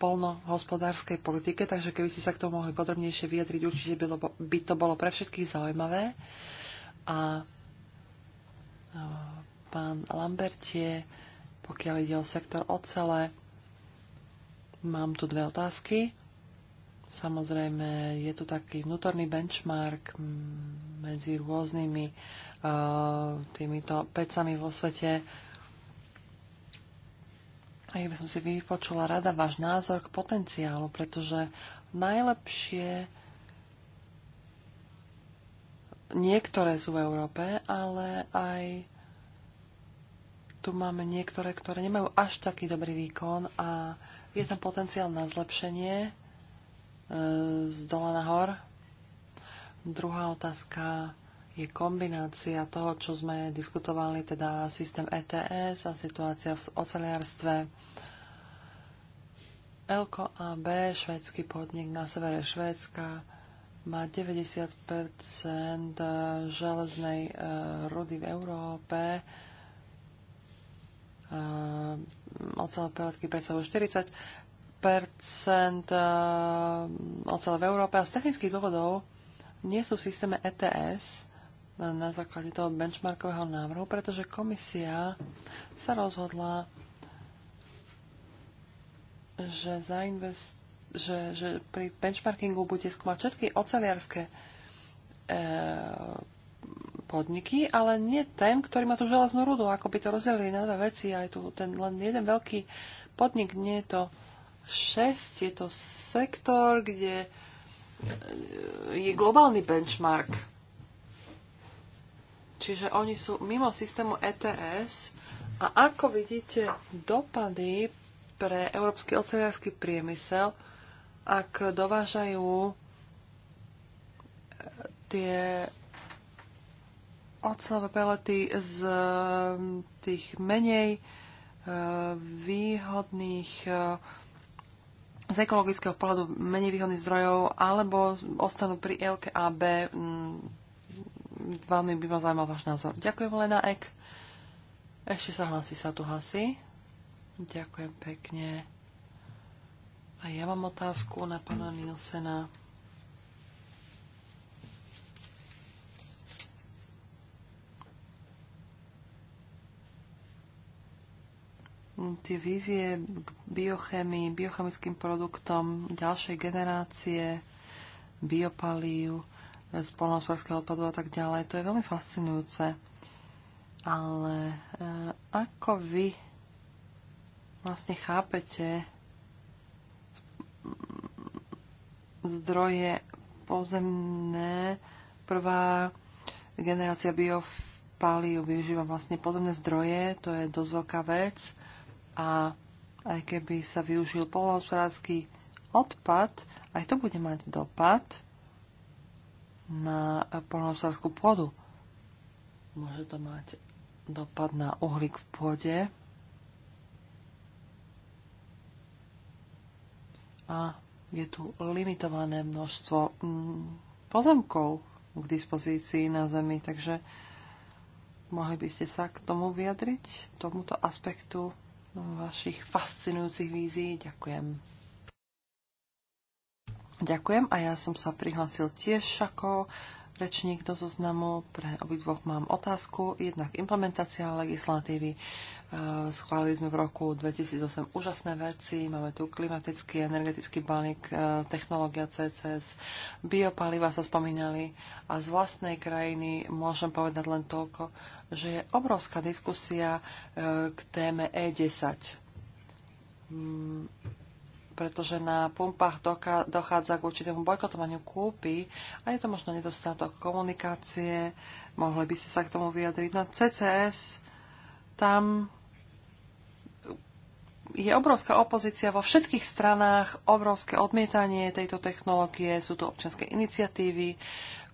Speaker 1: polnohospodárskej politike, takže keby ste sa k tomu mohli podrobnejšie vyjadriť, určite by to bolo pre všetkých zaujímavé. A eh, pán Lambertie, pokiaľ ide o sektor ocele, mám tu dve otázky. Samozrejme, je tu taký vnútorný benchmark medzi rôznymi uh, týmito pecami vo svete. A ja by som si vypočula rada váš názor k potenciálu, pretože najlepšie niektoré sú v Európe, ale aj tu máme niektoré, ktoré nemajú až taký dobrý výkon a je tam potenciál na zlepšenie e, z dola nahor. Druhá otázka je kombinácia toho, čo sme diskutovali, teda systém ETS a situácia v oceliarstve. Elko AB, švédsky podnik na severe Švédska, má 90 železnej e, rudy v Európe. E, Ocelové pelletky predstavujú 40 e, ocele v Európe a z technických dôvodov nie sú v systéme ETS na základe toho benchmarkového návrhu, pretože komisia sa rozhodla, že, zainvest, že, že pri benchmarkingu bude skúmať všetky oceliarské e, podniky, ale nie ten, ktorý má tú železnú rudu, ako by to rozdelili na dve veci. Aj tu ten len jeden veľký podnik, nie je to 6, je to sektor, kde e, je globálny benchmark Čiže oni sú mimo systému ETS. A ako vidíte dopady pre európsky oceliarský priemysel, ak dovážajú eh, tie ocelové pelety z eh, tých menej eh, výhodných z ekologického pohľadu menej výhodných zdrojov alebo ostanú pri LKAB mm, veľmi by ma zaujímal váš názor. Ďakujem, Lena Ek. Ešte sa hlasí, sa tu hlasí. Ďakujem pekne. A ja mám otázku na pána Nielsena. tie vízie k biochemii, biochemickým produktom ďalšej generácie, biopalív spolnohospodárskeho odpadu a tak ďalej. To je veľmi fascinujúce. Ale eh, ako vy vlastne chápete zdroje pozemné. Prvá generácia biopalív využíva vlastne pozemné zdroje, to je dosť veľká vec a aj keby sa využil polnohospodársky odpad, aj to bude mať dopad na polnohospodárskú pôdu. Môže to mať dopad na uhlík v pôde a je tu limitované množstvo mm, pozemkov k dispozícii na Zemi, takže mohli by ste sa k tomu vyjadriť, tomuto aspektu vašich fascinujúcich vízií. Ďakujem. Ďakujem a ja som sa prihlásil tiež ako rečník do zoznamu. Pre obidvoch mám otázku. Jednak implementácia legislatívy. E, schválili sme v roku 2008 úžasné veci. Máme tu klimatický, energetický balík, e, technológia CCS, biopaliva sa spomínali. A z vlastnej krajiny môžem povedať len toľko, že je obrovská diskusia e, k téme E10 pretože na pumpách dochádza k určitému bojkotovaniu kúpy a je to možno nedostatok komunikácie. Mohli by ste sa k tomu vyjadriť. No CCS, tam je obrovská opozícia vo všetkých stranách, obrovské odmietanie tejto technológie, sú tu občianské iniciatívy,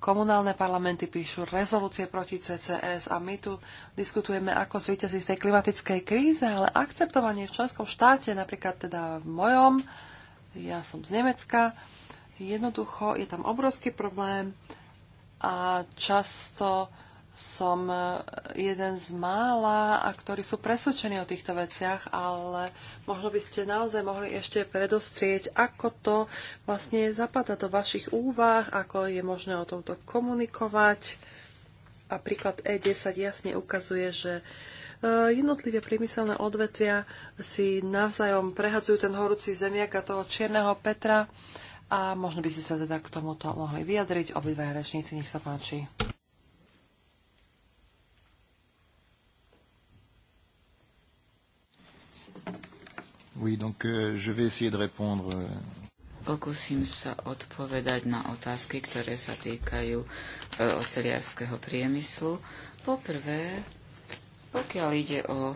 Speaker 1: komunálne parlamenty píšu rezolúcie proti CCS a my tu diskutujeme, ako zvýťaziť v tej klimatickej kríze, ale akceptovanie v členskom štáte, napríklad teda v mojom, ja som z Nemecka, jednoducho je tam obrovský problém a často som e, jeden z mála, a ktorí sú presvedčení o týchto veciach, ale možno by ste naozaj mohli ešte predostrieť, ako to vlastne zapadá do vašich úvah, ako je možné o tomto komunikovať. A príklad E10 jasne ukazuje, že e, jednotlivé priemyselné odvetvia si navzájom prehadzujú ten horúci zemiak a toho čierneho Petra. A možno by ste sa teda k tomuto mohli vyjadriť. Obidva rečníci, nech sa páči.
Speaker 3: Oui, donc euh, je vais essayer de répondre. Euh. Pokúsim sa odpovedať na otázky, ktoré sa týkajú e, oceliarského priemyslu. Poprvé, pokiaľ ide o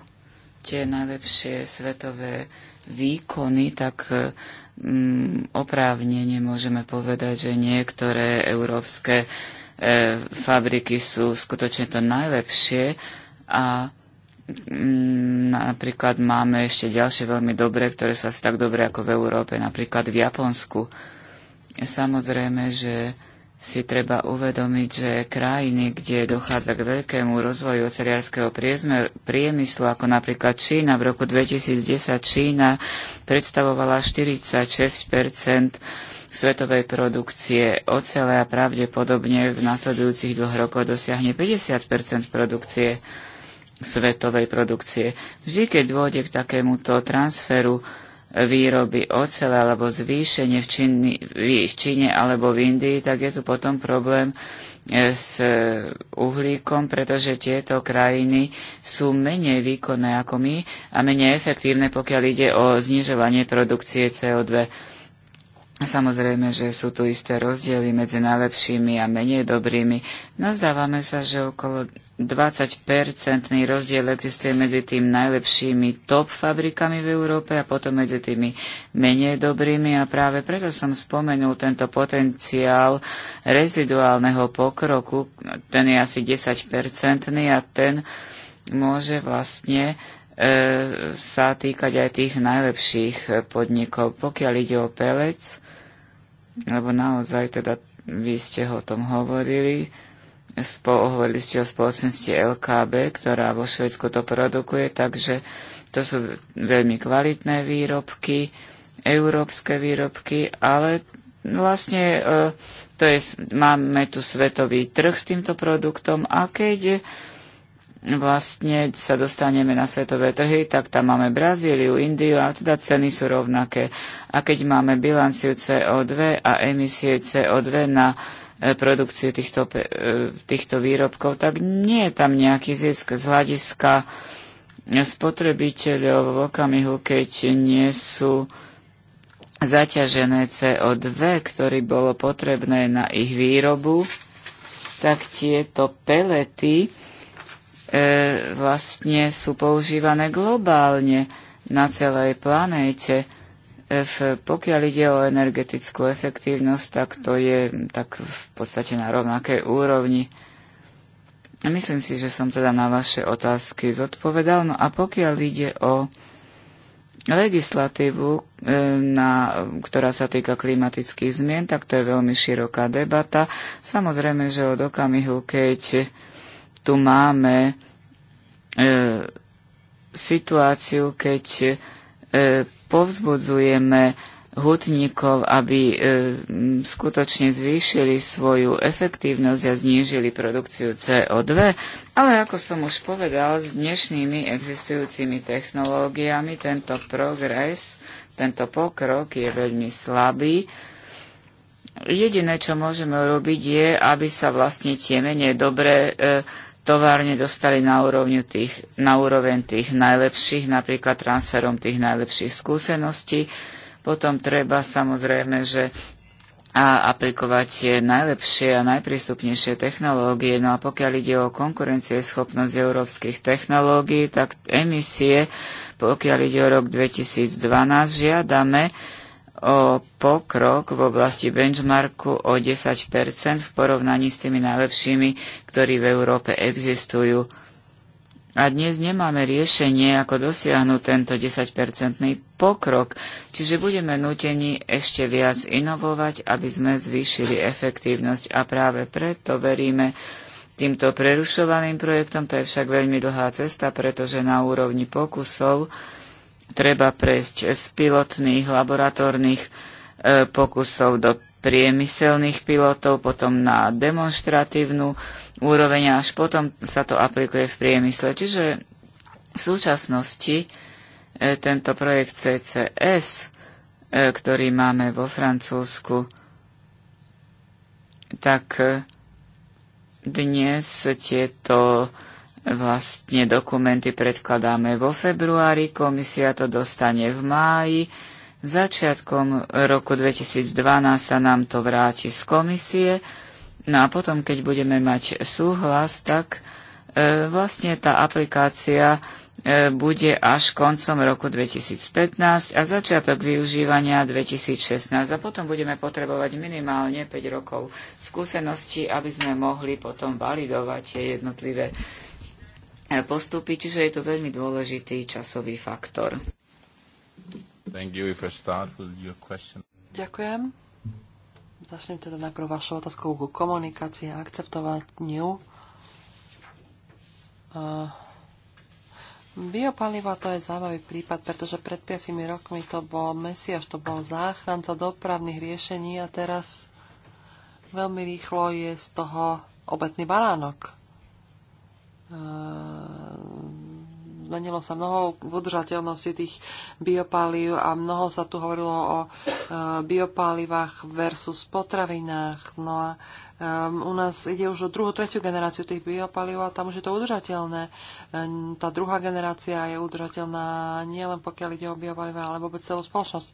Speaker 3: tie najlepšie svetové výkony, tak e, mm, oprávnene môžeme povedať, že niektoré európske e, fabriky sú skutočne to najlepšie a Mm, napríklad máme ešte ďalšie veľmi dobré, ktoré sú asi tak dobré ako v Európe, napríklad v Japonsku. Samozrejme, že si treba uvedomiť, že krajiny, kde dochádza k veľkému rozvoju oceliarského priemyslu, ako napríklad Čína, v roku 2010 Čína predstavovala 46 svetovej produkcie ocele a pravdepodobne v nasledujúcich dvoch rokoch dosiahne 50 produkcie svetovej produkcie. Vždy, keď dôjde k takémuto transferu výroby ocele alebo zvýšenie v, Číni, v Číne alebo v Indii, tak je tu potom problém e, s e, uhlíkom, pretože tieto krajiny sú menej výkonné ako my a menej efektívne, pokiaľ ide o znižovanie produkcie CO2. Samozrejme, že sú tu isté rozdiely medzi najlepšími a menej dobrými. Nazdávame no, sa, že okolo 20-percentný rozdiel existuje medzi tým najlepšími top fabrikami v Európe a potom medzi tými menej dobrými a práve preto som spomenul tento potenciál reziduálneho pokroku, ten je asi 10-percentný a ten môže vlastne e, sa týkať aj tých najlepších podnikov. Pokiaľ ide o pelec, lebo naozaj teda vy ste o tom hovorili, hovorili ste o spoločnosti LKB, ktorá vo Švedsku to produkuje, takže to sú veľmi kvalitné výrobky, európske výrobky, ale vlastne e, to je, máme tu svetový trh s týmto produktom a keď vlastne sa dostaneme na svetové trhy, tak tam máme Brazíliu, Indiu a teda ceny sú rovnaké. A keď máme bilanciu CO2 a emisie CO2 na e, produkciu týchto, e, týchto výrobkov, tak nie je tam nejaký zisk z hľadiska spotrebiteľov v okamihu, keď nie sú zaťažené CO2, ktoré bolo potrebné na ich výrobu, tak tieto pelety, E, vlastne sú používané globálne na celej planéte. E, f, pokiaľ ide o energetickú efektívnosť, tak to je tak v podstate na rovnakej úrovni. Myslím si, že som teda na vaše otázky zodpovedal. No a pokiaľ ide o legislatívu, e, na, ktorá sa týka klimatických zmien, tak to je veľmi široká debata. Samozrejme, že od okamihu, keď tu máme e, situáciu, keď e, povzbudzujeme hutníkov, aby e, skutočne zvýšili svoju efektívnosť a znížili produkciu CO2, ale ako som už povedal, s dnešnými existujúcimi technológiami tento progres, tento pokrok je veľmi slabý. Jediné, čo môžeme urobiť, je, aby sa vlastne tie menej dobré e, továrne dostali na, tých, na úroveň tých najlepších, napríklad transferom tých najlepších skúseností. Potom treba samozrejme, že a aplikovať tie najlepšie a najprístupnejšie technológie. No a pokiaľ ide o konkurencieschopnosť európskych technológií, tak emisie, pokiaľ ide o rok 2012, žiadame o pokrok v oblasti benchmarku o 10 v porovnaní s tými najlepšími, ktorí v Európe existujú. A dnes nemáme riešenie, ako dosiahnuť tento 10-percentný pokrok, čiže budeme nutení ešte viac inovovať, aby sme zvýšili efektívnosť. A práve preto veríme týmto prerušovaným projektom, to je však veľmi dlhá cesta, pretože na úrovni pokusov treba prejsť z pilotných laboratórnych e, pokusov do priemyselných pilotov, potom na demonstratívnu úroveň a až potom sa to aplikuje v priemysle. Čiže v súčasnosti e, tento projekt CCS, e, ktorý máme vo Francúzsku, tak dnes tieto Vlastne dokumenty predkladáme vo februári, komisia to dostane v máji. Začiatkom roku 2012 sa nám to vráti z komisie. No a potom, keď budeme mať súhlas, tak e, vlastne tá aplikácia e, bude až koncom roku 2015 a začiatok využívania 2016. A potom budeme potrebovať minimálne 5 rokov skúsenosti, aby sme mohli potom validovať tie jednotlivé postupy, čiže je to veľmi dôležitý časový faktor. Ďakujem.
Speaker 1: Začnem teda najprv vašou otázkou ku komunikácii a akceptovaniu. Uh, biopaliva to je zaujímavý prípad, pretože pred 5 rokmi to bol Mesiaš, to bol záchranca dopravných riešení a teraz veľmi rýchlo je z toho obetný baránok Ehm, zmenilo sa mnoho v udržateľnosti tých biopálív a mnoho sa tu hovorilo o e, versus potravinách. No a ehm, u nás ide už o druhú, tretiu generáciu tých biopalív a tam už je to udržateľné. tá druhá generácia je udržateľná nielen pokiaľ ide o biopalivá, ale vôbec celú spoločnosť.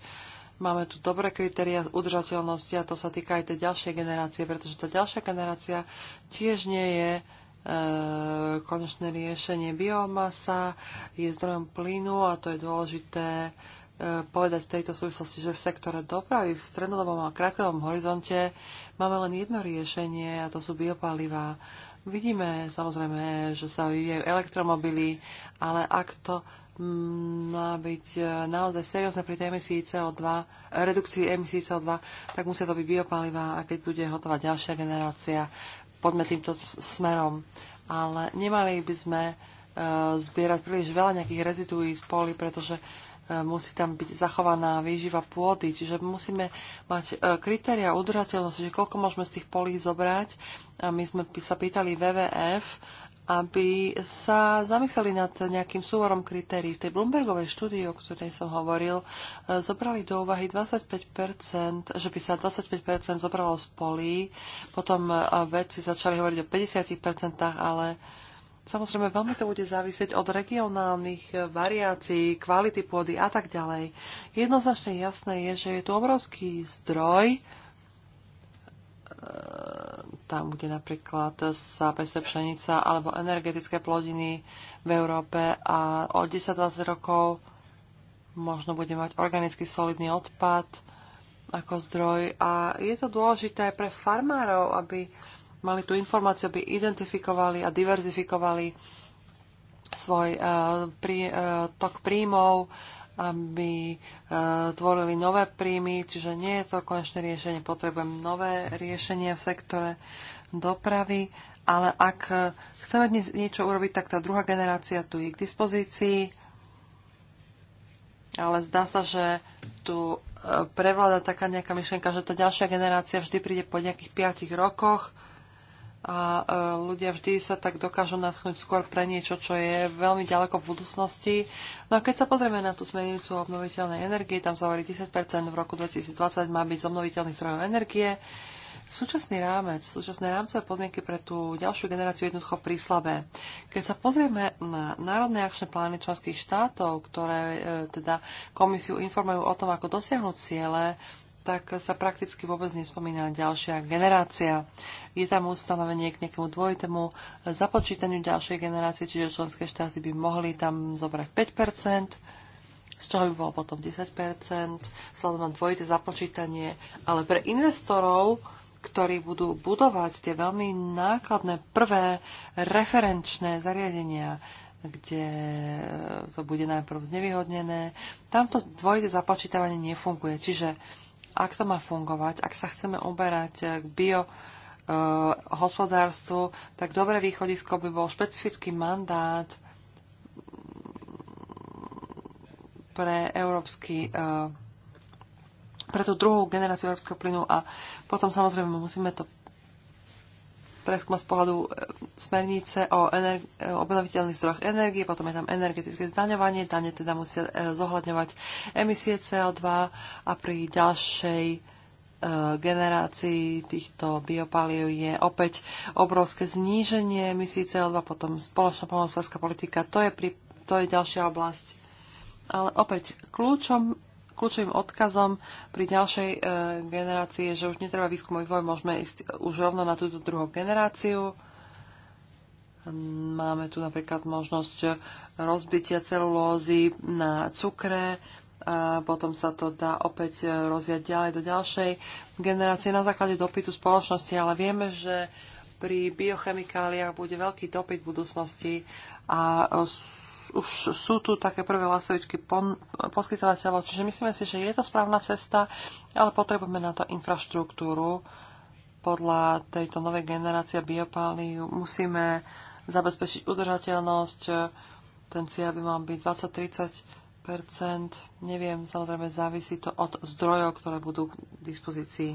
Speaker 1: Máme tu dobré kritéria udržateľnosti a to sa týka aj tej ďalšej generácie, pretože tá ďalšia generácia tiež nie je E, konečné riešenie. Biomasa je zdrojom plynu a to je dôležité e, povedať v tejto súvislosti, že v sektore dopravy v strednodobom a krátkodobom horizonte máme len jedno riešenie a to sú biopalivá. Vidíme samozrejme, že sa vyvíjajú elektromobily, ale ak to mm, má byť e, naozaj seriózne pri tej emisii CO2, redukcii emisí CO2, tak musia to byť biopalivá a keď bude hotová ďalšia generácia poďme týmto smerom. Ale nemali by sme e, zbierať príliš veľa nejakých rezidúí z poli, pretože e, musí tam byť zachovaná výživa pôdy, čiže musíme mať e, kritéria udržateľnosti, že koľko môžeme z tých polí zobrať. A my sme sa pýtali WWF aby sa zamysleli nad nejakým súvorom kritérií. V tej Bloombergovej štúdii, o ktorej som hovoril, eh, zobrali do úvahy 25%, že by sa 25% zobralo z polí, potom eh, vedci začali hovoriť o 50%, ale Samozrejme, veľmi to bude závisieť od regionálnych eh, variácií, kvality pôdy a tak ďalej. Jednoznačne jasné je, že je tu obrovský zdroj tam, kde napríklad sa pestuje pšenica alebo energetické plodiny v Európe a o 10-20 rokov možno bude mať organický solidný odpad ako zdroj. A je to dôležité aj pre farmárov, aby mali tú informáciu, aby identifikovali a diverzifikovali svoj uh, prí, uh, tok príjmov, aby e, tvorili nové príjmy, čiže nie je to konečné riešenie. Potrebujem nové riešenie v sektore dopravy, ale ak chceme dnes niečo urobiť, tak tá druhá generácia tu je k dispozícii, ale zdá sa, že tu e, prevláda taká nejaká myšlienka, že tá ďalšia generácia vždy príde po nejakých 5 rokoch a e, ľudia vždy sa tak dokážu natchnúť skôr pre niečo, čo je veľmi ďaleko v budúcnosti. No a keď sa pozrieme na tú smernicu obnoviteľnej energie, tam sa hovorí 10% v roku 2020 má byť z obnoviteľných zdrojov energie. Súčasný rámec, súčasné rámcové podmienky pre tú ďalšiu generáciu jednoducho príslabé. Keď sa pozrieme na národné akčné plány členských štátov, ktoré e, teda komisiu informujú o tom, ako dosiahnuť ciele, tak sa prakticky vôbec nespomína ďalšia generácia. Je tam ustanovenie k nejakému dvojitému započítaniu ďalšej generácie, čiže členské štáty by mohli tam zobrať 5 z čoho by bolo potom 10 vzhľadom na dvojité započítanie. Ale pre investorov, ktorí budú budovať tie veľmi nákladné prvé referenčné zariadenia, kde to bude najprv znevýhodnené. Tamto dvojité započítavanie nefunguje. Čiže ak to má fungovať, ak sa chceme uberať eh, k bio e, hospodárstvu, tak dobré východisko by bol špecifický mandát pre európsky e, pre tú druhú generáciu európskeho plynu a potom samozrejme musíme to preskúma z pohľadu e, smernice o e, obnoviteľných zdrojoch energie, potom je tam energetické zdaňovanie, dane teda musia e, zohľadňovať emisie CO2 a pri ďalšej generácii týchto biopaliev je opäť obrovské zníženie emisí CO2, potom spoločná pomoc politika, to je, pri, to je ďalšia oblasť. Ale opäť kľúčom Kľúčovým odkazom pri ďalšej e, generácii je, že už netreba výskum a vývoj, môžeme ísť už rovno na túto druhú generáciu. Máme tu napríklad možnosť e, rozbitia celulózy na cukre, a potom sa to dá opäť e, rozviať ďalej do ďalšej generácie na základe dopytu spoločnosti, ale vieme, že pri biochemikáliách bude veľký dopyt v budúcnosti a e, už sú tu také prvé pon- poskytovateľov, čiže myslíme si, že je to správna cesta, ale potrebujeme na to infraštruktúru. Podľa tejto novej generácie biopálív musíme zabezpečiť udržateľnosť. Ten cieľ by mal byť 20-30 Neviem, samozrejme závisí to od zdrojov, ktoré budú k dispozícii.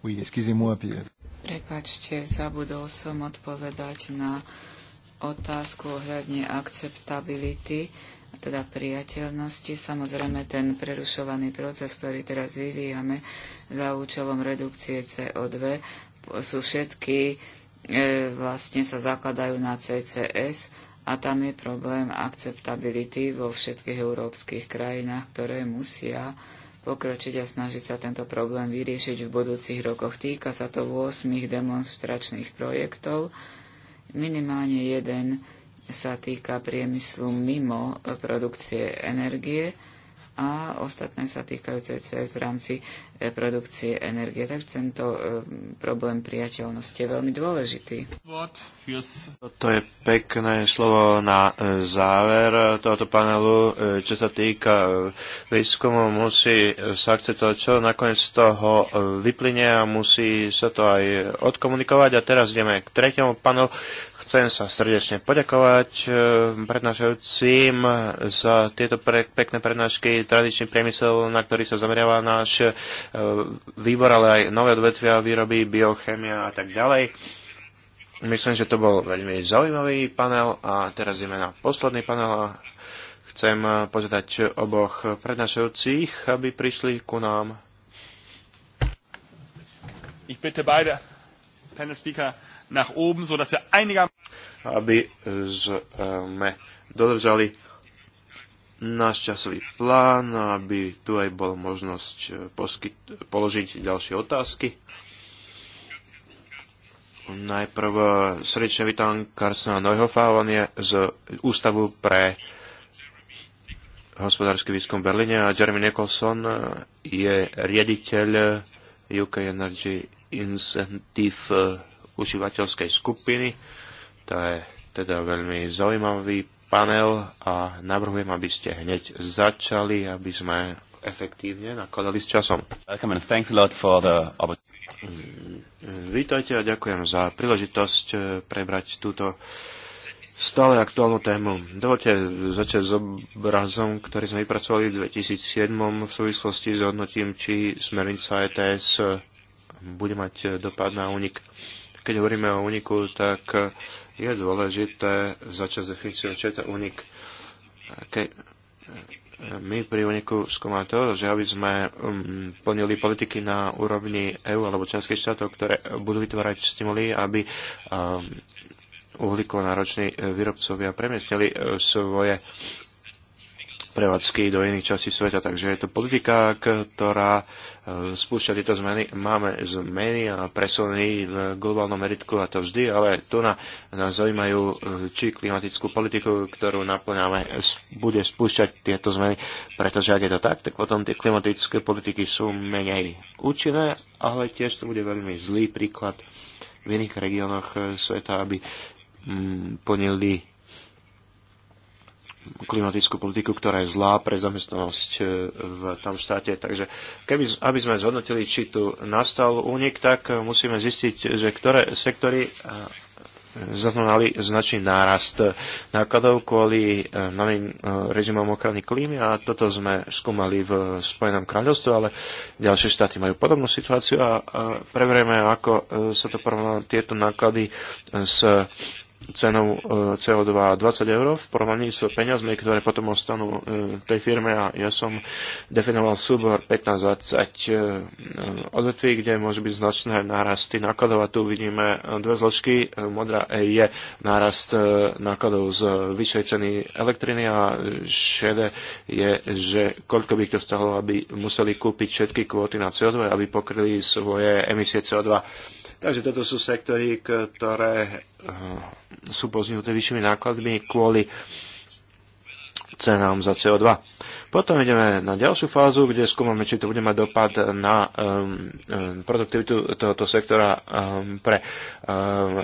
Speaker 3: Oui, excusez-moi, Pierre. Prepačte, zabudol som odpovedať na otázku ohľadne akceptability, teda priateľnosti. Samozrejme, ten prerušovaný proces, ktorý teraz vyvíjame za účelom redukcie CO2, sú všetky, e, vlastne sa zakladajú na CCS a tam je problém akceptability vo všetkých európskych krajinách, ktoré musia e, pokročiť a snažiť sa tento problém vyriešiť v budúcich rokoch. Týka sa to 8 demonstračných projektov. Minimálne jeden sa týka priemyslu mimo produkcie energie a ostatné sa týkajú CCS v rámci e, produkcie energie. Takže tento e, problém priateľnosti je veľmi dôležitý.
Speaker 2: To je pekné slovo na e, záver tohoto panelu. Čo sa týka výskumu, musí sa akceptovať, čo nakoniec z toho vyplyne a musí sa to aj odkomunikovať. A teraz ideme k tretiemu panelu Chcem sa srdečne poďakovať e, prednášajúcim za tieto pre, pekné prednášky. Tradičný priemysel, na ktorý sa zameriava náš e, výbor, ale aj nové odvetvia výroby, biochemia a tak ďalej. Myslím, že to bol veľmi zaujímavý panel a teraz ideme na posledný panel a chcem e, požiadať oboch prednášajúcich, aby prišli ku nám.
Speaker 1: Ich bitte beide panel speaker nach oben, so dass
Speaker 2: wir einiger... Aby sme dodržali náš časový plán, aby tu aj bola možnosť eh, poskyt- položiť ďalšie otázky. Najprv eh, srdečne vítam Karsna Neuhofa, on je z Ústavu pre hospodársky výskum v Berlíne a Jeremy Nicholson eh, je riaditeľ UK Energy Incentive užívateľskej skupiny. To je teda veľmi zaujímavý panel a navrhujem, aby ste hneď začali, aby sme efektívne nakladali s časom. Vítajte a ďakujem za príležitosť eh, prebrať túto stále aktuálnu tému. Dovolte začať s obrazom, ktorý sme vypracovali v 2007 v súvislosti s hodnotím, či smernica ETS bude mať dopad na únik keď hovoríme o úniku, tak eh, je dôležité začať s definíciou, čo je to unik. Ke, eh, my pri úniku skúmame to, že aby sme mm, plnili politiky na úrovni EÚ alebo členských štátov, ktoré budú vytvárať stimuly, aby eh, uhlíkovo nároční výrobcovia premiestnili svoje prevádzky do iných častí sveta. Takže je to politika, ktorá e, spúšťa tieto zmeny. Máme zmeny a presuny v globálnom meritku a to vždy, ale tu na, nás zaujímajú, e, či klimatickú politiku, ktorú naplňame, bude spúšťať tieto zmeny, pretože ak je to tak, tak potom tie klimatické politiky sú menej účinné, ale tiež to bude veľmi zlý príklad v iných regiónoch e, sveta, aby mm, plnili klimatickú politiku, ktorá je zlá pre zamestnanosť e, v tom štáte. Takže keby, aby sme zhodnotili, či tu nastal únik, tak musíme zistiť, že ktoré sektory e, zaznamenali značný nárast nákladov kvôli e, novým režimom ochrany klímy a toto sme skúmali v Spojenom kráľovstve, ale ďalšie štáty majú podobnú situáciu a preverieme, ako sa to porovnalo tieto náklady s cenou e, CO2 20 eur v porovnaní s peniazmi, ktoré potom ostanú e, tej firme a ja som definoval súbor 15-20 e, odvetví, kde môžu byť značné nárasty nákladov a tu vidíme dve zložky. Modrá je nárast nákladov z vyššej ceny elektriny a šede je, že koľko by to stalo, aby museli kúpiť všetky kvóty na CO2, aby pokryli svoje emisie CO2 Takže toto sú sektory, ktoré eh, sú poznihnuté vyššími nákladmi kvôli cenám za CO2. Potom ideme na ďalšiu fázu, kde skúmame, či to bude mať dopad na um, produktivitu tohoto sektora um, pre um,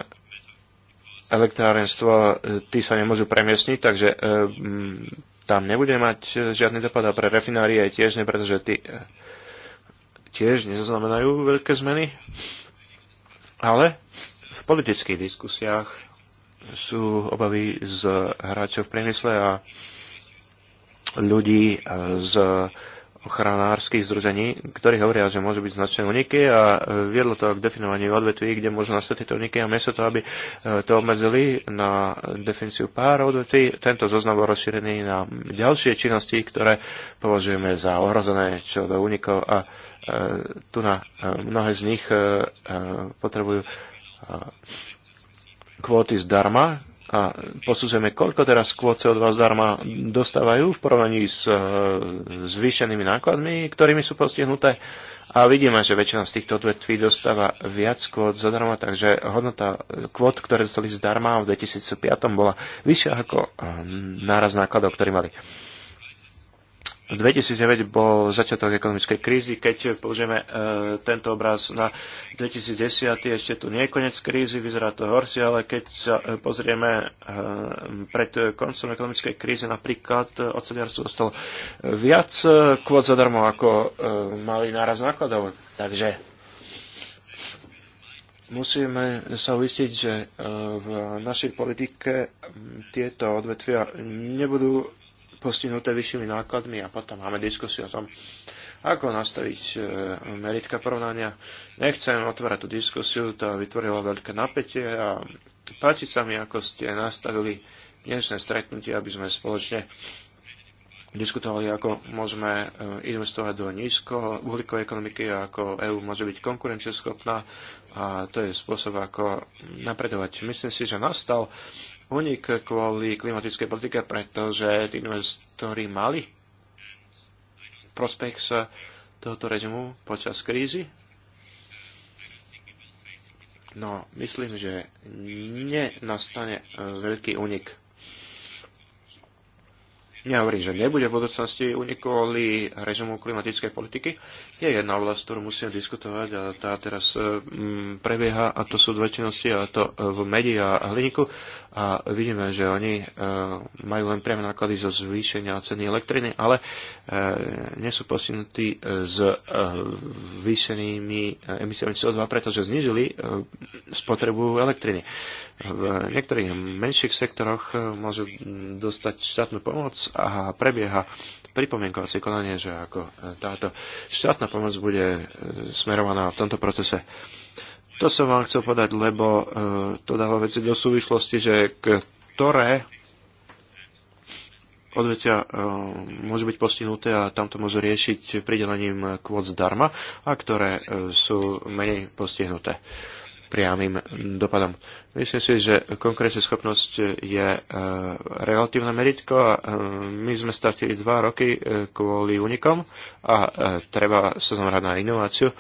Speaker 2: elektrárenstvo. Tí sa nemôžu premiesniť, takže um, tam nebude mať žiadny dopad a pre refinárie tiež ne, pretože tí tiež nezaznamenajú veľké zmeny. Ale v politických diskusiách sú obavy z hráčov v priemysle a ľudí z ochranárskych združení, ktorí hovoria, že môžu byť značné uniky a viedlo to k definovaniu odvetví, kde môžu nastať tieto uniky a miesto toho, aby e, to obmedzili na definíciu pár odvetví, tento zoznam bol rozšírený na ďalšie činnosti, ktoré považujeme za ohrozené čo do unikov a E, tu na e, mnohé z nich e, potrebujú kvóty zdarma a posúzujeme, koľko teraz kvót od vás zdarma dostávajú v porovnaní s zvýšenými nákladmi, ktorými sú postihnuté. A vidíme, že väčšina z týchto odvetví dostáva viac kvót zadarmo, takže hodnota kvót, ktoré dostali zdarma v 2005, bola vyššia ako náraz nákladov, ktorý mali. 2009 bol začiatok ekonomickej krízy. Keď použijeme e, tento obraz na 2010, ešte tu nie je koniec krízy, vyzerá to horšie, ale keď sa e, pozrieme e, pred koncom ekonomickej krízy, napríklad oceliarstvo dostalo viac kvôd zadarmo, ako mali náraz nákladov. Takže musíme sa uistiť, že v našej politike tieto odvetvia nebudú postihnuté vyššími nákladmi a potom máme diskusiu o tom, ako nastaviť e, meritka porovnania. Nechcem otvárať tú diskusiu, to vytvorilo veľké napätie a páči sa mi, ako ste nastavili dnešné stretnutie, aby sme spoločne diskutovali, ako môžeme e, investovať do nízko uhlíkovej ekonomiky a ako EÚ môže byť konkurencieschopná a to je spôsob, ako napredovať. Myslím si, že nastal unik kvôli klimatickej politike, pretože tí investori mali prospech z tohoto režimu počas krízy. No, myslím, že nenastane veľký unik. Nehovorím, že nebude v budúcnosti unik kvôli režimu klimatickej politiky. Je jedna oblasť, ktorú musíme diskutovať a tá teraz mm, prebieha a to sú dve činnosti a to v medi a hliníku a vidíme, že oni e, majú len priame náklady zo zvýšenia ceny elektriny, ale e, nie sú posunutí e, s zvýšenými emisiami CO2, pretože znižili spotrebu elektriny. V niektorých menších sektoroch môžu dostať štátnu pomoc a prebieha pripomienkovacie konanie, že ako táto štátna pomoc bude smerovaná v tomto procese. To som vám chcel povedať, lebo e, to dáva veci do súvislosti, že ktoré odvetia e, môžu byť postihnuté a tam to môžu riešiť pridelením kvôd zdarma a ktoré e, sú menej postihnuté priamým dopadom. Myslím si, že schopnosť je relatívne meritko a my sme stratili dva roky kvôli unikom a treba sa zamerať na inováciu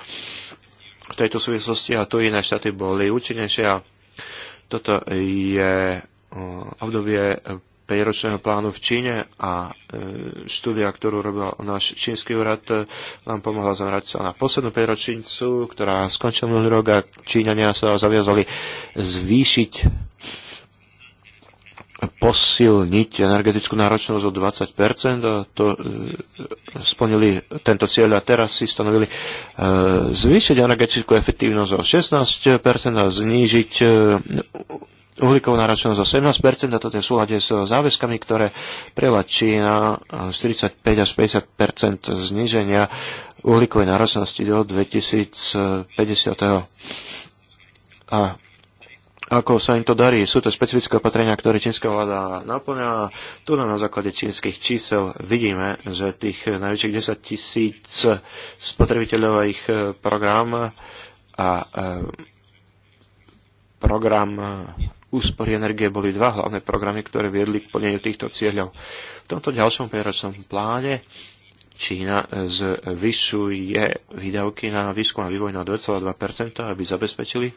Speaker 2: v tejto súvislosti a tu iné štáty boli účinnejšie a toto je e, obdobie 5 plánu v Číne a e, štúdia, ktorú robil náš čínsky úrad, e, nám pomohla zamerať sa na poslednú 5 ktorá skončila minulý rok a Číňania sa zaviazali zvýšiť posilniť energetickú náročnosť o 20 a to e, splnili tento cieľ a teraz si stanovili e, zvýšiť energetickú efektívnosť o 16 a znížiť e, uhlíkovú náročnosť o 17 a toto je v súhľade s záväzkami, ktoré prijela Čína 45 až 50 zníženia uhlíkovej náročnosti do 2050. A ako sa im to darí. Sú to špecifické opatrenia, ktoré čínska vláda naplňa. Tu na základe čínskych čísel vidíme, že tých najväčších 10 tisíc spotrebiteľov a ich e, program a e, program e, úspory energie boli dva hlavné programy, ktoré viedli k plneniu týchto cieľov. V tomto ďalšom 5 pláne Čína zvyšuje výdavky na výskum a vývoj na 2,2%, aby zabezpečili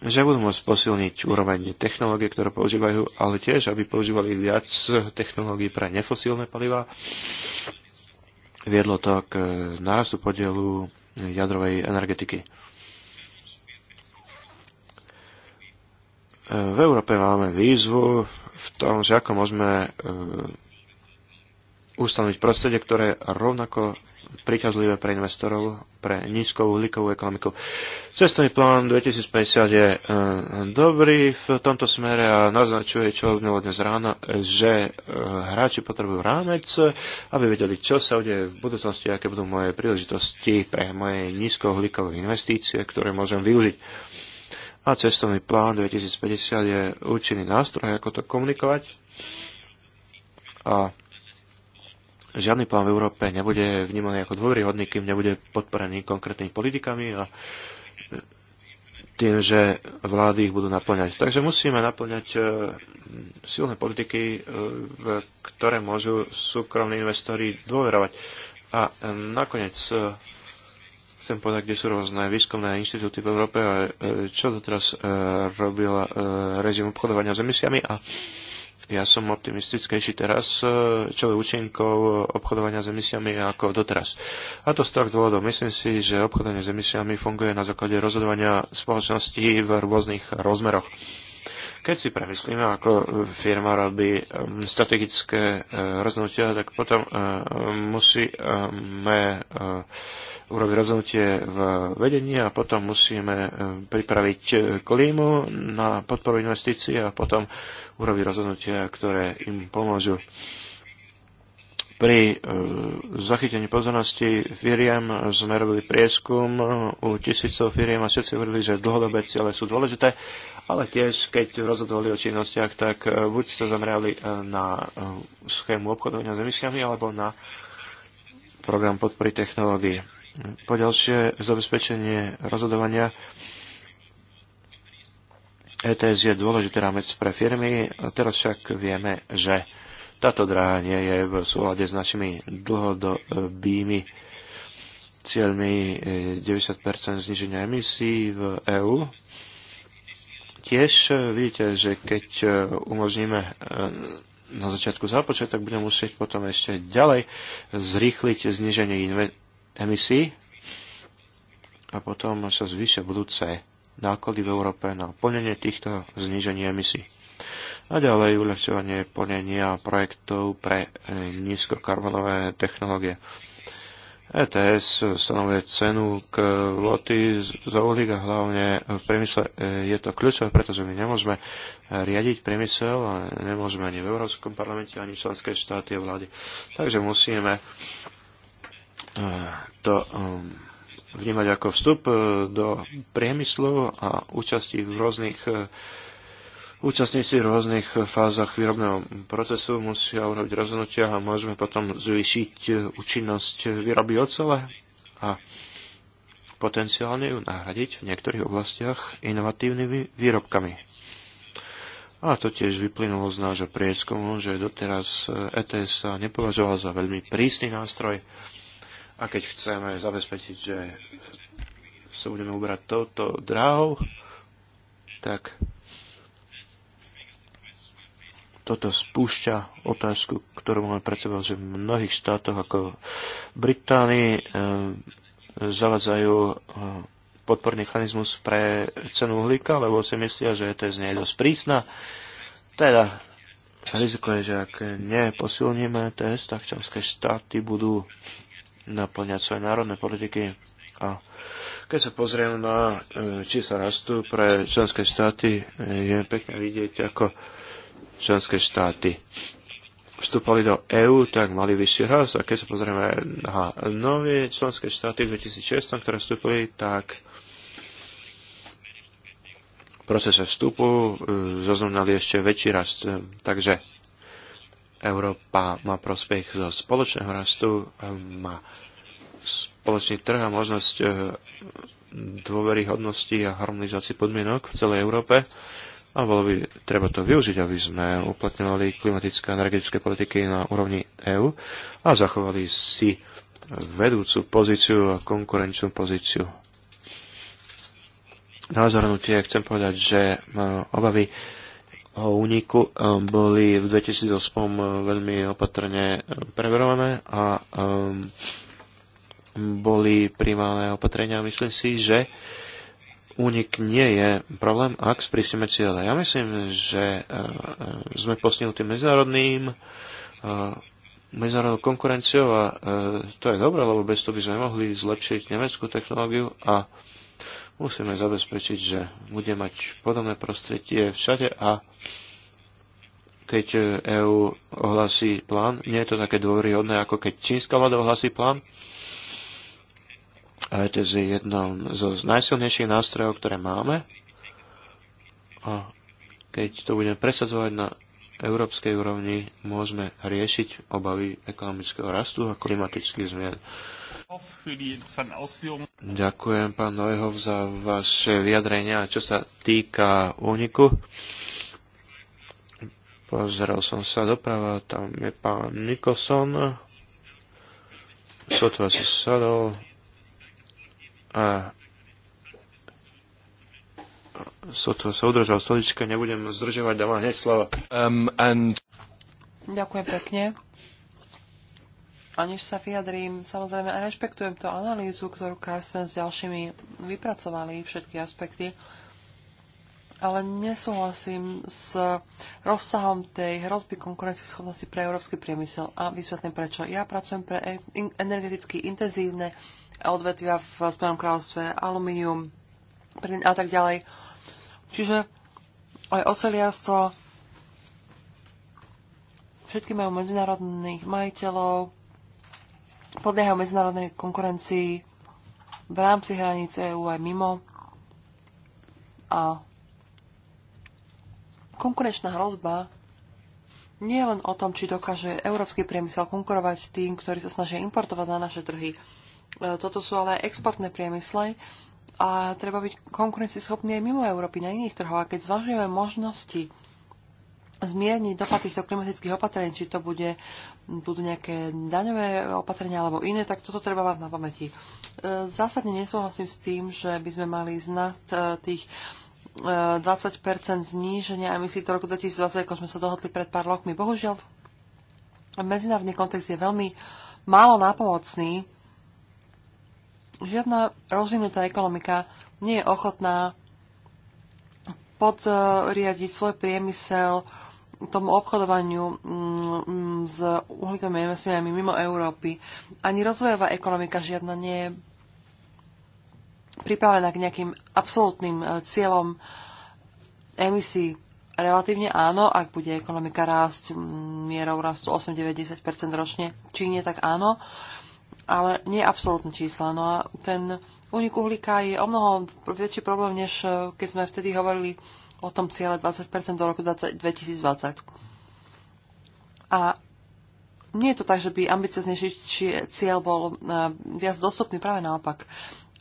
Speaker 2: že budú môcť posilniť úroveň technológie, ktoré používajú, ale tiež, aby používali viac technológií pre nefosílne paliva. Viedlo to k e, nárastu podielu e, jadrovej energetiky. E, v Európe máme výzvu v tom, že ako môžeme ustanoviť prostredie, ktoré rovnako príťazlivé pre investorov, pre nízkou uhlíkovú ekonomiku. Cestovný plán 2050 je e, dobrý v tomto smere a naznačuje, čo znelo dnes ráno, že e, hráči potrebujú rámec, aby vedeli, čo sa udeje v budúcnosti, aké budú moje príležitosti pre moje nízkouhlíkové investície, ktoré môžem využiť. A cestovný plán 2050 je účinný nástroj, ako to komunikovať. A žiadny plán v Európe nebude vnímaný ako dôveryhodný, kým nebude podporený konkrétnymi politikami a tým, že vlády ich budú naplňať. Takže musíme naplňať e, silné politiky, e, v ktoré môžu súkromní investori dôverovať. A e, nakoniec chcem povedať, kde sú rôzne výskumné inštitúty v Európe a čo doteraz robila režim obchodovania s emisiami a ja som optimistickejší teraz, e, čo je účinkov obchodovania s emisiami ako doteraz. A to z toho dôvodov. Myslím si, že obchodovanie s emisiami funguje na základe rozhodovania spoločnosti v rôznych rozmeroch. Keď si premyslíme, ako firma robí um, strategické uh, rozhodnutia, tak potom uh, musíme uh, urobiť rozhodnutie v vedení a potom musíme pripraviť klímu na podporu investícií a potom urobiť rozhodnutia, ktoré im pomôžu pri zachytení pozornosti firiem sme robili prieskum u tisícov firiem a všetci hovorili, že dlhodobé ciele sú dôležité ale tiež, keď rozhodovali o činnostiach, tak eh, buď sa zamerali eh, na eh, schému obchodovania s emisiami, alebo na program podpory technológií. ďalšie, zabezpečenie rozhodovania ETS je dôležitý rámec pre firmy, teraz však vieme, že táto dráha nie je v súhľade s našimi dlhodobými cieľmi 90% zniženia emisí v EÚ Tiež e, vidíte, že keď e, umožníme e, na začiatku započet, tak budeme musieť potom ešte ďalej zrýchliť zniženie emisí a potom sa zvýšia budúce náklady v Európe na plnenie týchto znižení emisí. A ďalej uľahčovanie plnenia projektov pre nízkokarbonové technológie. ETS stanovuje cenu k loty za uhlík a hlavne v priemysle je to kľúčové, pretože my nemôžeme riadiť priemysel a nemôžeme ani v Európskom parlamente, ani členské štáty a vlády. Takže musíme e, to e, vnímať ako vstup e, do priemyslu a účasti v rôznych účastníci v rôznych fázach výrobného procesu musia urobiť rozhodnutia a môžeme potom zvýšiť e, účinnosť výroby ocele a potenciálne ju nahradiť v niektorých oblastiach inovatívnymi výrobkami. A to tiež vyplynulo z nášho prieskumu, že doteraz ETS e sa nepovažoval za veľmi prísny nástroj a keď chceme zabezpečiť, že sa budeme uberať touto dráhou, tak toto spúšťa otázku, ktorú máme pred sebou, že v mnohých štátoch ako Británii e, eh, zavadzajú e, eh, podporný mechanizmus pre cenu uhlíka, lebo si myslia, že je nie je dosť prísna. Teda riziko je, že ak neposilníme ETS, tak členské štáty budú naplňať svoje národné politiky a keď sa pozriem na eh, čísla rastu pre členské štáty, je pekne vidieť, ako členské štáty vstupovali do EÚ, tak mali vyšší rast. A keď sa pozrieme na nové členské štáty v 2006, ktoré vstúpili, tak v procese vstupu e, zaznamenali ešte väčší rast. E, takže Európa má prospech zo spoločného rastu, e, má spoločný trh a možnosť dôveryhodnosti a harmonizácii podmienok v celej Európe a bolo by treba to využiť, aby sme uplatňovali klimatické a energetické politiky na úrovni EÚ a zachovali si vedúcu pozíciu a konkurenčnú pozíciu. Na zhrnutie chcem povedať, že e, obavy o úniku e, boli v 2008 e, veľmi opatrne preverované a boli primálne opatrenia. Myslím si, že únik nie je problém, ak sprísime cieľe. Ja myslím, že e, e, sme postihnutí medzinárodným e, medzinárodnou konkurenciou a to je dobré, lebo bez toho by sme mohli zlepšiť nemeckú technológiu a musíme zabezpečiť, že bude mať podobné prostredie všade a keď EÚ ohlasí plán, nie je to také dôveryhodné, ako keď čínska vláda ohlasí plán, a ETS je jednou zo najsilnejších nástrojov, ktoré máme. A keď to budeme presadzovať na európskej úrovni, môžeme riešiť obavy ekonomického rastu a klimatických zmien. Ďakujem, pán Neuhoff, za vaše vyjadrenia. Čo sa týka úniku, pozrel som sa doprava, tam je pán Nikoson. sotva si sadol, a to sa udržal stolička, nebudem zdržovať, dám hneď slovo. Um, and...
Speaker 1: Ďakujem pekne. Aniž sa vyjadrím, samozrejme a rešpektujem tú analýzu, ktorú Carsten s ďalšími vypracovali, všetky aspekty, ale nesúhlasím s rozsahom tej hrozby konkurencieschopnosti pre európsky priemysel a vysvetlím prečo. Ja pracujem pre energeticky intenzívne odvetvia v Spojenom kráľovstve, alumínium a tak ďalej. Čiže aj oceliarstvo, všetky majú medzinárodných majiteľov, podliehajú medzinárodnej konkurencii v rámci hranice EU aj mimo. A konkurenčná hrozba nie je len o tom, či dokáže európsky priemysel konkurovať tým, ktorí sa snažia importovať na naše trhy, E, toto sú ale exportné priemysle a treba byť konkurencieschopný aj mimo Európy na iných trhoch. A keď zvažujeme možnosti zmierniť dopad týchto klimatických opatrení, či to bude, budú nejaké daňové opatrenia alebo iné, tak toto treba mať na pamäti. E, zásadne nesúhlasím s tým, že by sme mali z nás e, tých 20% zníženia emisí do roku 2020, ako sme sa dohodli pred pár rokmi. Bohužiaľ, medzinárodný kontext je veľmi málo nápomocný Žiadna rozvinutá ekonomika nie je ochotná podriadiť svoj priemysel tomu obchodovaniu mm, s uhlíkovými emisiami mimo Európy. Ani rozvojová ekonomika žiadna nie je pripravená k nejakým absolútnym e, cieľom emisí. Relatívne áno, ak bude ekonomika rásť mm, mierou rastu 8-90% ročne či nie tak áno ale nie absolútne čísla. No a ten únik uhlíka je o mnoho väčší problém, než eh, keď sme vtedy hovorili o tom ciele 20% do roku 2020. A nie je to tak, že by ambicioznejší cieľ bol eh, viac dostupný, práve naopak.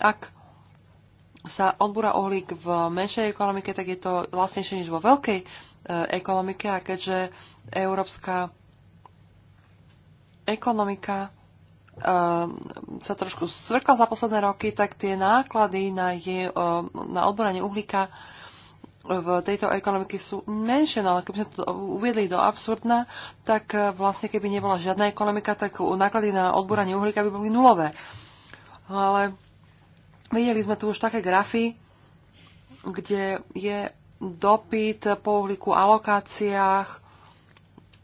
Speaker 1: Ak sa odbúra uhlík v menšej ekonomike, tak je to vlastnejšie než vo veľkej e, ekonomike a keďže európska ekonomika sa trošku svrkla za posledné roky, tak tie náklady na, je, na odboranie uhlíka v tejto ekonomiky sú menšie, no ale keby sme to uviedli do absurdna, tak e, vlastne keby nebola žiadna ekonomika, tak náklady na odboranie uhlíka by boli nulové. Ale videli sme tu už také grafy, kde je dopyt po uhlíku, alokáciách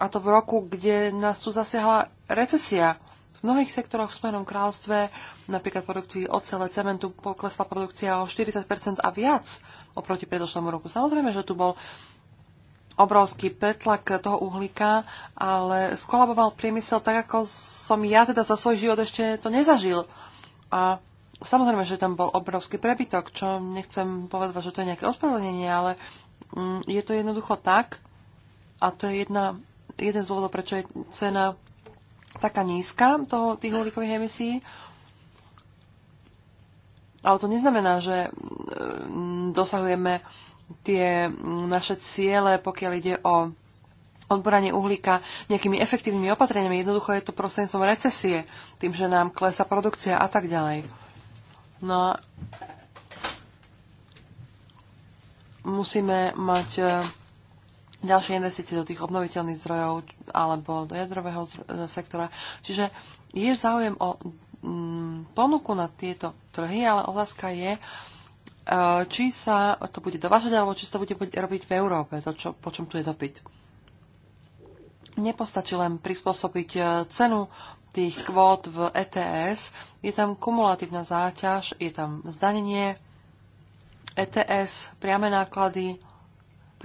Speaker 1: a to v roku, kde nás tu zasiahla recesia mnohých sektoroch v Spojenom kráľstve, napríklad produkcii ocele, cementu, poklesla produkcia o 40% a viac oproti predošlému roku. Samozrejme, že tu bol obrovský pretlak toho uhlíka, ale skolaboval priemysel tak, ako som ja teda za svoj život ešte to nezažil. A samozrejme, že tam bol obrovský prebytok, čo nechcem povedať, že to je nejaké ospravedlnenie, ale mm, je to jednoducho tak a to je jedna, jeden z dôvodov, prečo je cena taká nízka, toho, tých uhlíkových emisí. Ale to neznamená, že e, dosahujeme tie naše ciele, pokiaľ ide o odboranie uhlíka nejakými efektívnymi opatreniami. Jednoducho je to prostredníctvom recesie, tým, že nám klesá produkcia a tak ďalej. No a musíme mať e, ďalšie investície do tých obnoviteľných zdrojov alebo do jadrového e, sektora. Čiže je záujem o mm, ponuku na tieto trhy, ale otázka je, e, či sa to bude dovážať alebo či sa to bude robiť v Európe, to, čo, po čom tu je dopyt. Nepostačí len prispôsobiť e, cenu tých kvót v ETS, je tam kumulatívna záťaž, je tam zdanenie, ETS, priame náklady,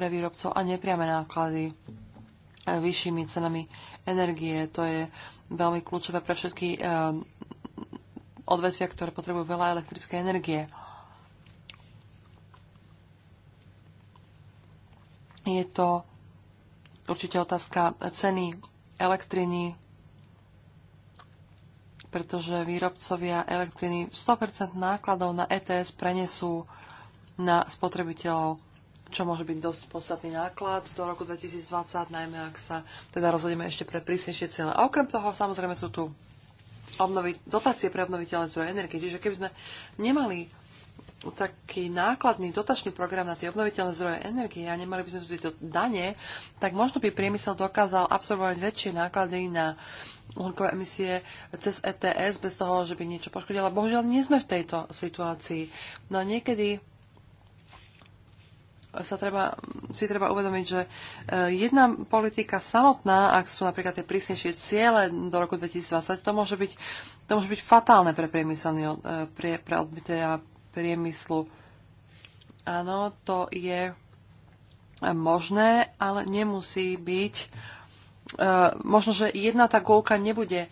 Speaker 1: pre výrobcov a nepriame náklady e, vyššími cenami energie. To je veľmi kľúčové pre všetky e, odvetvia, ktoré potrebujú veľa elektrickej energie. Je to určite otázka ceny elektriny, pretože výrobcovia elektriny 100% nákladov na ETS prenesú na spotrebiteľov čo môže byť dosť podstatný náklad do roku 2020, najmä ak sa teda rozhodneme ešte pre prísnejšie cieľe. A okrem toho samozrejme sú tu obnovi, dotácie pre obnoviteľné zdroje energie. Čiže keby sme nemali taký nákladný dotačný program na tie obnoviteľné zdroje energie a nemali by sme tu tieto dane, tak možno by priemysel dokázal absorbovať väčšie náklady na uhlíkové emisie cez ETS bez toho, že by niečo poškodilo. Bohužiaľ, nie sme v tejto situácii. No a niekedy sa treba, si treba uvedomiť, že e, jedna politika samotná, ak sú napríklad tie prísnejšie ciele do roku 2020, to môže byť, to môže byť fatálne pre, priemyselný, e, pre, pre odbytia priemyslu. Áno, to je možné, ale nemusí byť. E, možno, že jedna tá gulka nebude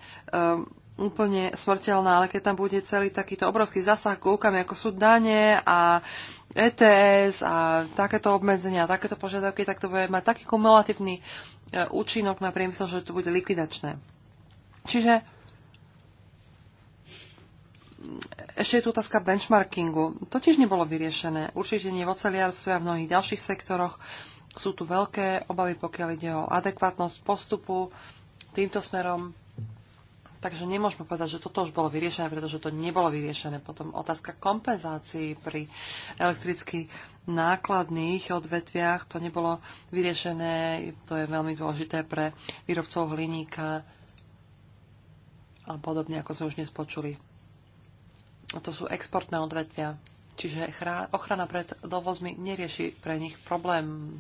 Speaker 1: úplne smrteľná, ale keď tam bude celý takýto obrovský zasah k ako sú dane a ETS a takéto obmedzenia, takéto požiadavky, tak to bude mať taký kumulatívny e, účinok na priemysel, že to bude likvidačné. Čiže ešte je tu otázka benchmarkingu. To tiež nebolo vyriešené. Určite nie v oceliarstve a v mnohých ďalších sektoroch. Sú tu veľké obavy, pokiaľ ide o adekvátnosť postupu týmto smerom Takže nemôžeme povedať, že toto už bolo vyriešené, pretože to nebolo vyriešené. Potom otázka kompenzácií pri elektricky nákladných odvetviach, to nebolo vyriešené, to je veľmi dôležité pre výrobcov hliníka a podobne, ako sme už dnes počuli. A to sú exportné odvetvia, čiže ochrana pred dovozmi nerieši pre nich problém.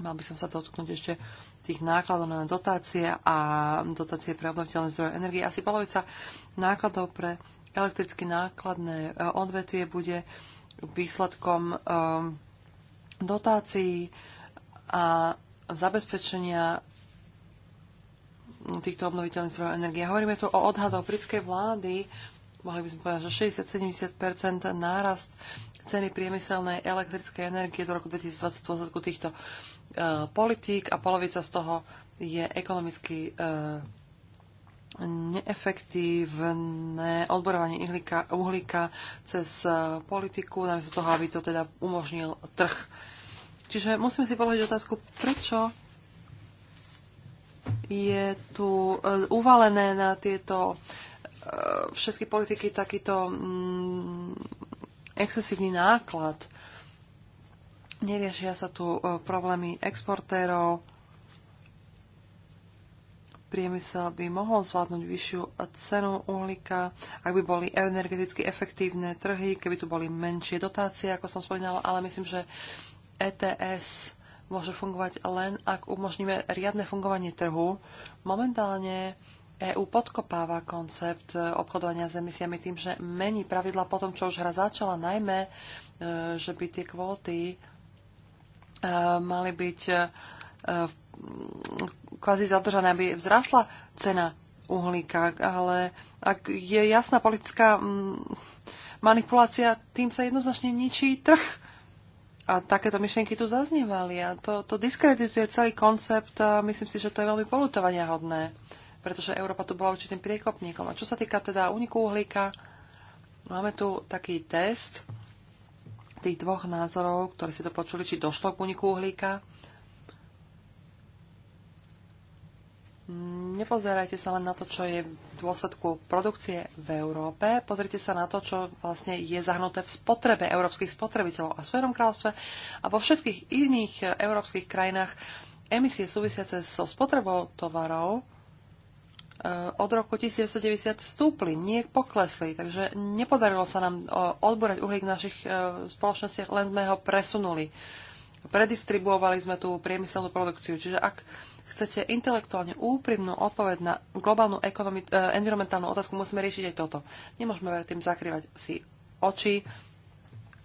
Speaker 1: Mal by som sa dotknúť ešte tých nákladov na dotácie a dotácie pre obnoviteľné zdroje energie. Asi polovica nákladov pre elektricky nákladné e, odvetvie bude výsledkom e, dotácií a zabezpečenia týchto obnoviteľných zdrojov energie. Hovoríme tu o odhadoch britskej vlády, mohli by sme povedať, že 60-70 nárast ceny priemyselnej elektrickej energie do roku 2020 v dôsledku týchto E, politík a polovica z toho je ekonomicky e, neefektívne odborovanie ihlika, uhlíka cez e, politiku, namiesto toho, aby to teda umožnil trh. Čiže musíme si položiť otázku, prečo je tu uvalené na tieto všetky politiky takýto mm, excesívny náklad Neriešia sa tu e, problémy exportérov. Priemysel by mohol zvládnuť vyššiu cenu uhlíka, ak by boli energeticky efektívne trhy, keby tu boli menšie dotácie, ako som spomínala, ale myslím, že ETS môže fungovať len, ak umožníme riadne fungovanie trhu. Momentálne EÚ podkopáva koncept e, obchodovania s emisiami tým, že mení pravidla po tom, čo už hra začala, najmä, e, že by tie kvóty Eh, mali byť eh, kvázi zadržané, aby vzrasla cena uhlíka, ale ak je jasná politická mm, manipulácia, tým sa jednoznačne ničí trh. A takéto myšlienky tu zaznievali a to, to diskredituje celý koncept a myslím si, že to je veľmi polutovania hodné, pretože Európa tu bola určitým priekopníkom. A čo sa týka teda uniku uhlíka, máme tu taký test, tých dvoch názorov, ktoré si to počuli, či došlo k úniku uhlíka. Nepozerajte sa len na to, čo je v dôsledku produkcie v Európe, pozrite sa na to, čo vlastne je zahnuté v spotrebe európskych spotrebiteľov a Svojom kráľovstve a vo všetkých iných európskych krajinách emisie súvisiace so spotrebou tovarov Eh, od roku 1990 vstúpli, nie poklesli, takže nepodarilo sa nám eh, odborať uhlík v našich eh, spoločnostiach, len sme ho presunuli. Predistribuovali sme tú priemyselnú produkciu. Čiže ak chcete intelektuálne úprimnú odpoveď na globálnu ekonomi- environmentálnu otázku, musíme riešiť aj toto. Nemôžeme tým zakrývať si oči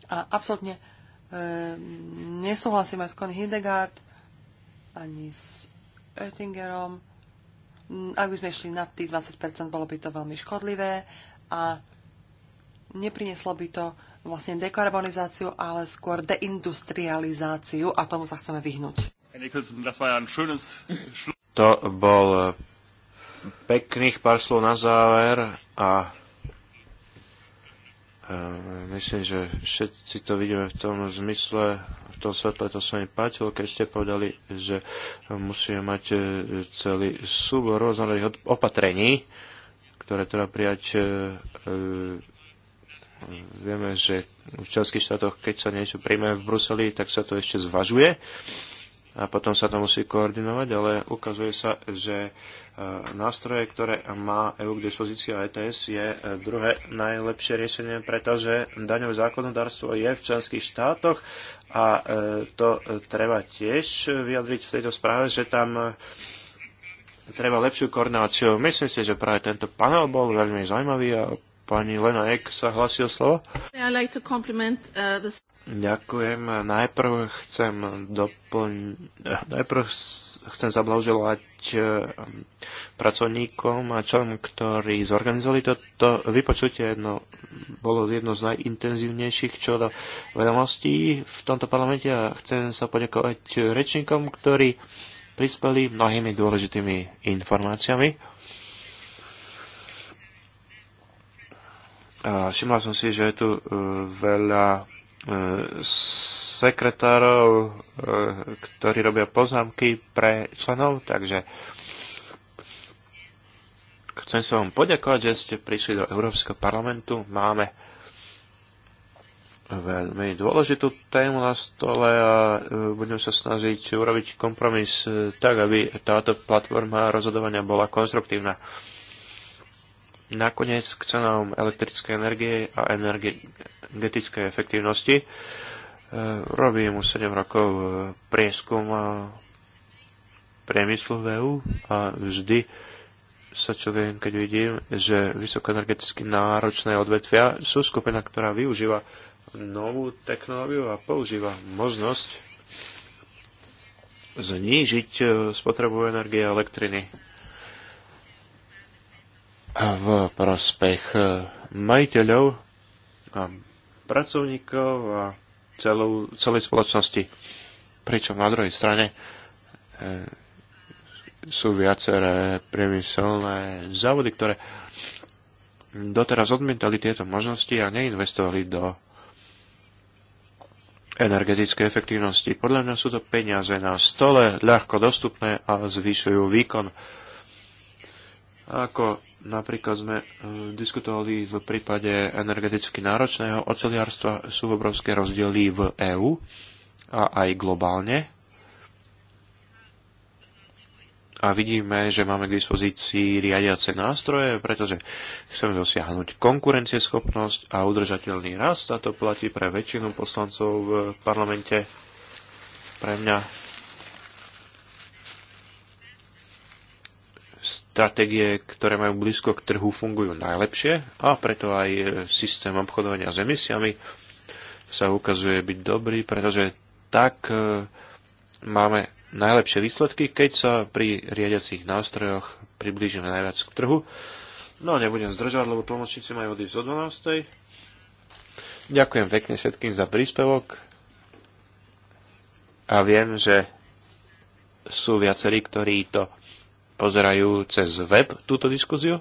Speaker 1: a absolútne e, nesúhlasíme s Connie Hildegard ani s Oettingerom Mm, ak by sme išli nad tých 20%, bolo by to veľmi škodlivé a neprineslo by to vlastne dekarbonizáciu, ale skôr deindustrializáciu a tomu sa chceme vyhnúť.
Speaker 2: To bol pekných pár slov na záver a Ehm, myslím, že všetci to vidíme v tom zmysle, v tom svetle to sa mi páčilo, keď ste povedali, že musíme mať e, celý súbor rôznych opatrení, ktoré treba prijať. E, e, vieme, že v členských štátoch, keď sa niečo príjme v Bruseli, tak sa to ešte zvažuje a potom sa to musí koordinovať, ale ukazuje sa, že E, nástroje, ktoré má EU k dispozícii a ETS je e, druhé najlepšie riešenie, pretože daňové zákonodárstvo je v členských štátoch a e, to treba tiež vyjadriť v tejto správe, že tam treba lepšiu koordináciu. Myslím si, že práve tento panel bol veľmi zaujímavý a pani Lena Ek sa hlasil slovo.
Speaker 1: Like uh,
Speaker 2: Ďakujem. Najprv chcem doplň... Najprv chcem zablahoželať e, pracovníkom a členom, ktorí zorganizovali toto vypočutie. Jedno, bolo jedno z najintenzívnejších čo do vedomostí v tomto parlamente a chcem sa poďakovať rečníkom, ktorí prispeli mnohými dôležitými informáciami. A všimla som si, že je tu e, veľa sekretárov, e, ktorí robia poznámky pre členov, takže chcem sa vám poďakovať, že ste prišli do Európskeho parlamentu. Máme veľmi dôležitú tému na stole a e, budem sa snažiť urobiť kompromis e, tak, aby táto platforma rozhodovania bola konstruktívna nakoniec k cenám elektrickej energie a energetickej efektívnosti. E, robím už 7 rokov e, prieskum priemyslu v EU a vždy sa viem, keď vidím, že vysokoenergeticky náročné odvetvia sú skupina, ktorá využíva novú technológiu a používa možnosť znížiť e, spotrebu energie a elektriny v prospech e, majiteľov a pracovníkov a celú, celej spoločnosti. Pričom na druhej strane e, sú viaceré priemyselné závody, ktoré doteraz odmietali tieto možnosti a neinvestovali do energetickej efektívnosti. Podľa mňa sú to peniaze na stole, ľahko dostupné a zvyšujú výkon. Ako Napríklad sme e, diskutovali v prípade energeticky náročného oceliarstva sú obrovské rozdiely v EÚ a aj globálne. A vidíme, že máme k dispozícii riadiace nástroje, pretože chceme dosiahnuť konkurencieschopnosť a udržateľný rast a to platí pre väčšinu poslancov v parlamente. Pre mňa stratégie, ktoré majú blízko k trhu, fungujú najlepšie a preto aj systém obchodovania s emisiami sa ukazuje byť dobrý, pretože tak e, máme najlepšie výsledky, keď sa pri riadiacich nástrojoch priblížime najviac k trhu. No a nebudem zdržať, lebo tlmočníci majú odísť o 12. Ďakujem pekne všetkým za príspevok a viem, že sú viacerí, ktorí to pozerajú cez web túto diskuziu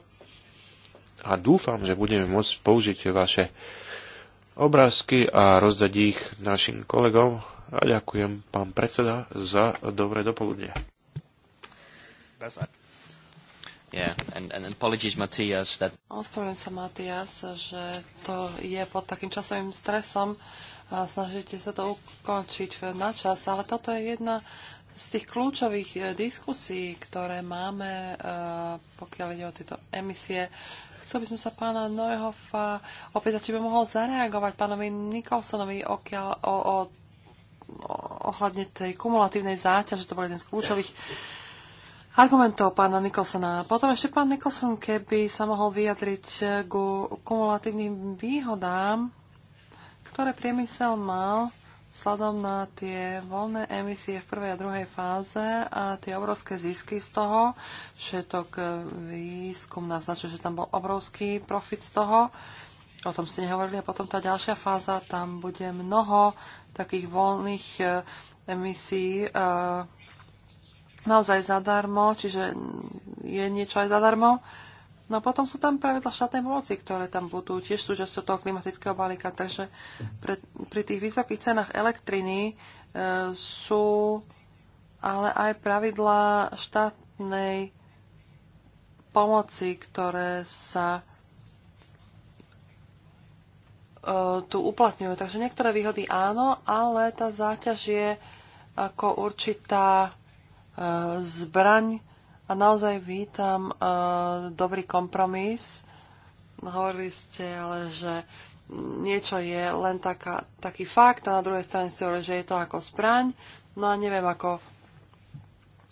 Speaker 2: a dúfam, že budeme môcť použiť vaše obrázky a rozdať ich našim kolegom. A ďakujem, pán predseda, za dobré dopoludne. Yeah,
Speaker 1: Ospravedlňujem sa, Matias, že to je pod takým časovým stresom a snažíte sa to ukončiť na čas, ale toto je jedna z tých kľúčových eh, diskusí, ktoré máme, eh, pokiaľ ide o tieto emisie, chcel by som sa pána Neuhoffa opýtať, či by mohol zareagovať pánovi Nikolsonovi okiaľ, o, o, ohľadne tej kumulatívnej záťaže. To bol jeden z kľúčových argumentov pána Nikolsona. Potom ešte pán Nikolson, keby sa mohol vyjadriť eh, ku kumulatívnym výhodám, ktoré priemysel mal vzhľadom na tie voľné emisie v prvej a druhej fáze a tie obrovské zisky z toho. Všetok výskum naznačuje, že tam bol obrovský profit z toho. O tom ste nehovorili. A potom tá ďalšia fáza, tam bude mnoho takých voľných e, emisí e, naozaj zadarmo, čiže je niečo aj zadarmo. No potom sú tam pravidla štátnej pomoci, ktoré tam budú tiež súčasťou toho klimatického balíka. Takže pre, pri tých vysokých cenách elektriny e, sú ale aj pravidla štátnej pomoci, ktoré sa e, tu uplatňujú. Takže niektoré výhody áno, ale tá záťaž je ako určitá e, zbraň, a naozaj vítam uh, dobrý kompromis. Hovorili ste ale, že niečo je len taká, taký fakt a na druhej strane ste hovorili, že je to ako spraň, No a neviem, ako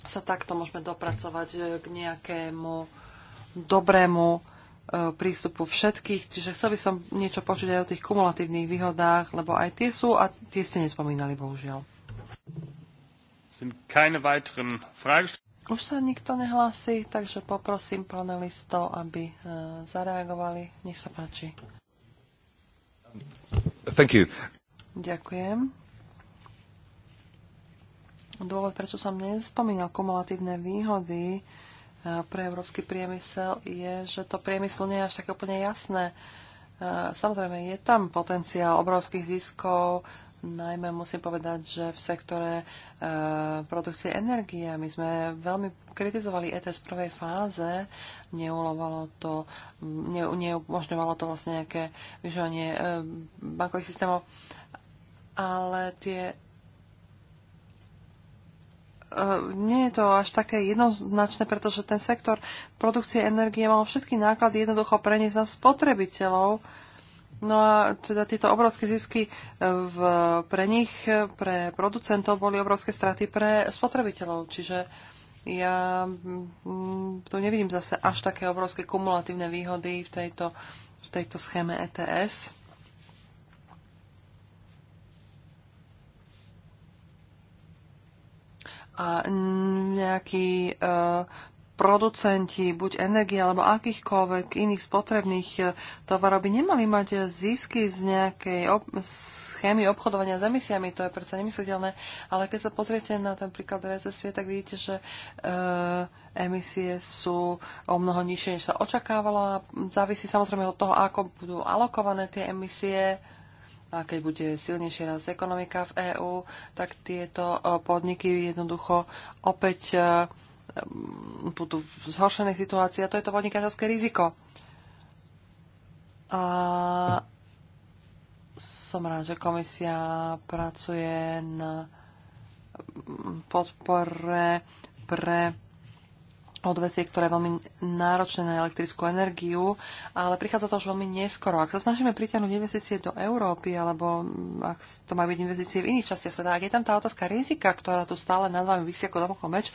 Speaker 1: sa takto môžeme dopracovať eh, k nejakému dobrému eh, prístupu všetkých. Čiže chcel by som niečo počuť aj o tých kumulatívnych výhodách, lebo aj tie sú a tie ste nespomínali, bohužiaľ. Už sa nikto nehlási, takže poprosím panelistov, aby e, zareagovali. Nech sa páči. Thank you. Ďakujem. Dôvod, prečo som nespomínal kumulatívne výhody e, pre európsky priemysel, je, že to priemysel nie je až tak úplne jasné. E, samozrejme, je tam potenciál obrovských ziskov, Najmä musím povedať, že v sektore e, produkcie energie my sme veľmi kritizovali ETS z prvej fáze. Neulovalo to, ne, neumožňovalo to vlastne nejaké vyžovanie e, bankových systémov. Ale tie e, nie je to až také jednoznačné, pretože ten sektor produkcie energie mal všetky náklady jednoducho preniesť na spotrebiteľov No a teda tieto obrovské zisky e, v, pre nich, e, pre producentov, boli obrovské straty pre spotrebiteľov. Čiže ja mm, to nevidím zase až také obrovské kumulatívne výhody v tejto, v tejto schéme ETS. A nejaký uh, producenti buď energie alebo akýchkoľvek iných spotrebných eh, tovarov by nemali mať eh, zisky z nejakej ob- schémy obchodovania s emisiami, to je predsa nemysliteľné, ale keď sa pozriete na ten príklad recesie, tak vidíte, že e, emisie sú o mnoho nižšie, než sa očakávalo a závisí samozrejme od toho, ako budú alokované tie emisie a keď bude silnejšie raz ekonomika v EÚ, tak tieto podniky jednoducho opäť e, Ehm, budú v zhoršenej situácii a to je to podnikateľské riziko. A som rád, že komisia pracuje na podpore pre odvetvie, ktoré je veľmi náročné na elektrickú energiu, ale prichádza to už veľmi neskoro. Ak sa snažíme pritiahnuť investície do Európy, alebo ak to majú byť investície v iných častiach sveta, ak je tam tá otázka rizika, ktorá tu stále nad vami vysí ako domochov meč, e,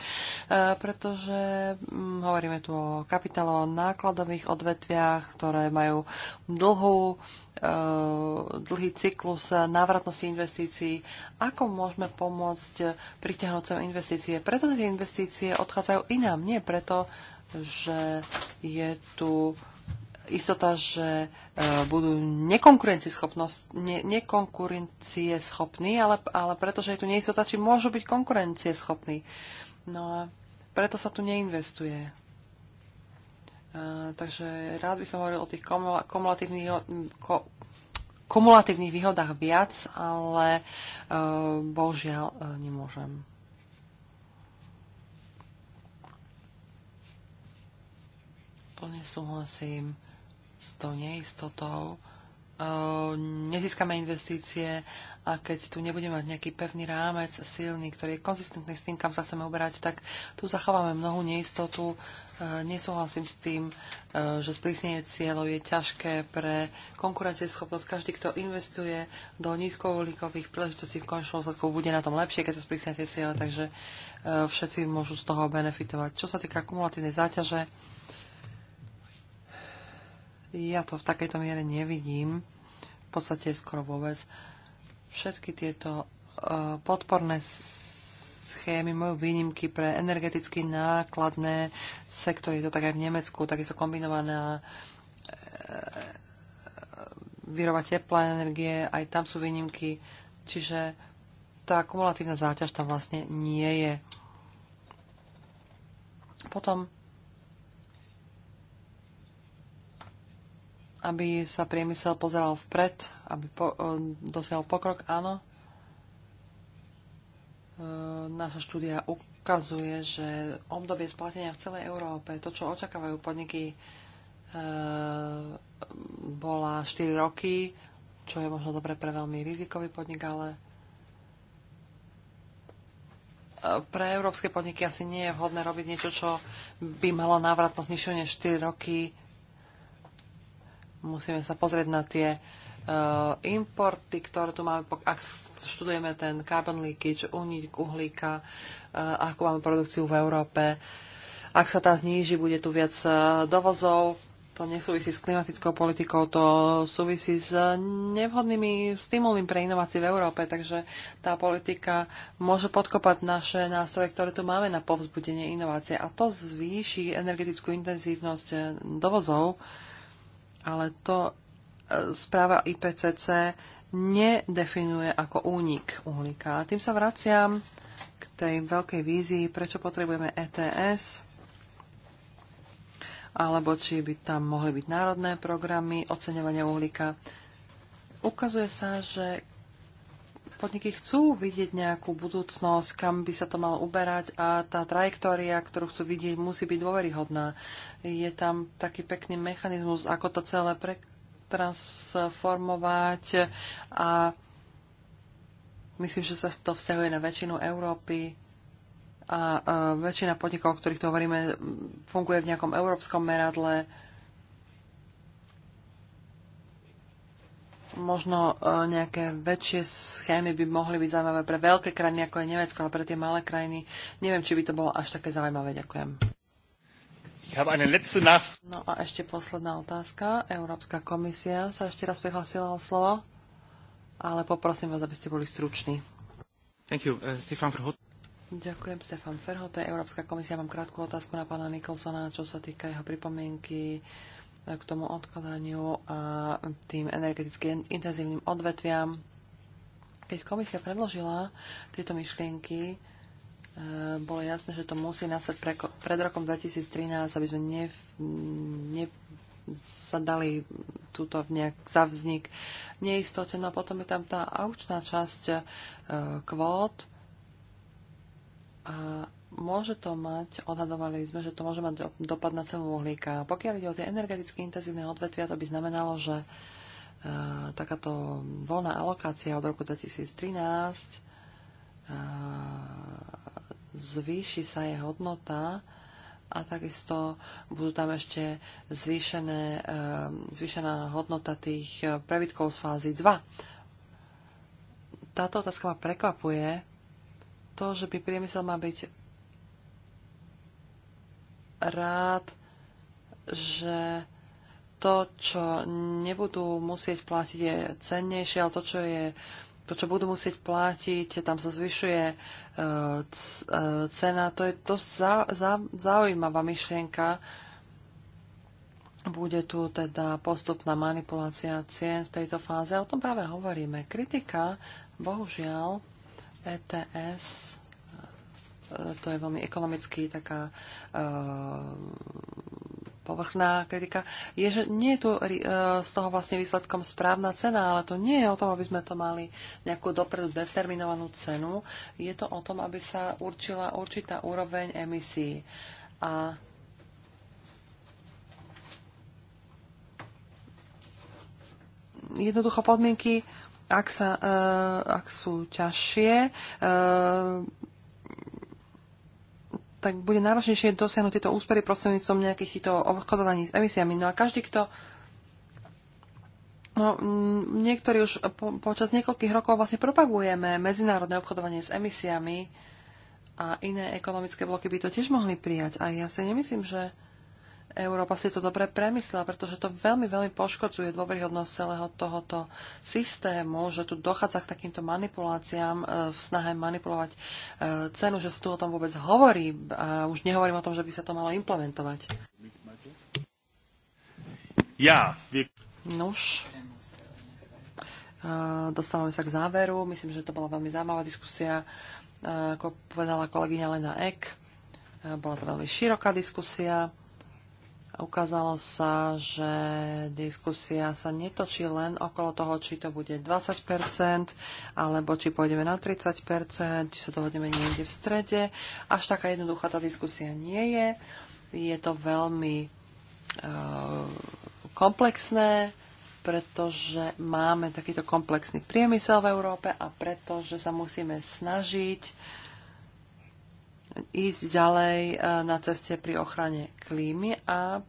Speaker 1: pretože hm, hovoríme tu o kapitalo nákladových odvetviach, ktoré majú dlhú Eh, dlhý cyklus návratnosti investícií. Ako môžeme pomôcť pritiahnuť sem investície? Preto tie investície odchádzajú inám, nie preto, že je tu istota, že eh, budú nekonkurencieschopní, ale, ale preto, že je tu neistota, či môžu byť konkurencieschopní. No a preto sa tu neinvestuje. E, takže rád by som hovoril o tých kumulatívnych, kumulatívnych výhodách viac, ale uh, bohužiaľ uh, nemôžem. Plne súhlasím s tou neistotou. Uh, nezískame investície a keď tu nebudeme mať nejaký pevný rámec silný, ktorý je konzistentný s tým, kam sa chceme uberať, tak tu zachováme mnohú neistotu Eh, nesúhlasím s tým, eh, že sprísnenie cieľov je ťažké pre konkurencieschopnosť. Každý, kto investuje do nízkouhlíkových príležitostí v končnom dôsledku, bude na tom lepšie, keď sa sprísnia tie cieľe, takže eh, všetci môžu z toho benefitovať. Čo sa týka kumulatívnej záťaže, ja to v takejto miere nevidím. V podstate skoro vôbec. Všetky tieto podporné také mimo výnimky pre energeticky nákladné sektory. Je to tak aj v Nemecku, takisto kombinovaná e, e, výroba tepla energie, aj tam sú výnimky. Čiže tá kumulatívna záťaž tam vlastne nie je. Potom, aby sa priemysel pozeral vpred, aby po, e, dosiahol pokrok, áno. E, naša štúdia ukazuje, že obdobie splatenia v celej Európe, to, čo očakávajú podniky, e, bola 4 roky, čo je možno dobre pre veľmi rizikový podnik, ale e, pre európske podniky asi nie je vhodné robiť niečo, čo by malo návratnosť nižšiu než 4 roky. Musíme sa pozrieť na tie Eh, importy, ktoré tu máme, ak študujeme ten carbon leakage, únik uhlíka, eh, ako máme produkciu v Európe. Ak sa tá zníži, bude tu viac eh, dovozov. To nesúvisí s klimatickou politikou, to súvisí s nevhodnými stimulmi pre inovácie v Európe, takže tá politika môže podkopať naše nástroje, ktoré tu máme na povzbudenie inovácie a to zvýši energetickú intenzívnosť dovozov, ale to správa IPCC nedefinuje ako únik uhlíka. A tým sa vraciam k tej veľkej vízii, prečo potrebujeme ETS, alebo či by tam mohli byť národné programy oceňovania uhlíka. Ukazuje sa, že podniky chcú vidieť nejakú budúcnosť, kam by sa to malo uberať a tá trajektória, ktorú chcú vidieť, musí byť dôveryhodná. Je tam taký pekný mechanizmus, ako to celé pre, transformovať a myslím, že sa to vzťahuje na väčšinu Európy a väčšina podnikov, o ktorých to hovoríme, funguje v nejakom európskom meradle. Možno e, nejaké väčšie schémy by mohli byť zaujímavé pre veľké krajiny, ako je Nemecko, ale pre tie malé krajiny neviem, či by to bolo až také zaujímavé. Ďakujem. No a ešte posledná otázka. Európska komisia sa ešte raz prihlásila o slovo, ale poprosím vás, aby ste boli struční. Thank you. Uh, Stefan Ďakujem, Stefan Ferhote. Európska komisia, mám krátku otázku na pána Nikolsona, čo sa týka jeho pripomienky eh, k tomu odkladaniu a eh, tým energeticky intenzívnym odvetviam. Keď komisia predložila tieto myšlienky, Eh, bolo jasné, že to musí nastať pred rokom 2013, aby sme nezadali ne zadali túto nejak za vznik neistote. No a potom je tam tá aučná časť e, kvót a môže to mať, odhadovali sme, že to môže mať dopad na cenu uhlíka. Pokiaľ ide o tie energeticky intenzívne odvetvia, to by znamenalo, že e, takáto voľná alokácia od roku 2013 zvýši sa jej hodnota a takisto budú tam ešte zvýšené, ehm, zvýšená hodnota tých eh, prebytkov z fázy 2. Táto otázka ma prekvapuje. To, že by priemysel má byť rád, že to, čo nebudú musieť platiť, je cennejšie, ale to, čo je to, čo budú musieť platiť, tam sa zvyšuje e, e, cena. To je dosť zaujímavá myšlienka. Bude tu teda postupná manipulácia cien v tejto fáze. O tom práve hovoríme. Kritika, bohužiaľ, ETS, e, to je veľmi ekonomicky taká uh, povrchná kritika, je, že nie je tu e, z toho vlastne výsledkom správna cena, ale to nie je o tom, aby sme to mali nejakú dopredu determinovanú cenu. Je to o tom, aby sa určila určitá úroveň emisí. A jednoducho podmienky, ak, sa, e, ak sú ťažšie, e, tak bude náročnejšie dosiahnuť tieto úspory prostredníctvom nejakých týchto obchodovaní s emisiami. No a každý, kto No, niektorí už po, počas niekoľkých rokov vlastne propagujeme medzinárodné obchodovanie s emisiami a iné ekonomické bloky by to tiež mohli prijať. A ja si nemyslím, že Európa si to dobre premyslela, pretože to veľmi, veľmi poškodzuje dôveryhodnosť celého tohoto systému, že tu dochádza k takýmto manipuláciám e, v snahe manipulovať e, cenu, že sa tu o tom vôbec hovorí a už nehovorím o tom, že by sa to malo implementovať. Ja. Nuž. E, dostávame sa k záveru. Myslím, že to bola veľmi zaujímavá diskusia, ako povedala kolegyňa Lena Ek. Bola to veľmi široká diskusia. Ukázalo sa, že diskusia sa netočí len okolo toho, či to bude 20%, alebo či pôjdeme na 30%, či sa dohodneme niekde v strede. Až taká jednoduchá tá diskusia nie je. Je to veľmi uh, komplexné, pretože máme takýto komplexný priemysel v Európe a pretože sa musíme snažiť ísť ďalej e, na ceste pri ochrane klímy a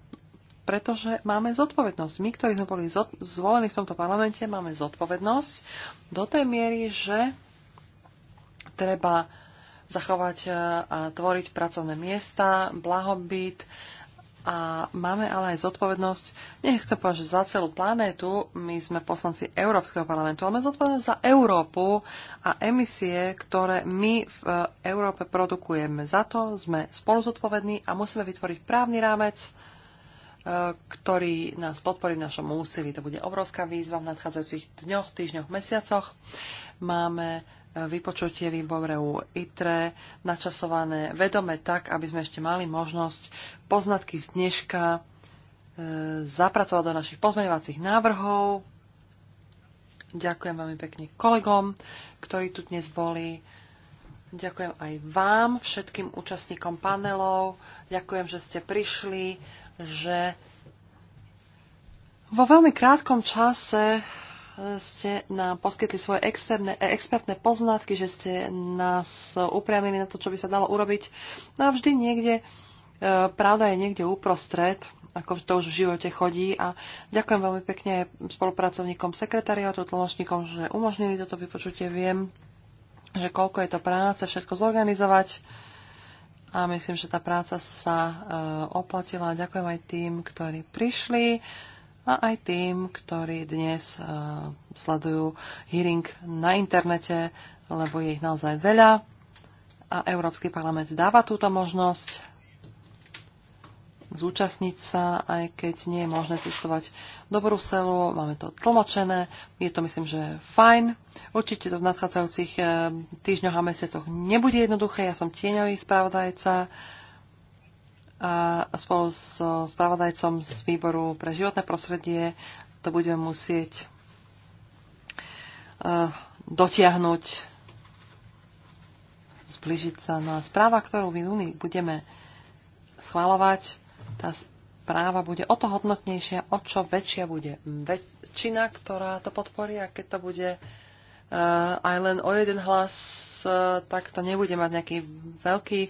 Speaker 1: pretože máme zodpovednosť. My, ktorí sme boli zvolení v tomto parlamente, máme zodpovednosť do tej miery, že treba zachovať e, a tvoriť pracovné miesta, blahobyt, a máme ale aj zodpovednosť, nechcem povedať, že za celú planétu, my sme poslanci Európskeho parlamentu, máme zodpovednosť za Európu a emisie, ktoré my v e, Európe produkujeme. Za to sme spolu zodpovední a musíme vytvoriť právny rámec, e, ktorý nás podporí v našom úsilí. To bude obrovská výzva v nadchádzajúcich dňoch, týždňoch, mesiacoch. Máme vypočutie výboru e ITRE načasované vedome tak, aby sme ešte mali možnosť poznatky z dneška e, zapracovať do našich pozmeňovacích návrhov. Ďakujem veľmi pekne kolegom, ktorí tu dnes boli. Ďakujem aj vám, všetkým účastníkom panelov. Ďakujem, že ste prišli, že vo veľmi krátkom čase ste nám poskytli svoje externé, e, expertné poznatky, že ste nás upriamili na to, čo by sa dalo urobiť. No a vždy niekde, e, pravda je niekde uprostred, ako to už v živote chodí. A ďakujem veľmi pekne spolupracovníkom sekretariátu, tlmočníkom, že umožnili toto vypočutie. Viem, že koľko je to práce všetko zorganizovať. A myslím, že tá práca sa e, oplatila. Ďakujem aj tým, ktorí prišli a aj tým, ktorí dnes uh, sledujú hearing na internete, lebo je ich naozaj veľa a Európsky parlament dáva túto možnosť zúčastniť sa, aj keď nie je možné cestovať do Bruselu. Máme to tlmočené, je to myslím, že fajn. Určite to v nadchádzajúcich e, týždňoch a mesiacoch nebude jednoduché. Ja som tieňový spravodajca a spolu so spravodajcom z výboru pre životné prostredie to budeme musieť e, dotiahnuť, zbližiť sa na správa, ktorú v júni budeme schvalovať. Tá správa bude o to hodnotnejšia, o čo väčšia bude väčšina, ktorá to podporí a keď to bude Eh, aj len o jeden hlas, eh, tak to nebude mať nejaký veľký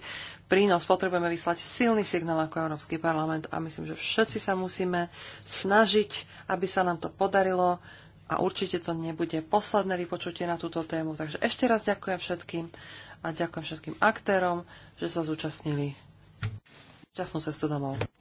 Speaker 1: prínos. Potrebujeme vyslať silný signál ako Európsky parlament a myslím, že všetci sa musíme snažiť, aby sa nám to podarilo a určite to nebude posledné vypočutie na túto tému. Takže ešte raz ďakujem všetkým a ďakujem všetkým aktérom, že sa zúčastnili. Časnú cestu domov.